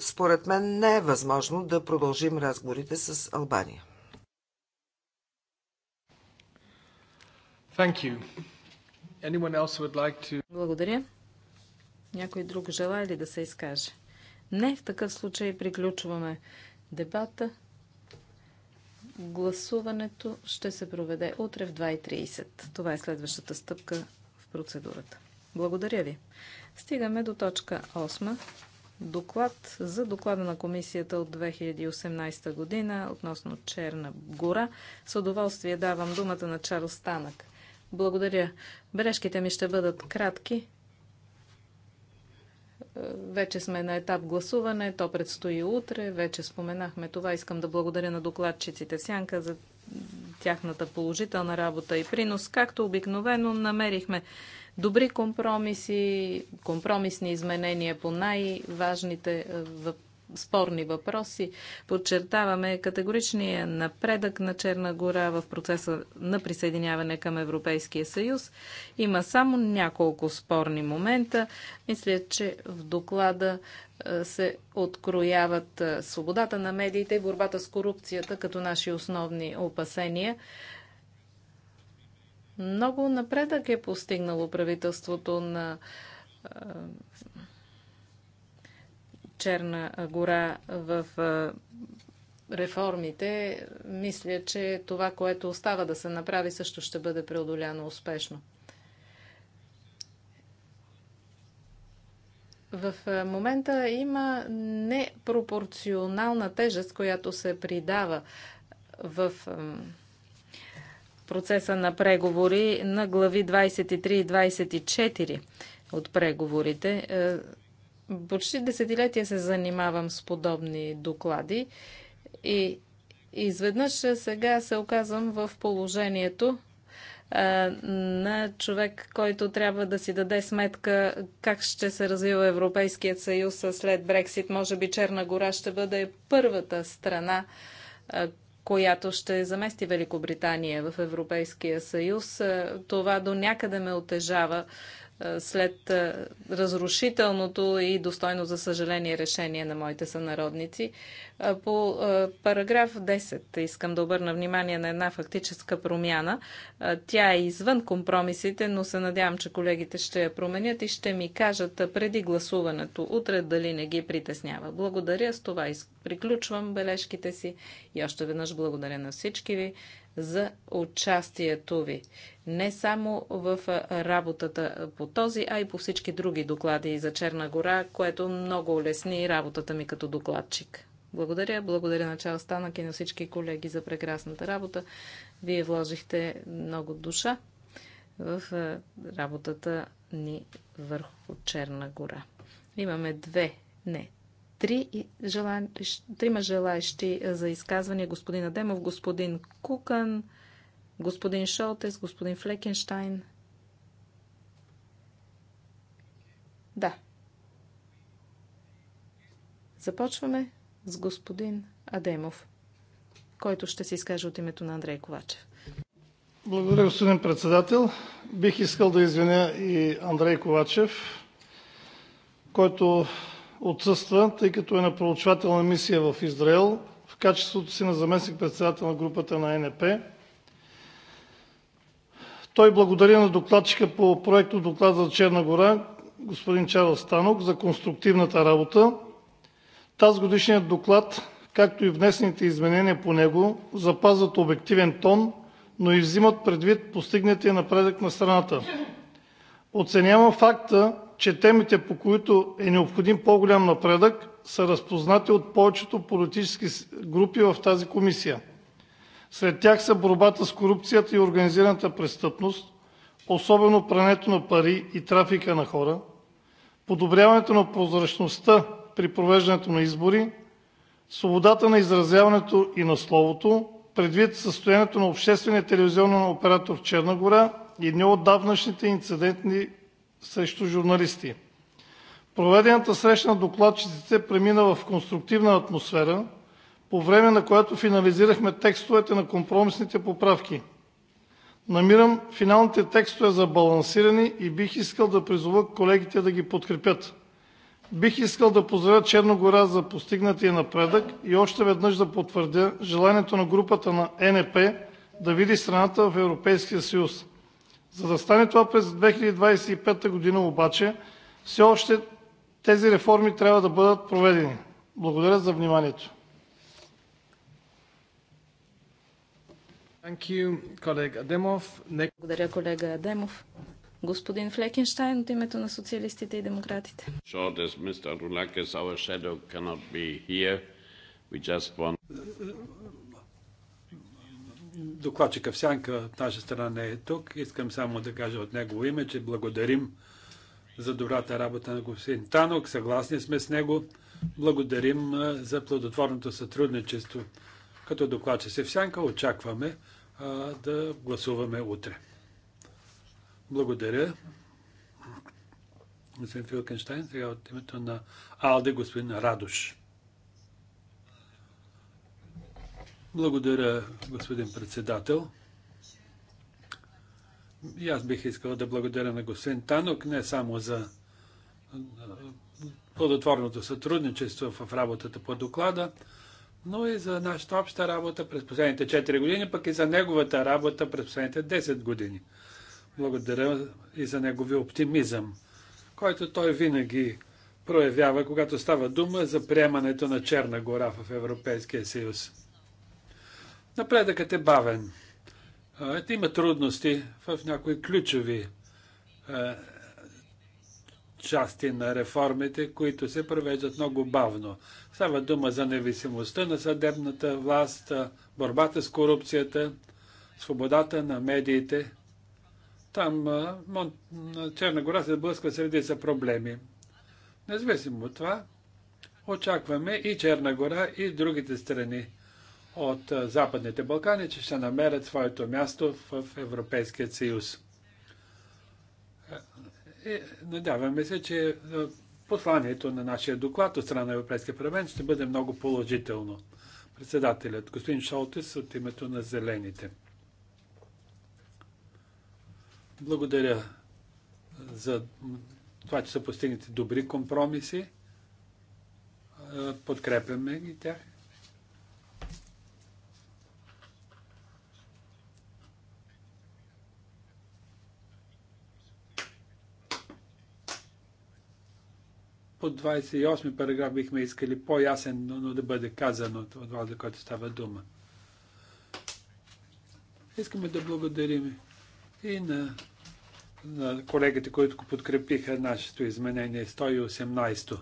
според мен не е възможно да продължим разговорите с Албания. Like to... Благодаря. Някой друг желая ли да се изкаже? Не, в такъв случай приключваме дебата. Гласуването ще се проведе утре в 2.30. Това е следващата стъпка в процедурата. Благодаря ви. Стигаме до точка 8. Доклад за доклада на комисията от 2018 година относно Черна гора. С удоволствие давам думата на Чарлз Станък. Благодаря. Бележките ми ще бъдат кратки. Вече сме на етап гласуване, то предстои утре, вече споменахме това. Искам да благодаря на докладчиците Сянка за тяхната положителна работа и принос. Както обикновено намерихме добри компромиси, компромисни изменения по най-важните въпроси спорни въпроси. Подчертаваме категоричния напредък на Черна гора в процеса на присъединяване към Европейския съюз. Има само няколко спорни момента. Мисля, че в доклада е, се открояват е, свободата на медиите и борбата с корупцията като наши основни опасения. Много напредък е постигнало правителството на е, Черна гора в реформите, мисля, че това, което остава да се направи, също ще бъде преодоляно успешно. В момента има непропорционална тежест, която се придава в процеса на преговори на глави 23 и 24 от преговорите. Е, почти десетилетия се занимавам с подобни доклади и изведнъж сега се оказвам в положението на човек, който трябва да си даде сметка как ще се развива Европейският съюз след Брексит. Може би Черна гора ще бъде първата страна, която ще замести Великобритания в Европейския съюз. Това до някъде ме отежава след разрушителното и достойно за съжаление решение на моите сънародници. По параграф 10 искам да обърна внимание на една фактическа промяна. Тя е извън компромисите, но се надявам, че колегите ще я променят и ще ми кажат преди гласуването утре дали не ги притеснява. Благодаря, с това приключвам бележките си и още веднъж благодаря на всички ви за участието ви не само в работата по този, а и по всички други доклади за Черна гора, което много улесни работата ми като докладчик. Благодаря. Благодаря на Чао Станък и на всички колеги за прекрасната работа. Вие вложихте много душа в работата ни върху Черна гора. Имаме две, не, три желаещи, трима желаещи за изказване. Господин Адемов, господин Кукан, господин Шолтес, господин Флекенштайн. Да. Започваме с господин Адемов, който ще се изкаже от името на Андрей Ковачев. Благодаря, господин председател. Бих искал да извиня и Андрей Ковачев, който отсъства, тъй като е на проучвателна мисия в Израел в качеството си на заместник-председател на групата на НП. Той благодари на докладчика по доклад за Черна гора господин Чарлз Станок за конструктивната работа. Тазгодишният доклад, както и внесените изменения по него, запазват обективен тон, но и взимат предвид постигнатия напредък на страната. Оценявам факта, че темите, по които е необходим по-голям напредък, са разпознати от повечето политически групи в тази комисия. Сред тях са борбата с корупцията и организираната престъпност, особено прането на пари и трафика на хора, подобряването на прозрачността при провеждането на избори, свободата на изразяването и на словото, предвид състоянието на обществения телевизионен оператор в Черна гора и неотдавнашните инциденти срещу журналисти. Проведената среща на докладчиците премина в конструктивна атмосфера, по време на която финализирахме текстовете на компромисните поправки. Намирам финалните текстове за балансирани и бих искал да призова колегите да ги подкрепят. Бих искал да поздравя Черногора гора за постигнатия напредък и още веднъж да потвърдя желанието на групата на ЕНП да види страната в Европейския съюз. За да стане това през 2025 година обаче все още тези реформи трябва да бъдат проведени. Благодаря за вниманието. Благодаря, колега Адемов. Господин Флекенштайн от името на социалистите и демократите. Sure, Докладчика в сянка от наша страна не е тук. Искам само да кажа от негово име, че благодарим за добрата работа на господин Танок. Съгласни сме с него. Благодарим за плодотворното сътрудничество. Като докладче се в сянка очакваме да гласуваме утре. Благодаря. Господин Филкенштайн, сега от името на Алде, господин Радош. Благодаря, господин председател. И аз бих искал да благодаря на господин Танок не само за плодотворното сътрудничество в работата по доклада, но и за нашата обща работа през последните 4 години, пък и за неговата работа през последните 10 години. Благодаря и за неговия оптимизъм, който той винаги проявява, когато става дума за приемането на Черна гора в Европейския съюз. Напредъкът е бавен. Има трудности в някои ключови части на реформите, които се провеждат много бавно. Става дума за невисимостта на съдебната власт, борбата с корупцията, свободата на медиите. Там Мон... Черна гора се блъска среди са проблеми. Независимо от това, очакваме и Черна гора, и другите страни от Западните Балкани, че ще намерят своето място в Европейския съюз. Е, надяваме се, че е, посланието на нашия доклад от страна на Европейския парламент ще бъде много положително. Председателят, господин Шолтес, от името на Зелените. Благодаря за това, че са постигнати добри компромиси. Е, подкрепяме ги тях. По 28 параграф бихме искали по-ясен, но да бъде казано това, за което става дума. Искаме да благодарим и на, на колегите, които подкрепиха нашето изменение 118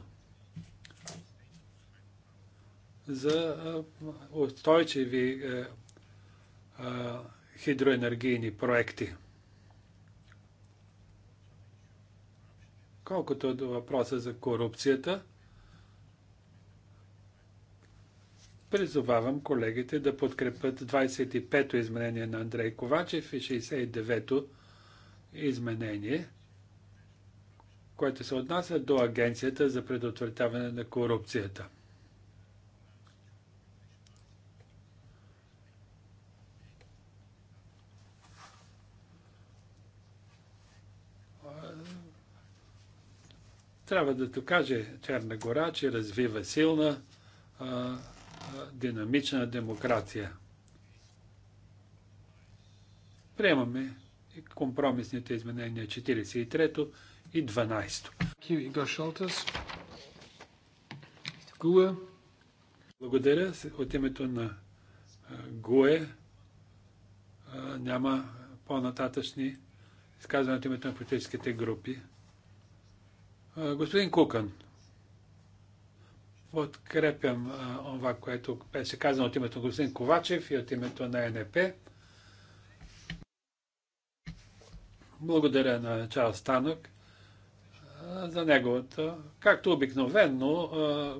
за устойчиви е, е, хидроенергийни проекти. Колкото до въпроса за корупцията, призовавам колегите да подкрепят 25-то изменение на Андрей Ковачев и 69-то изменение, което се отнася до Агенцията за предотвратяване на корупцията. Трябва да докаже Черна гора, че развива силна, а, динамична демокрация. Приемаме компромисните изменения 43-то и 12-то. Благодаря. От името на ГУЕ няма по-нататъчни изказвания от името на политическите групи. Господин Кукан, подкрепям това, което беше казано от името на господин Ковачев и от името на НП. Благодаря на Чарлз Станок за неговата, както обикновено,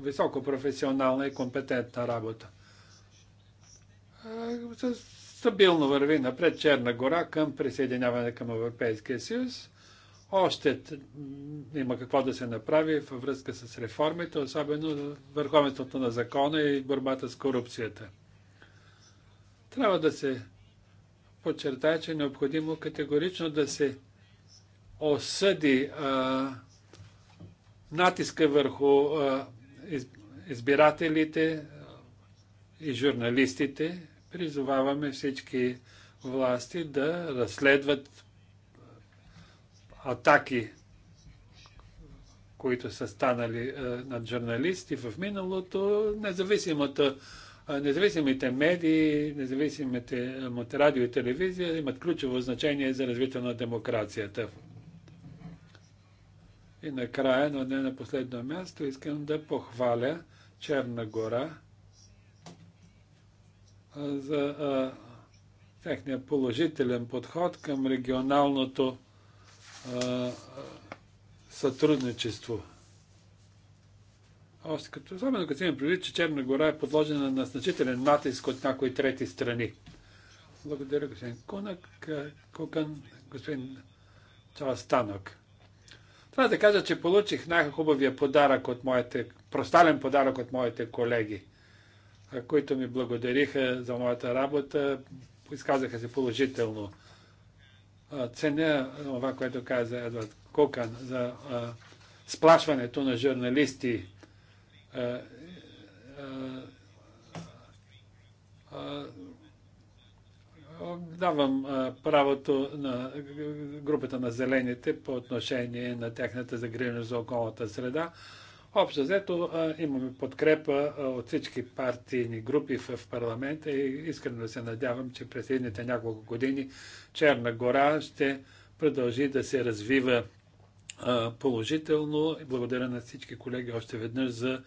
високо професионална и компетентна работа. Стабилно върви напред Черна гора към присъединяване към Европейския съюз. Още има какво да се направи във връзка с реформите, особено върховенството на закона и борбата с корупцията. Трябва да се подчертая, че е необходимо категорично да се осъди а, натиска върху а, из, избирателите и журналистите. Призоваваме всички власти да разследват атаки, които са станали е, над журналисти в миналото, независимата е, независимите медии, независимите от е, радио и телевизия имат ключово значение за развитие на демокрацията. И накрая, но не на последно място, искам да похваля Черна гора за а, техния положителен подход към регионалното сътрудничество. Още като, особено като имам предвид, че Черна гора е подложена на значителен натиск от някои трети страни. Благодаря, господин Кунак, Кукан, господин Чарлз Трябва да кажа, че получих най-хубавия подарък от моите, простален подарък от моите колеги, които ми благодариха за моята работа, изказаха се положително. Ценя това, което каза Едвард Кокан за а, сплашването на журналисти. А, а, давам правото на групата на зелените по отношение на тяхната загриженост за околната среда. Общо взето имаме подкрепа от всички партийни групи в парламента и искрено се надявам, че през следните няколко години Черна гора ще продължи да се развива положително. Благодаря на всички колеги още веднъж за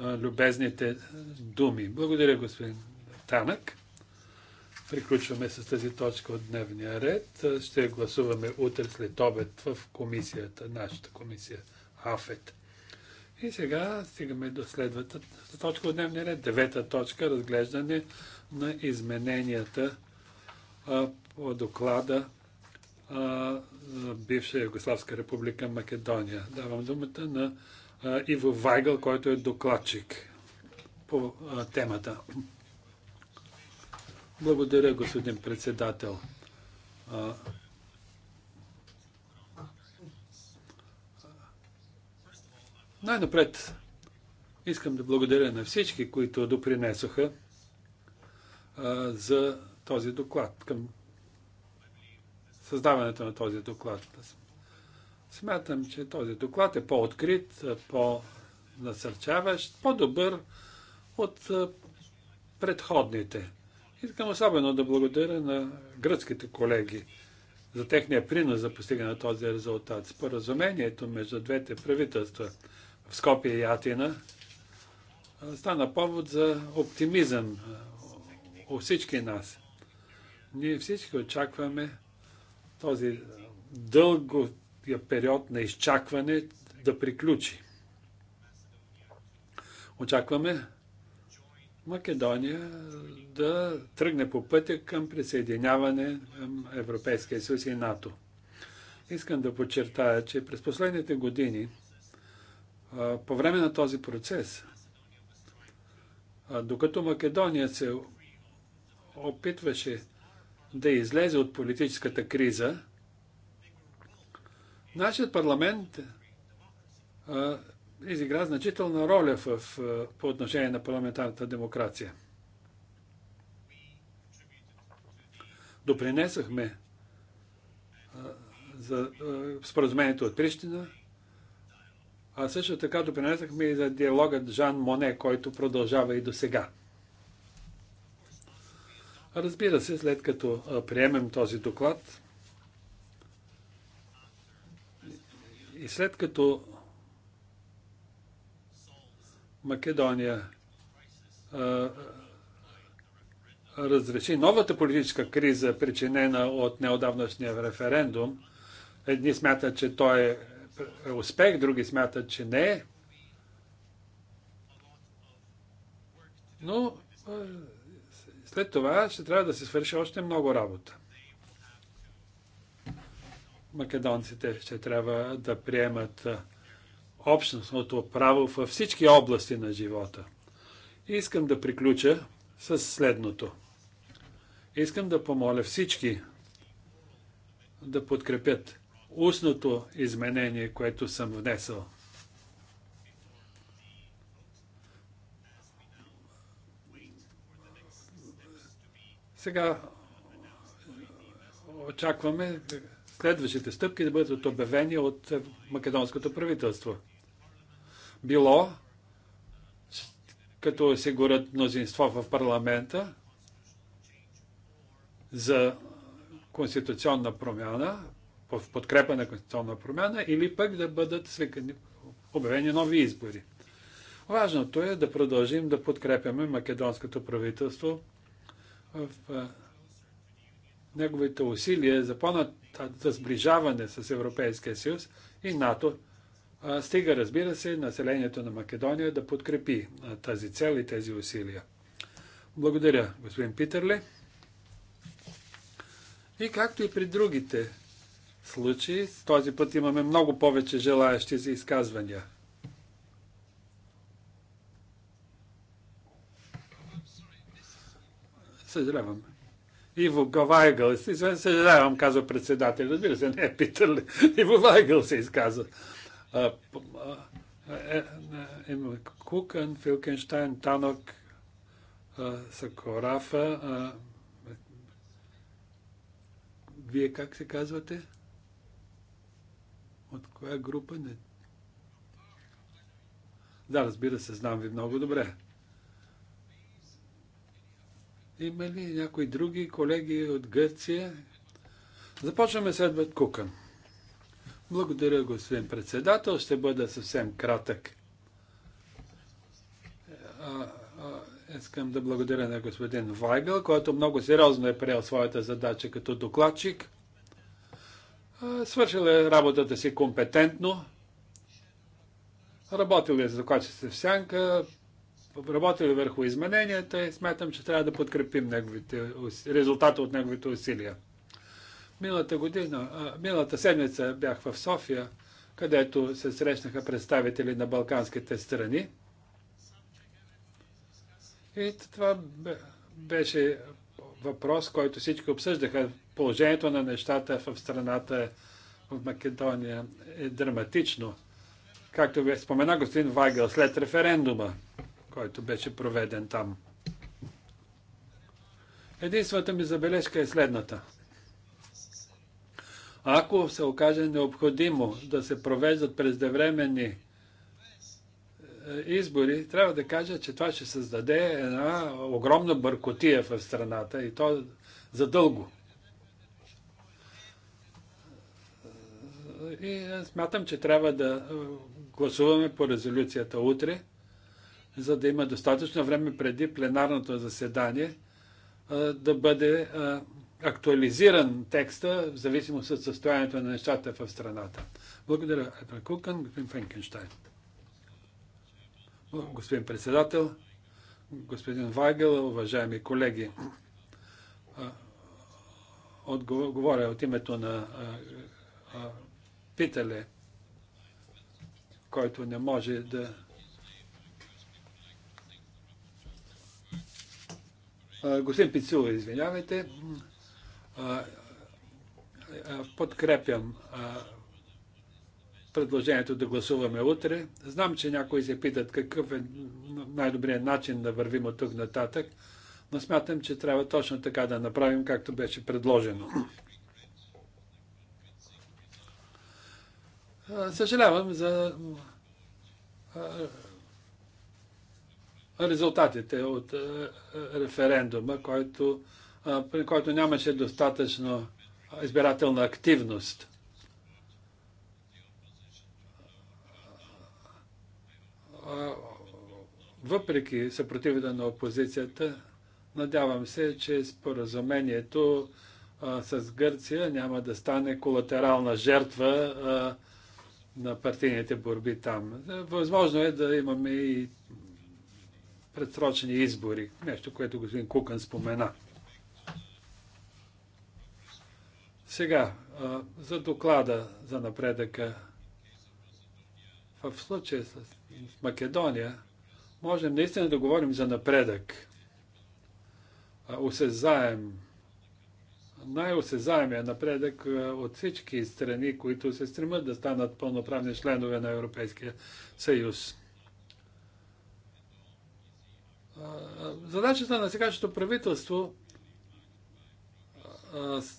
любезните думи. Благодаря, господин Танък. Приключваме с тази точка от дневния ред. Ще гласуваме утре след обед в комисията, нашата комисия АФЕТ. И сега стигаме до следващата точка от дневния ред. Девета точка разглеждане на измененията а, по доклада а, за бивша Югославска република Македония. Давам думата на а, Иво Вайгъл, който е докладчик по а, темата. Благодаря, господин председател. А, Най-напред искам да благодаря на всички, които допринесоха а, за този доклад, към създаването на този доклад. Смятам, че този доклад е по-открит, по-насърчаващ, по-добър от предходните. Искам особено да благодаря на гръцките колеги за техния принос за постигане на този резултат. Споразумението между двете правителства – в Скопия и Атина, стана повод за оптимизъм у всички нас. Ние всички очакваме този дълго период на изчакване да приключи. Очакваме Македония да тръгне по пътя към присъединяване към Европейския съюз и НАТО. Искам да подчертая, че през последните години по време на този процес, докато Македония се опитваше да излезе от политическата криза, нашият парламент изигра значителна роля в, по отношение на парламентарната демокрация. Допринесахме за споразумението от Прищина, а също така допринесахме и за диалогът Жан Моне, който продължава и до сега. Разбира се, след като приемем този доклад и след като Македония разреши новата политическа криза, причинена от неодавнашния референдум, едни смятат, че той е успех, други смятат, че не е. Но след това ще трябва да се свърши още много работа. Македонците ще трябва да приемат общностното право във всички области на живота. И искам да приключа с следното. Искам да помоля всички да подкрепят устното изменение, което съм внесъл. Сега очакваме следващите стъпки да бъдат обявени от македонското правителство. Било като осигурят мнозинство в парламента за конституционна промяна, в подкрепа на конституционна промяна или пък да бъдат свикани, обявени нови избори. Важното е да продължим да подкрепяме македонското правителство в неговите усилия за по за сближаване с Европейския съюз и НАТО, стига, разбира се, населението на Македония да подкрепи тази цел и тези усилия. Благодаря, господин Питерле. И както и при другите случай. Този път имаме много повече желаящи за изказвания. Съжалявам. Иво Гавайгъл, съжалявам, казва председател. Разбира се, не е питал. <laughs> Иво Вайгъл се изказва. Е, е, Кукън, Филкенштайн, Танок, Сакорафа. Вие как се казвате? От коя група не... Да, разбира се, знам ви много добре. Има ли някои други колеги от Гърция? Започваме следват Кукан. Благодаря, господин председател. Ще бъда съвсем кратък. А, а, искам да благодаря на господин Вайгъл, който много сериозно е приел своята задача като докладчик свършил е работата си компетентно, работил е за качество в сянка, работили е върху измененията и смятам, че трябва да подкрепим неговите, резултата от неговите усилия. Милата година, миналата седмица бях в София, където се срещнаха представители на балканските страни. И това беше въпрос, който всички обсъждаха положението на нещата в страната в Македония е драматично. Както ви спомена господин Вагел, след референдума, който беше проведен там. Единствената ми забележка е следната. Ако се окаже необходимо да се провеждат преждевременни е, избори, трябва да кажа, че това ще създаде една огромна бъркотия в страната и то задълго. И е, смятам, че трябва да е, гласуваме по резолюцията утре, за да има достатъчно време преди пленарното заседание е, да бъде актуализиран текста в зависимост от състоянието на нещата в страната. Благодаря, Епра Кукан, господин Фенкенштайн. Господин председател, господин Вагел, уважаеми колеги. Отговоря от името на питале, който не може да Господин Пицула, извинявайте. Подкрепям предложението да гласуваме утре. Знам, че някои се питат какъв е най-добрият начин да вървим от тук нататък, но смятам, че трябва точно така да направим, както беше предложено. Съжалявам за резултатите от референдума, който, при който нямаше достатъчно избирателна активност. Въпреки съпротивата на опозицията, надявам се, че споразумението с Гърция няма да стане колатерална жертва на партийните борби там. Възможно е да имаме и предсрочни избори, нещо, което господин Кукън спомена. Сега, за доклада за напредъка. В случая с Македония, можем наистина да говорим за напредък. Осезаем най-осезаемия напредък от всички страни, които се стремат да станат пълноправни членове на Европейския съюз. Задачата на сегашното правителство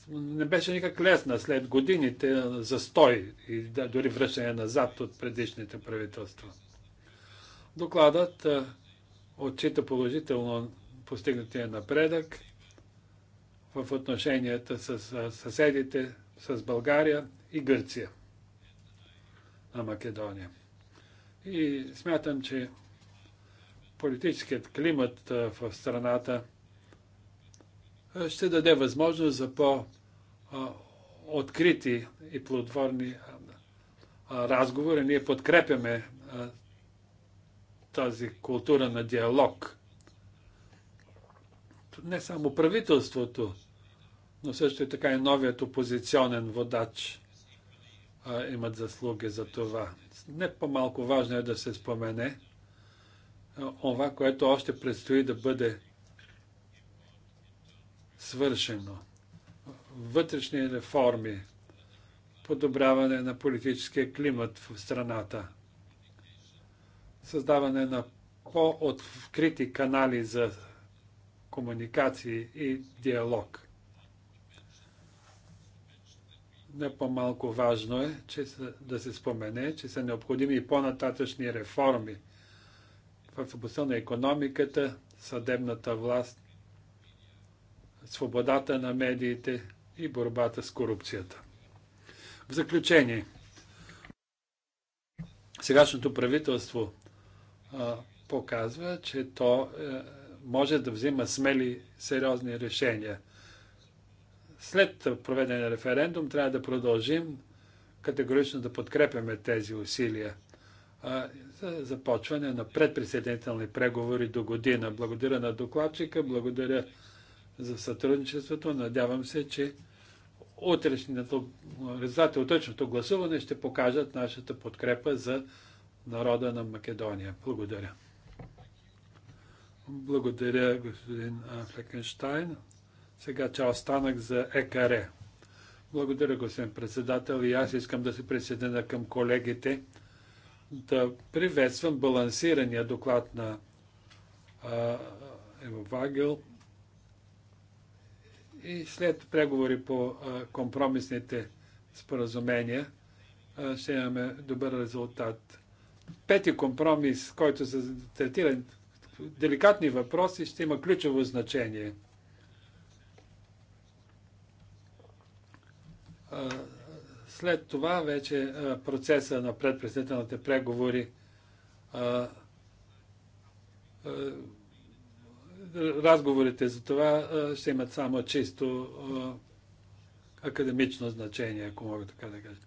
не беше никак лесна след годините застой и дори връщане назад от предишните правителства. Докладът отчита положително постигнатия напредък в отношенията с съседите, с България и Гърция на Македония. И смятам, че политическият климат в страната ще даде възможност за по-открити и плодотворни разговори. Ние подкрепяме тази култура на диалог. Не само правителството, но също и така и новият опозиционен водач а, имат заслуги за това. Не по-малко важно е да се спомене а, това, което още предстои да бъде свършено. Вътрешни реформи, подобряване на политическия климат в страната, създаване на по-открити канали за комуникации и диалог – не по-малко важно е че, да се спомене, че са необходими и по-нататъчни реформи в областта на економиката, съдебната власт, свободата на медиите и борбата с корупцията. В заключение, сегашното правителство а, показва, че то а, е, може да взима смели, сериозни решения – след проведен референдум трябва да продължим категорично да подкрепяме тези усилия за започване на предприсъединителни преговори до година. Благодаря на докладчика, благодаря за сътрудничеството. Надявам се, че утрешното резултати от точното гласуване ще покажат нашата подкрепа за народа на Македония. Благодаря. Благодаря, господин Флекенштайн. Сега че останах за ЕКР. Благодаря, господин председател. И аз искам да се присъединя към колегите да приветствам балансирания доклад на Ева Вагел и след преговори по а, компромисните споразумения а, ще имаме добър резултат. Пети компромис, който са третирани деликатни въпроси, ще има ключово значение – След това вече процеса на предпредседателните преговори разговорите за това ще имат само чисто академично значение, ако мога така да кажа.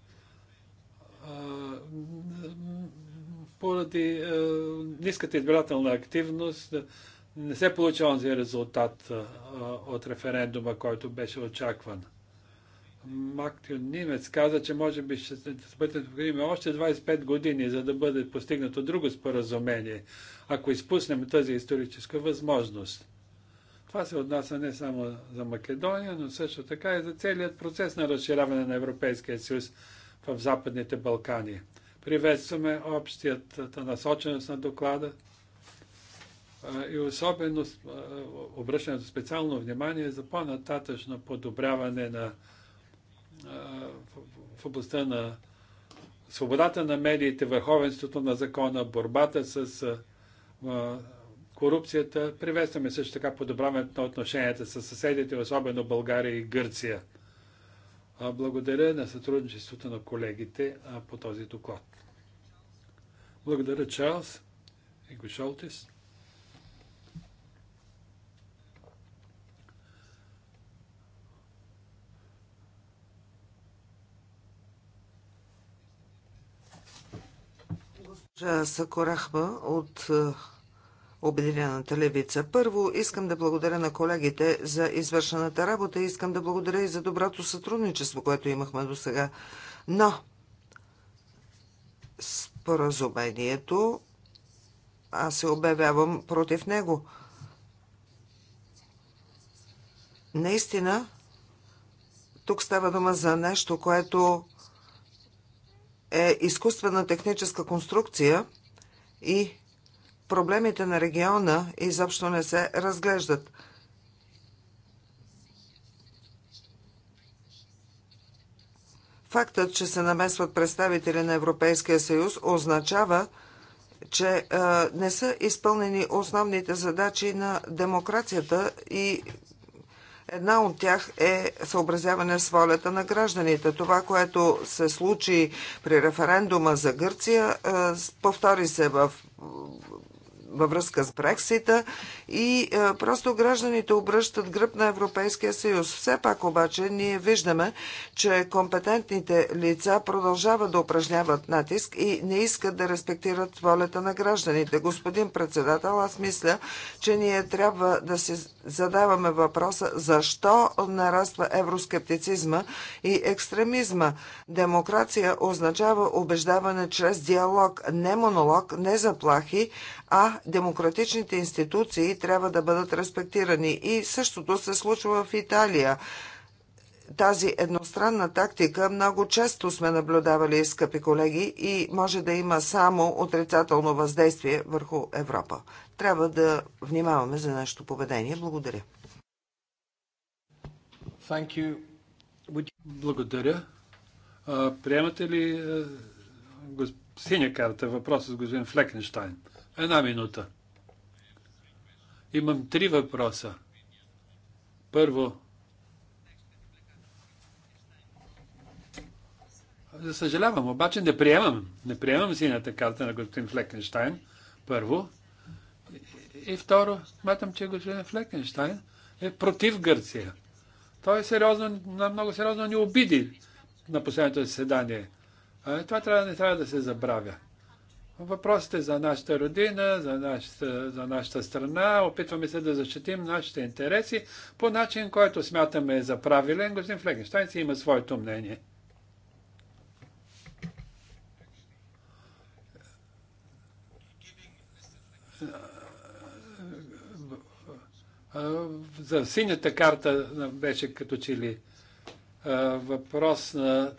Поради ниската избирателна активност не се получава онзи резултат от референдума, който беше очакван. Мактио Нимец каза, че може би ще бъдат необходими още 25 години, за да бъде постигнато друго споразумение, ако изпуснем тази историческа възможност. Това се отнася не само за Македония, но също така и за целият процес на разширяване на Европейския съюз в Западните Балкани. Приветстваме общията насоченост на доклада и особено обръщането специално внимание за по-нататъчно подобряване на в областта на свободата на медиите, върховенството на закона, борбата с корупцията. Приветстваме също така подобряването на отношенията с съседите, особено България и Гърция. Благодаря на сътрудничеството на колегите по този доклад. Благодаря, Чарлз и Гошолтис. Е, Сакорахма от е, Обединената левица. Първо искам да благодаря на колегите за извършената работа и искам да благодаря и за доброто сътрудничество, което имахме до сега. Но споразумението, аз се обявявам против него. Наистина, тук става дума за нещо, което е изкуствена техническа конструкция и проблемите на региона изобщо не се разглеждат. Фактът, че се намесват представители на Европейския съюз, означава, че не са изпълнени основните задачи на демокрацията и Една от тях е съобразяване с волята на гражданите. Това, което се случи при референдума за Гърция, е, повтори се в във връзка с Брексита и е, просто гражданите обръщат гръб на Европейския съюз. Все пак обаче ние виждаме, че компетентните лица продължават да упражняват натиск и не искат да респектират волята на гражданите. Господин председател, аз мисля, че ние трябва да си задаваме въпроса защо нараства евроскептицизма и екстремизма. Демокрация означава убеждаване чрез диалог, не монолог, не заплахи, а демократичните институции трябва да бъдат респектирани. И същото се случва в Италия. Тази едностранна тактика много често сме наблюдавали, скъпи колеги, и може да има само отрицателно въздействие върху Европа. Трябва да внимаваме за нашето поведение. Благодаря. Благодаря. приемате ли синя карта въпрос с господин Флекенштайн? Една минута. Имам три въпроса. Първо, за съжалявам, обаче не приемам. Не приемам синята карта на господин Флекенштайн. Първо. И, и второ, смятам, че господин Флекенштайн е против Гърция. Той е сериозно, много сериозно ни обиди на последното заседание. Това трябва, не трябва да се забравя въпросите за нашата родина, за нашата, за нашата страна. Опитваме се да защитим нашите интереси по начин, който смятаме е за правилен. Господин Флегенштайн си има своето мнение. За синята карта беше като че ли въпрос на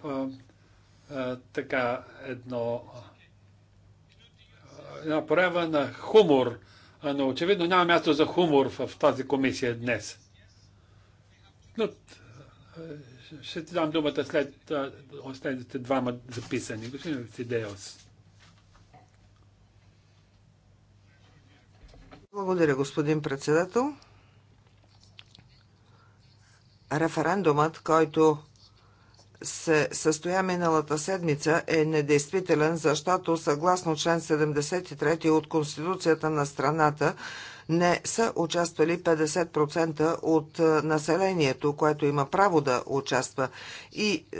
така едно една проява на хумор, но очевидно няма място за хумор в, в тази комисия днес. Но ще ти дам думата след следните двама записани. Господин Фидеос. Благодаря, господин председател. Референдумът, който се състоя миналата седмица, е недействителен, защото съгласно член 73 от Конституцията на страната не са участвали 50% от е, населението, което има право да участва. И е,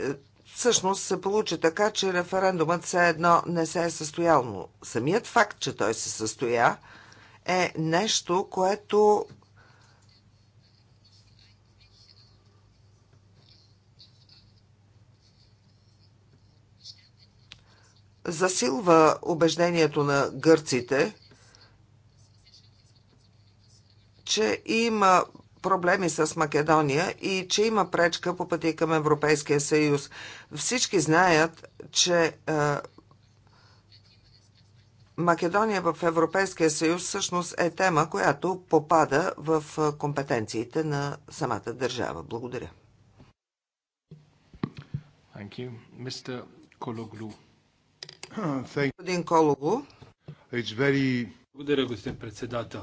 всъщност се получи така, че референдумът все едно не се е състоял. Но самият факт, че той се състоя, е нещо, което засилва убеждението на гърците, че има проблеми с Македония и че има пречка по пъти към Европейския съюз. Всички знаят, че е, Македония в Европейския съюз всъщност е тема, която попада в е, компетенциите на самата държава. Благодаря. Thank you. Mr. Господин Благодаря, господин председател.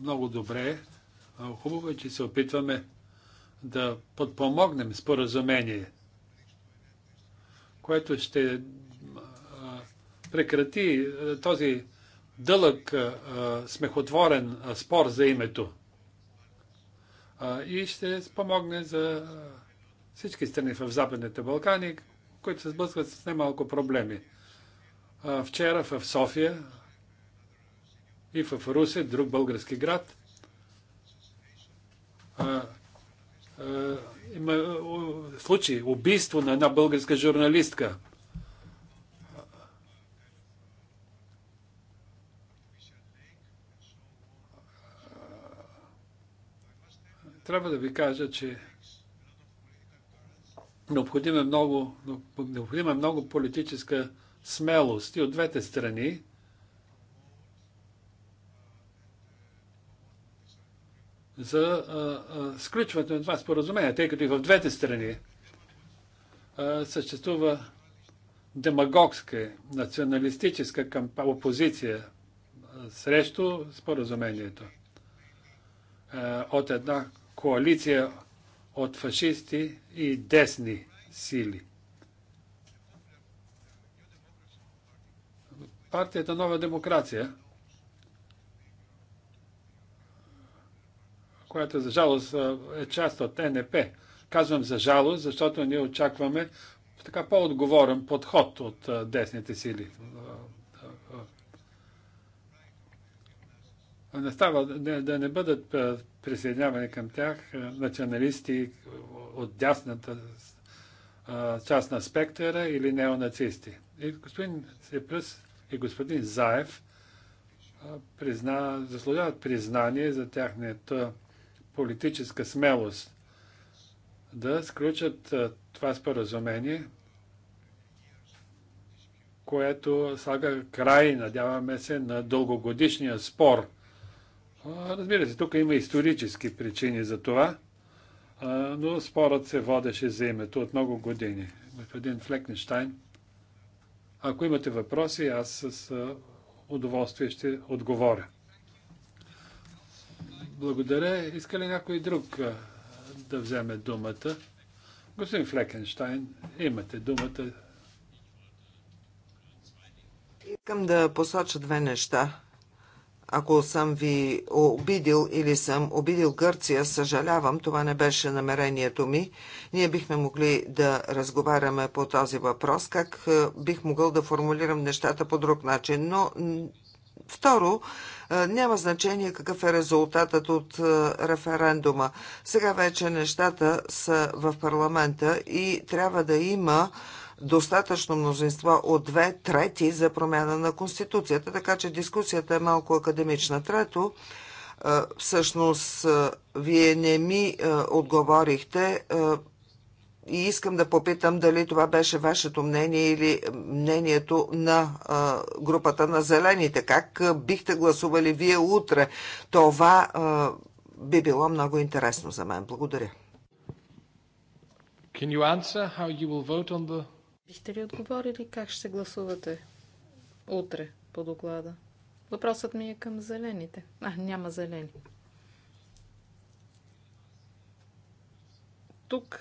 Много добре. Хубаво е, че се опитваме да подпомогнем споразумение, което ще прекрати този дълъг смехотворен спор за името и ще спомогне за всички страни в Западните Балкани, които се сблъскват с немалко проблеми. Вчера в София и в Русе, друг български град, има случай, убийство на една българска журналистка. Трябва да ви кажа, че Необходима е много, необходим е много политическа смелост и от двете страни. за а, а, сключването на това споразумение, тъй като и в двете страни а, съществува демагогска, националистическа кампа, опозиция срещу споразумението. От една коалиция от фашисти и десни сили. Партията Нова демокрация, която за жалост е част от НП. Казвам за жалост, защото ние очакваме така по-отговорен подход от десните сили не става, да, да не бъдат присъединявани към тях националисти от дясната част на спектъра или неонацисти. И господин Сепръс и господин Заев призна, заслужават признание за тяхната политическа смелост да сключат това споразумение, което слага край, надяваме се, на дългогодишния спор Разбира се, тук има исторически причини за това, но спорът се водеше за името от много години. Господин Флекнещайн, ако имате въпроси, аз с удоволствие ще отговоря. Благодаря. Иска ли някой друг да вземе думата? Господин Флекенштайн, имате думата. Искам да посоча две неща. Ако съм ви обидил или съм обидил Гърция, съжалявам, това не беше намерението ми. Ние бихме могли да разговаряме по този въпрос, как е, бих могъл да формулирам нещата по друг начин. Но второ, е, няма значение какъв е резултатът от е, референдума. Сега вече нещата са в парламента и трябва да има достатъчно мнозинство от две трети за промяна на Конституцията, така че дискусията е малко академична. Трето, е, всъщност, е, вие не ми е, отговорихте и искам да попитам дали това беше вашето мнение или мнението на групата на зелените. Как бихте гласували вие утре? Това би било много интересно за мен. Благодаря. Can you answer how you will vote on the Бихте ли отговорили как ще гласувате утре по доклада? Въпросът ми е към зелените. А, няма зелени. Тук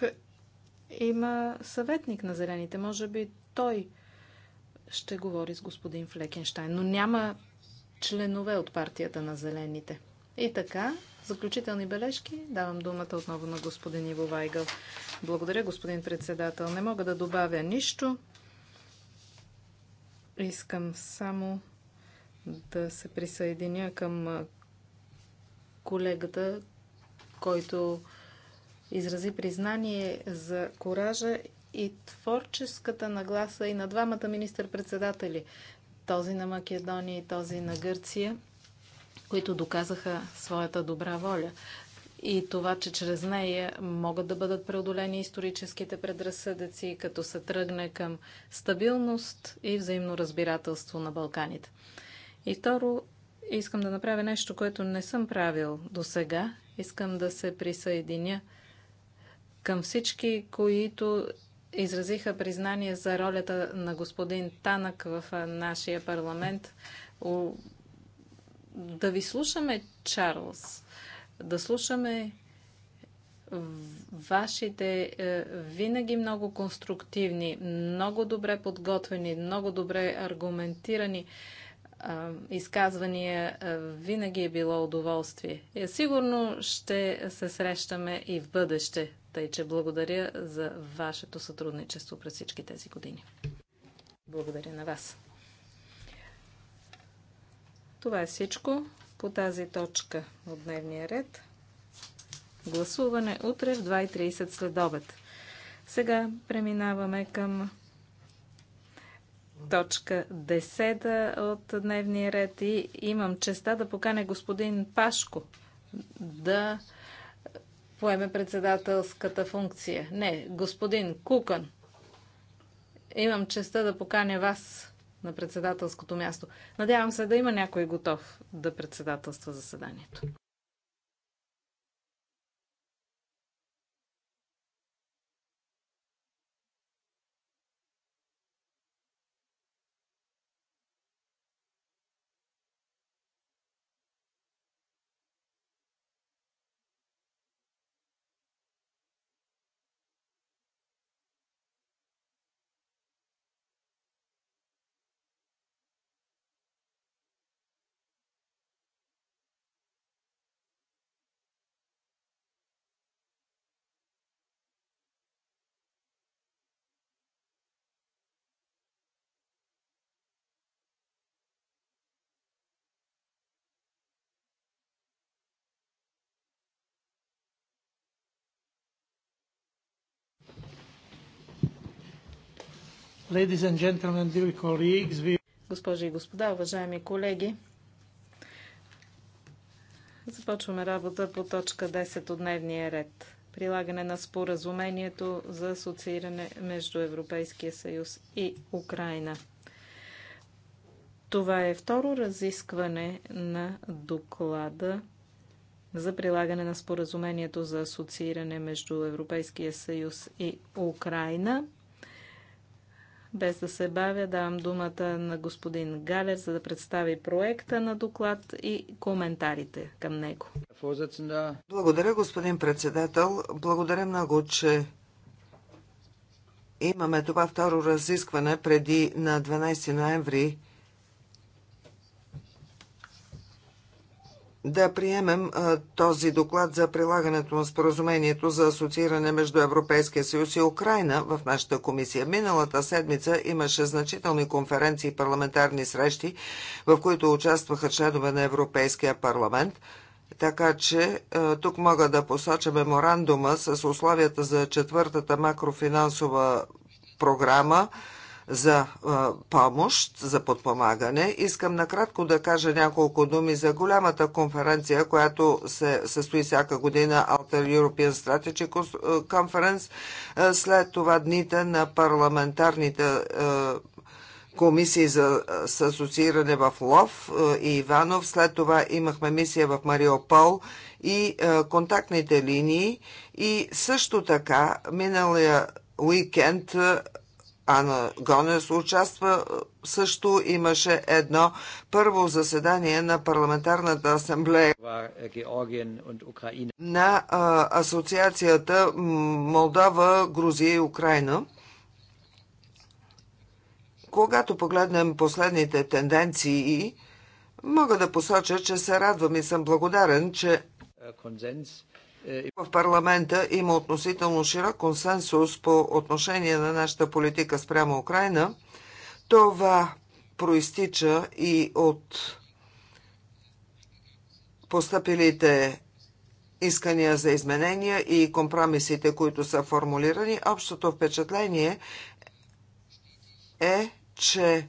има съветник на зелените. Може би той ще говори с господин Флекенштайн, но няма членове от партията на зелените. И така, Заключителни бележки. Давам думата отново на господин Иво Вайгъл. Благодаря, господин председател. Не мога да добавя нищо. Искам само да се присъединя към колегата, който изрази признание за коража и творческата нагласа и на двамата министър-председатели, този на Македония и този на Гърция – които доказаха своята добра воля и това, че чрез нея могат да бъдат преодолени историческите предразсъдъци, като се тръгне към стабилност и взаимно разбирателство на Балканите. И второ, искам да направя нещо, което не съм правил до сега. Искам да се присъединя към всички, които изразиха признание за ролята на господин Танък в нашия парламент да ви слушаме, Чарлз, да слушаме вашите е, винаги много конструктивни, много добре подготвени, много добре аргументирани е, изказвания е, винаги е било удоволствие. Сигурно ще се срещаме и в бъдеще, тъй че благодаря за вашето сътрудничество през всички тези години. Благодаря на вас. Това е всичко по тази точка от дневния ред. Гласуване утре в 2.30 след обед. Сега преминаваме към точка 10 от дневния ред и имам честа да поканя господин Пашко да поеме председателската функция. Не, господин Кукан. Имам честа да поканя вас на председателското място. Надявам се да има някой готов да председателства заседанието. Ladies and gentlemen, dear colleagues, we... Госпожи и господа, уважаеми колеги, започваме работа по точка 10 от дневния ред. Прилагане на споразумението за асоцииране между Европейския съюз и Украина. Това е второ разискване на доклада за прилагане на споразумението за асоцииране между Европейския съюз и Украина. Без да се бавя, давам думата на господин Галер, за да представи проекта на доклад и коментарите към него. Благодаря, господин председател. Благодаря много, че имаме това второ разискване преди на 12 ноември да приемем а, този доклад за прилагането на споразумението за асоцииране между Европейския съюз и Украина в нашата комисия. Миналата седмица имаше значителни конференции и парламентарни срещи, в които участваха членове на Европейския парламент. Така че тук мога да посоча меморандума с условията за четвъртата макрофинансова програма за помощ, за подпомагане. Искам накратко да кажа няколко думи за голямата конференция, която се състои всяка година Alter European Strategy Conference. След това дните на парламентарните комисии за, асоцииране в Лов и Иванов. След това имахме мисия в Мариопол и контактните линии. И също така миналия уикенд Ана Гонес участва е, също. Имаше едно първо заседание на парламентарната асамблея е, на е, асоциацията Молдова, Грузия и Украина. Когато погледнем последните тенденции, мога да посоча, че се радвам и съм благодарен, че в парламента има относително широк консенсус по отношение на нашата политика спрямо Украина. Това проистича и от постъпилите искания за изменения и компромисите, които са формулирани. Общото впечатление е, че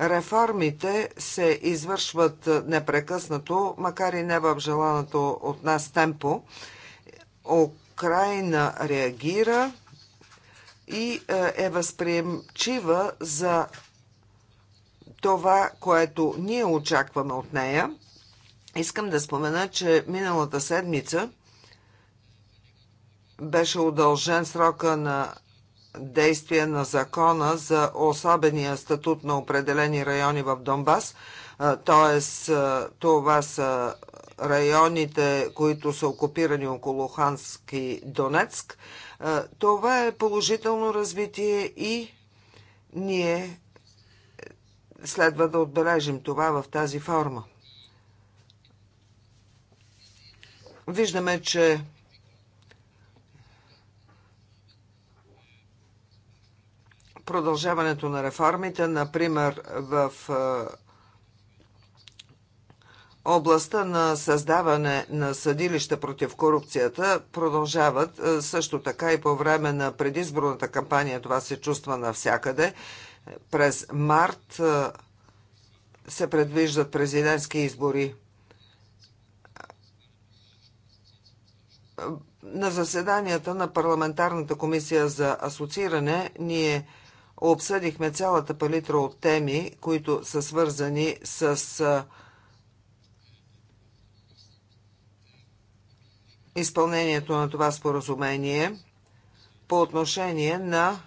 реформите се извършват непрекъснато, макар и не в желаното от нас темпо. Украина реагира и е, е възприемчива за това, което ние очакваме от нея. Искам да спомена, че миналата седмица беше удължен срока на действие на закона за особения статут на определени райони в Донбас, т.е. Е, това са районите, които са окупирани около Ханск и Донецк. Е, това е положително развитие и ние следва да отбележим това в тази форма. Виждаме, че продължаването на реформите, например в е, областта на създаване на съдилища против корупцията продължават е, също така и по време на предизборната кампания. Това се чувства навсякъде. През март е, се предвиждат президентски избори. На заседанията на парламентарната комисия за асоцииране ние обсъдихме цялата палитра от теми, които са свързани с е, изпълнението на това споразумение по отношение на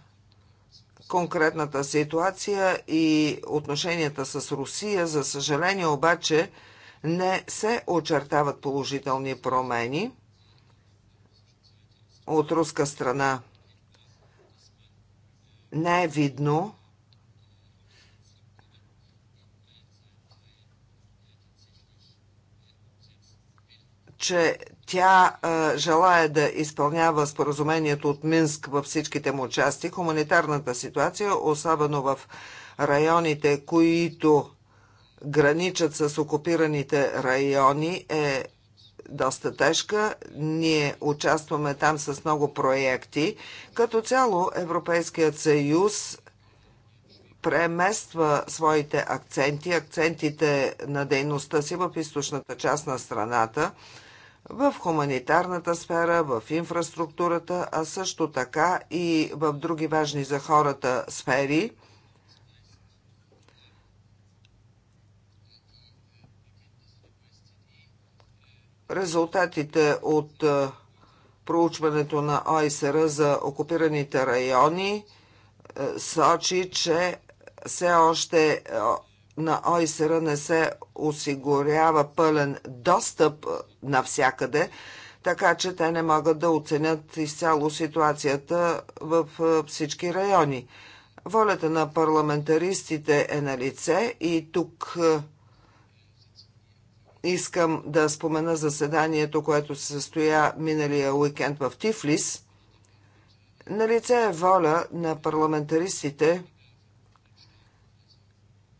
конкретната ситуация и отношенията с Русия. За съжаление обаче не се очертават положителни промени от руска страна. Не е видно че тя а, желая да изпълнява споразумението от Минск във всичките му части. Хуманитарната ситуация, особено в районите, които граничат с окупираните райони, е доста тежка. Ние участваме там с много проекти. Като цяло Европейският съюз премества своите акценти, акцентите на дейността си в източната част на страната в хуманитарната сфера, в инфраструктурата, а също така и в други важни за хората сфери. Резултатите от проучването на ОСР за окупираните райони сочи, че все още на ОИСР не се осигурява пълен достъп навсякъде, така че те не могат да оценят изцяло ситуацията в всички райони. Волята на парламентаристите е на лице и тук искам да спомена заседанието, което се състоя миналия уикенд в Тифлис. На лице е воля на парламентаристите –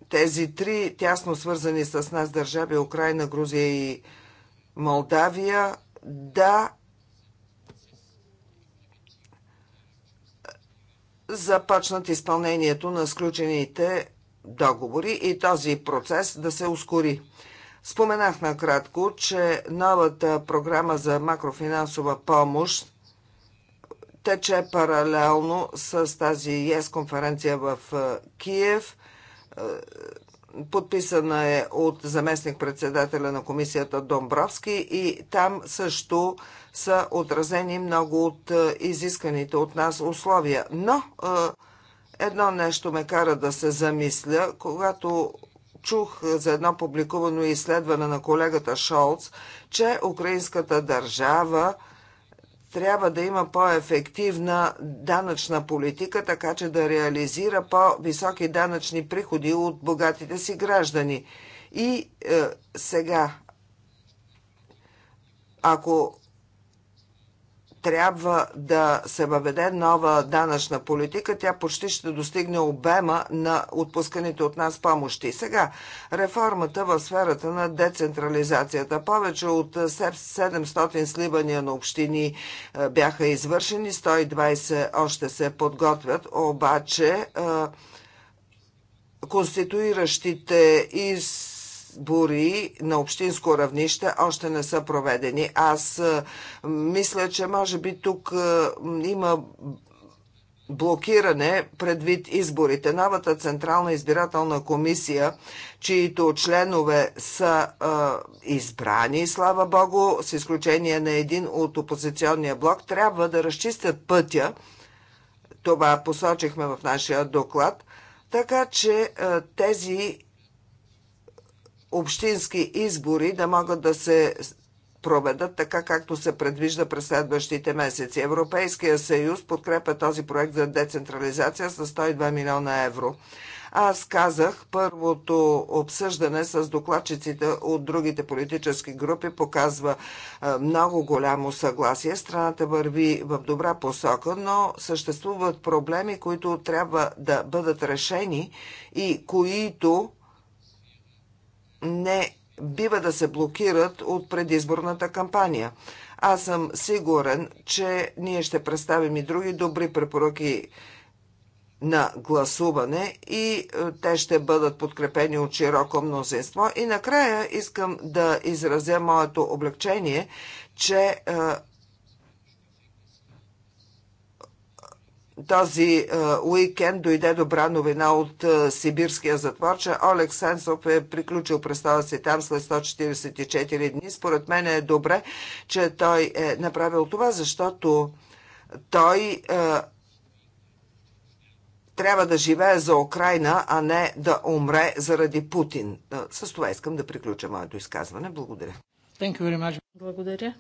тези три тясно свързани с нас държави Украина, Грузия и Молдавия да започнат изпълнението на сключените договори и този процес да се ускори. Споменах накратко, че новата програма за макрофинансова помощ тече паралелно с тази ЕС конференция в е, Киев. Е, подписана е от заместник-председателя на комисията Домбровски и там също са отразени много от е, изисканите от нас условия. Но е, едно нещо ме кара да се замисля, когато чух за едно публикувано изследване на колегата Шолц, че украинската държава трябва да има по-ефективна данъчна политика, така че да реализира по-високи данъчни приходи от богатите си граждани. И е, сега, ако трябва да се въведе нова данъчна политика, тя почти ще достигне обема на отпусканите от нас помощи. Сега, реформата в сферата на децентрализацията. Повече от 700 сливания на общини е, бяха извършени, 120 още се подготвят, обаче е, конституиращите из избори на общинско равнище още не са проведени. Аз е, мисля, че може би тук е, има блокиране предвид изборите. Новата Централна избирателна комисия, чието членове са е, избрани, слава Богу, с изключение на един от опозиционния блок, трябва да разчистят пътя. Това посочихме в нашия доклад. Така че е, тези общински избори да могат да се проведат така, както се предвижда през следващите месеци. Европейския съюз подкрепя този проект за децентрализация с 102 милиона евро. Аз казах, първото обсъждане с докладчиците от другите политически групи показва е, много голямо съгласие. Страната върви в добра посока, но съществуват проблеми, които трябва да бъдат решени и които не бива да се блокират от предизборната кампания. Аз съм сигурен, че ние ще представим и други добри препоръки на гласуване и е, те ще бъдат подкрепени от широко мнозинство. И накрая искам да изразя моето облегчение, че е, този е, уикенд дойде добра новина от е, сибирския затвор, че Олег Сенсов е приключил представа си там след 144 дни. Според мен е добре, че той е направил това, защото той е, трябва да живее за Украина, а не да умре заради Путин. Е, с това искам да приключа моето изказване. Благодаря. Благодаря,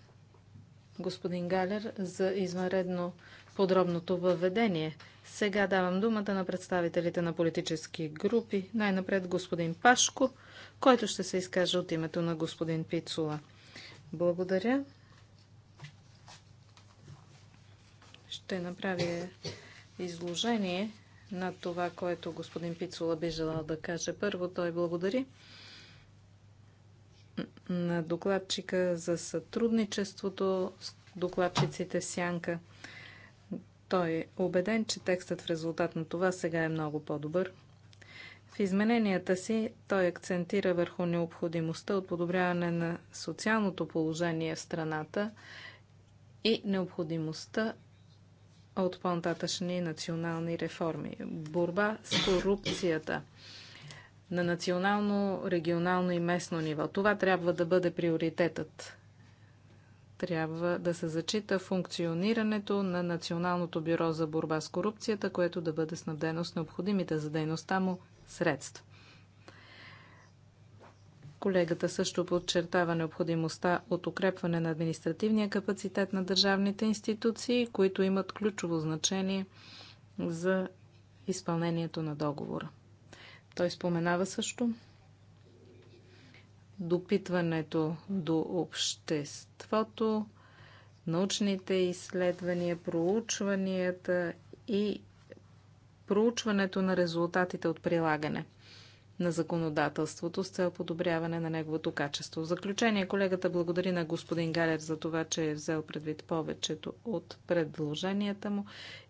господин Галер, за извънредно подробното въведение. Сега давам думата на представителите на политически групи. Най-напред господин Пашко, който ще се изкаже от името на господин Пицула. Благодаря. Ще направя изложение на това, което господин Пицула би желал да каже. Първо той благодари на докладчика за сътрудничеството с докладчиците в Сянка – той е убеден, че текстът в резултат на това сега е много по-добър. В измененията си той акцентира върху необходимостта от подобряване на социалното положение в страната и необходимостта от по-нататъчни национални реформи. Борба с корупцията на национално, регионално и местно ниво. Това трябва да бъде приоритетът трябва да се зачита функционирането на Националното бюро за борба с корупцията, което да бъде снабдено с необходимите за дейността му средства. Колегата също подчертава необходимостта от укрепване на административния капацитет на държавните институции, които имат ключово значение за изпълнението на договора. Той споменава също допитването до обществото, научните изследвания, проучванията и проучването на резултатите от прилагане – на законодателството с цел подобряване на неговото качество. В заключение, колегата благодари на господин Галер за това, че е взел предвид повечето от предложенията му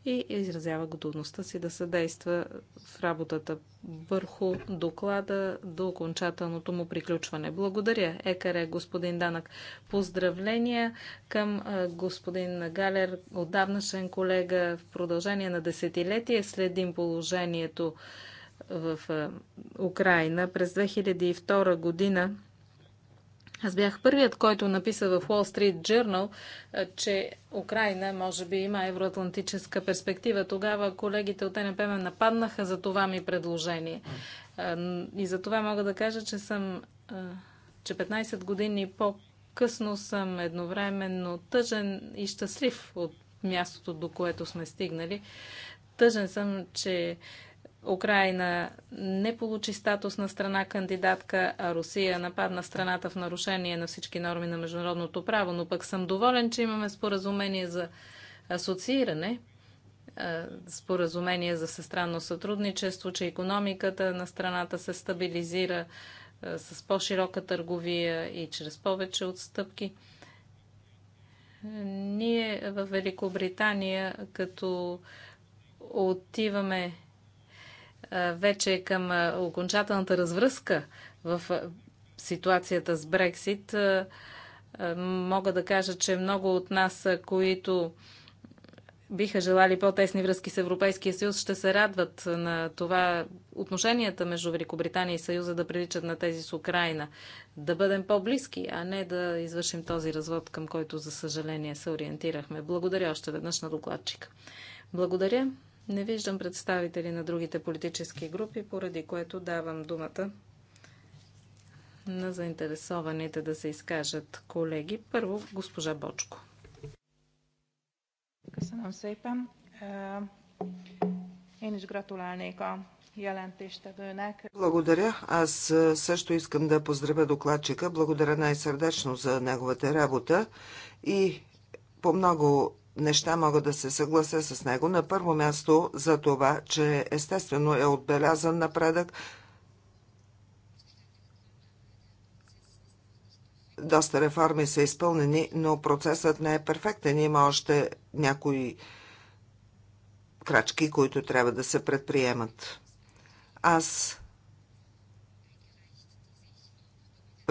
и изразява готовността си да съдейства в работата върху доклада до окончателното му приключване. Благодаря, Екаре, господин Данък. Поздравления към господин Галер, отдавнашен колега. В продължение на десетилетие следим положението в Украина през 2002 година. Аз бях първият, който написа в Wall Street Journal, че Украина може би има евроатлантическа перспектива. Тогава колегите от НПМ ме нападнаха за това ми предложение. И за това мога да кажа, че съм че 15 години по-късно съм едновременно тъжен и щастлив от мястото, до което сме стигнали. Тъжен съм, че Украина не получи статус на страна кандидатка, а Русия нападна страната в нарушение на всички норми на международното право. Но пък съм доволен, че имаме споразумение за асоцииране, споразумение за всестранно сътрудничество, че економиката на страната се стабилизира с по-широка търговия и чрез повече отстъпки. Ние в Великобритания, като отиваме вече към окончателната развръзка в ситуацията с Брексит, мога да кажа, че много от нас, които биха желали по-тесни връзки с Европейския съюз, ще се радват на това отношенията между Великобритания и Съюза да приличат на тези с Украина. Да бъдем по-близки, а не да извършим този развод, към който, за съжаление, се ориентирахме. Благодаря още веднъж на докладчика. Благодаря. Не виждам представители на другите политически групи, поради което давам думата на заинтересованите да се изкажат колеги. Първо, госпожа Бочко. Köszönöm szépen. Е, én is gratulálnék a благодаря. Аз е, също искам да поздравя докладчика. Благодаря най-сърдечно за неговата работа и по много неща мога да се съглася с него. На първо място за това, че естествено е отбелязан напредък. Доста реформи са изпълнени, но процесът не е перфектен. Има още някои крачки, които трябва да се предприемат. Аз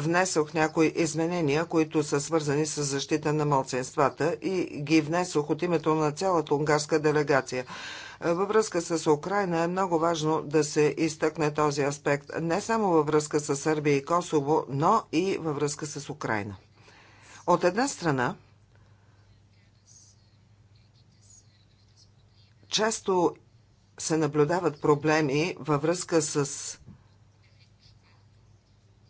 внесох някои изменения, които са свързани с защита на младсенствата и ги внесох от името на цялата унгарска делегация. Във връзка с Украина е много важно да се изтъкне този аспект не само във връзка с Сърбия и Косово, но и във връзка с Украина. От една страна, често се наблюдават проблеми във връзка с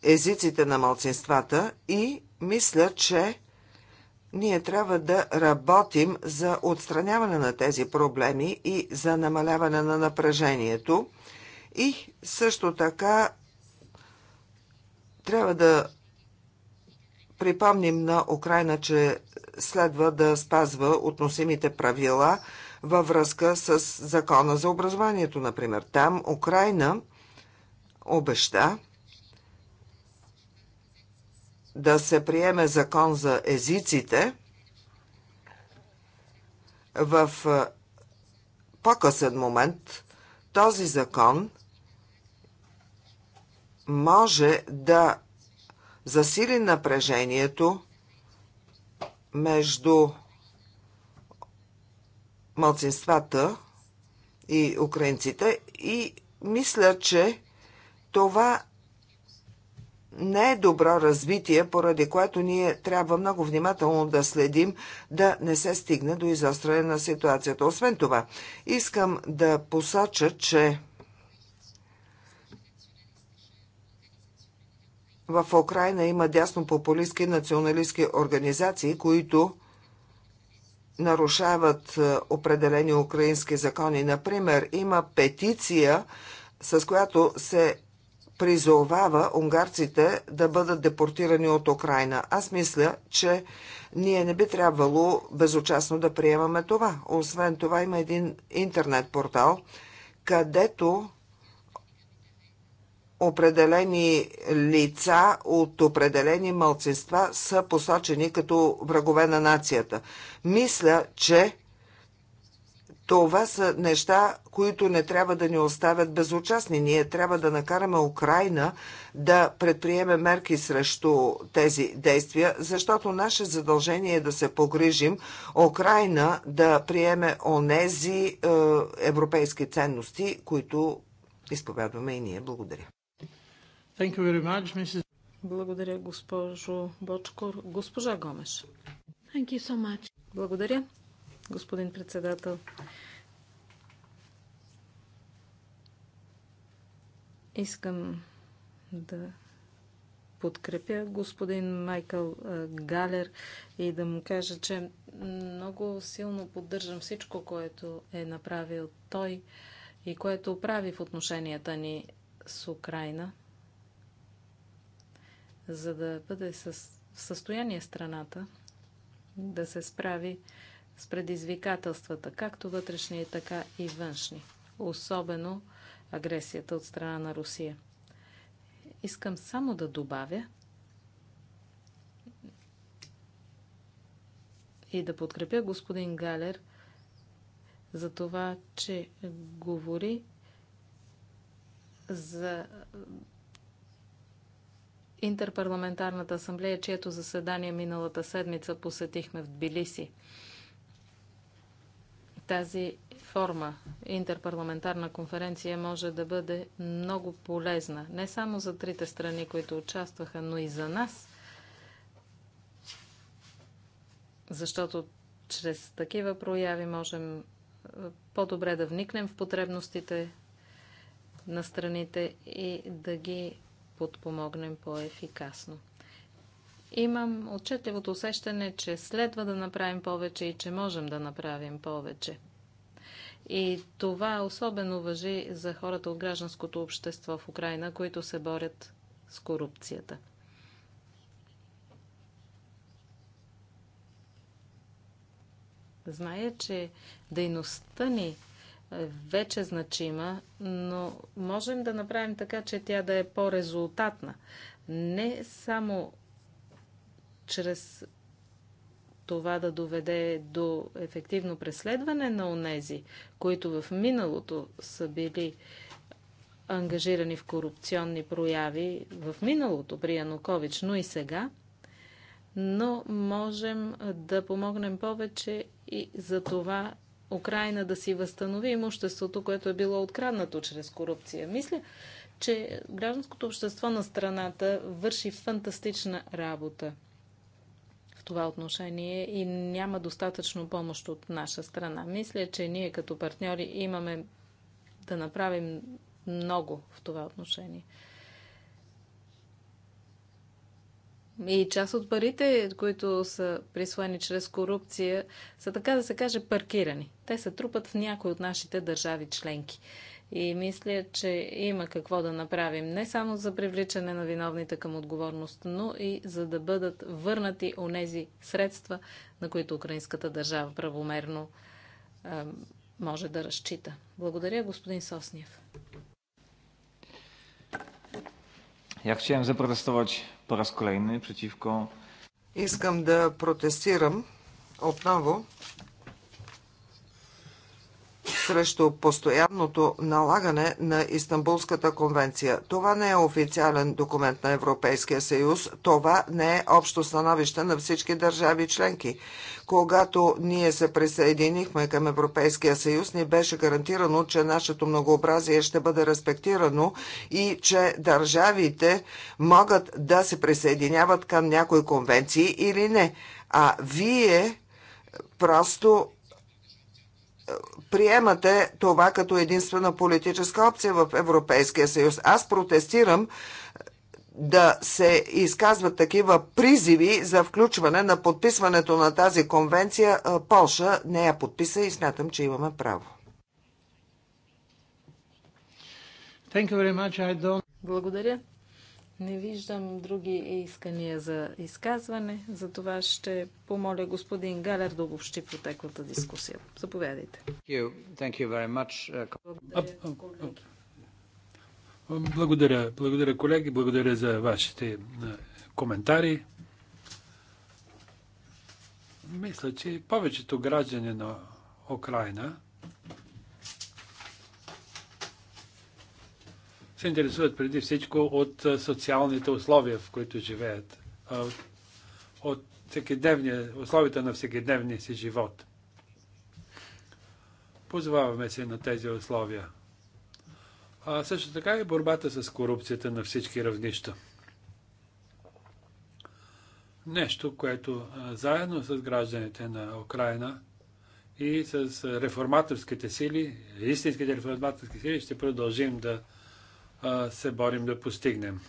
езиците на малцинствата и мисля, че ние трябва да работим за отстраняване на тези проблеми и за намаляване на напрежението. И също така трябва да припомним на Украина, че следва да спазва относимите правила във връзка с закона за образованието, например. Там Украина обеща да се приеме закон за езиците в по-късен момент този закон може да засили напрежението между мълцинствата и украинците и мисля, че това не е добро развитие, поради което ние трябва много внимателно да следим да не се стигне до изостряне на ситуацията. Освен това, искам да посоча, че в Украина има дясно популистски националистски организации, които нарушават е, определени украински закони. Например, има петиция, с която се призовава унгарците да бъдат депортирани от Украина. Аз мисля, че ние не би трябвало безучастно да приемаме това. Освен това има един интернет портал, където определени лица от определени мълцинства са посочени като врагове на нацията. Мисля, че това са неща, които не трябва да ни оставят безучастни. Ние трябва да накараме Украина да предприеме мерки срещу тези действия, защото наше задължение е да се погрижим Украина да приеме онези е, европейски ценности, които изповядваме и ние. Благодаря. Much, Благодаря, госпожо Бочкор. Госпожа Гомеш. So Благодаря господин председател. Искам да подкрепя господин Майкъл Галер и да му кажа, че много силно поддържам всичко, което е направил той и което прави в отношенията ни с Украина, за да бъде в състояние страната да се справи с предизвикателствата, както вътрешни, така и външни, особено агресията от страна на Русия. Искам само да добавя и да подкрепя господин Галер за това, че говори за Интерпарламентарната асамблея, чието заседание миналата седмица посетихме в Тбилиси. Тази форма интерпарламентарна конференция може да бъде много полезна, не само за трите страни, които участваха, но и за нас, защото чрез такива прояви можем е, по-добре да вникнем в потребностите на страните и да ги подпомогнем по-ефикасно имам отчетливото усещане, че следва да направим повече и че можем да направим повече. И това особено въжи за хората от гражданското общество в Украина, които се борят с корупцията. Зная, че дейността ни вече значима, но можем да направим така, че тя да е по-резултатна. Не само чрез това да доведе до ефективно преследване на онези, които в миналото са били ангажирани в корупционни прояви в миналото при Янукович, но и сега, но можем да помогнем повече и за това Украина да си възстанови имуществото, което е било откраднато чрез корупция. Мисля, че гражданското общество на страната върши фантастична работа това отношение и няма достатъчно помощ от наша страна. Мисля, че ние като партньори имаме да направим много в това отношение. И част от парите, които са присвоени чрез корупция, са така да се каже паркирани. Те се трупат в някои от нашите държави членки. И мисля, че има какво да направим не само за привличане на виновните към отговорност, но и за да бъдат върнати онези средства, на които украинската държава правомерно е, може да разчита. Благодаря, господин Сосниев. Я chciałem zaprotestować по raz kolejny противко. Искам да протестирам отново срещу постоянното налагане на Истанбулската конвенция. Това не е официален документ на Европейския съюз, това не е общо становище на всички държави членки. Когато ние се присъединихме към Европейския съюз, ни беше гарантирано, че нашето многообразие ще бъде респектирано и че държавите могат да се присъединяват към някои конвенции или не. А вие просто приемате това като единствена политическа опция в Европейския съюз. Аз протестирам е, да се изказват такива призиви за включване на подписването на тази конвенция. Е, Полша не я подписа и смятам, че имаме право. Благодаря. Не виждам други искания за изказване, затова ще помоля господин Галер да обобщи протеклата дискусия. Заповядайте. Благодаря, благодаря колеги, благодаря за вашите коментари. Мисля, че повечето граждани на Украина се интересуват преди всичко от социалните условия, в които живеят, от условията на всекидневния си живот. Позоваваме се на тези условия. А също така и борбата с корупцията на всички равнища. Нещо, което заедно с гражданите на Украина и с реформаторските сили, истинските реформаторски сили, ще продължим да се борим да постигнем.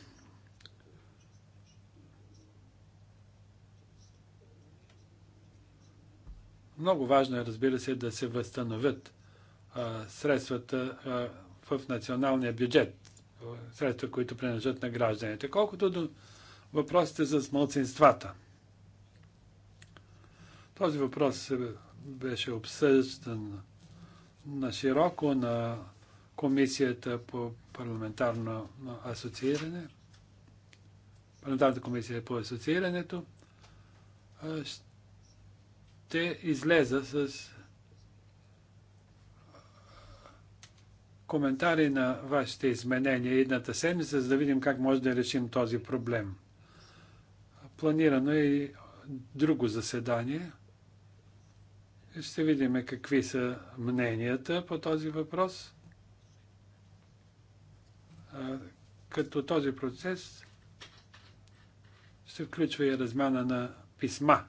Много важно е, разбира се, да се възстановят а, средствата а, в националния бюджет, средства, които принадлежат на гражданите, колкото до въпросите за смълцинствата. Този въпрос е, беше обсъждан на широко на Комисията по парламентарно асоцииране, парламентарната комисия е по асоциирането, ще излеза с коментари на вашите изменения едната седмица, за да видим как може да решим този проблем. Планирано е и друго заседание. Ще видим какви са мненията по този въпрос като този процес се включва и размяна на писма.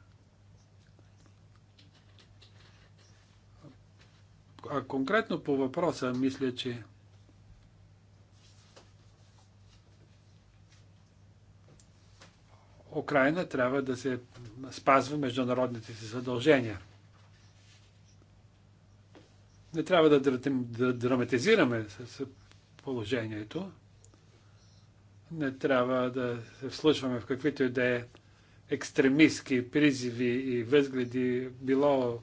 А конкретно по въпроса, мисля, че Украина трябва да се спазва международните си задължения. Не трябва да драматизираме положението. Не трябва да се вслушваме в каквито и да е екстремистски призиви и възгледи, било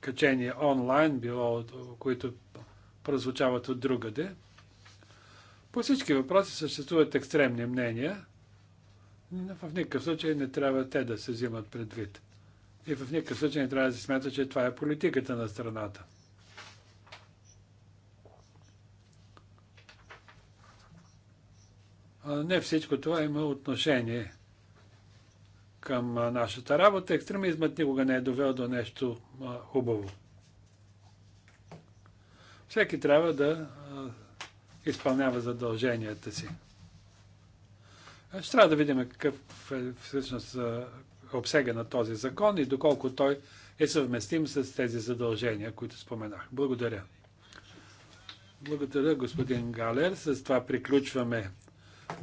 качени онлайн, било които прозвучават от другаде. По всички въпроси съществуват екстремни мнения, но в никакъв случай не трябва те да се взимат предвид. И в никакъв случай не трябва да се смята, че това е политиката на страната. Не всичко това има отношение към нашата работа. Екстремизмът никога не е довел до нещо хубаво. Всеки трябва да изпълнява задълженията си. Ще трябва да видим какъв е всъщност обсега на този закон и доколко той е съвместим с тези задължения, които споменах. Благодаря. Благодаря, господин Галер. С това приключваме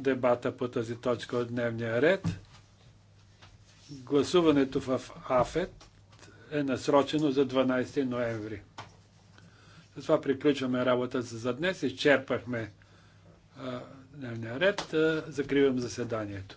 дебата по тази точка от дневния ред. Гласуването в АФЕТ е насрочено за 12 ноември. За това приключваме работа за днес. Изчерпахме дневния ред. Закривам заседанието.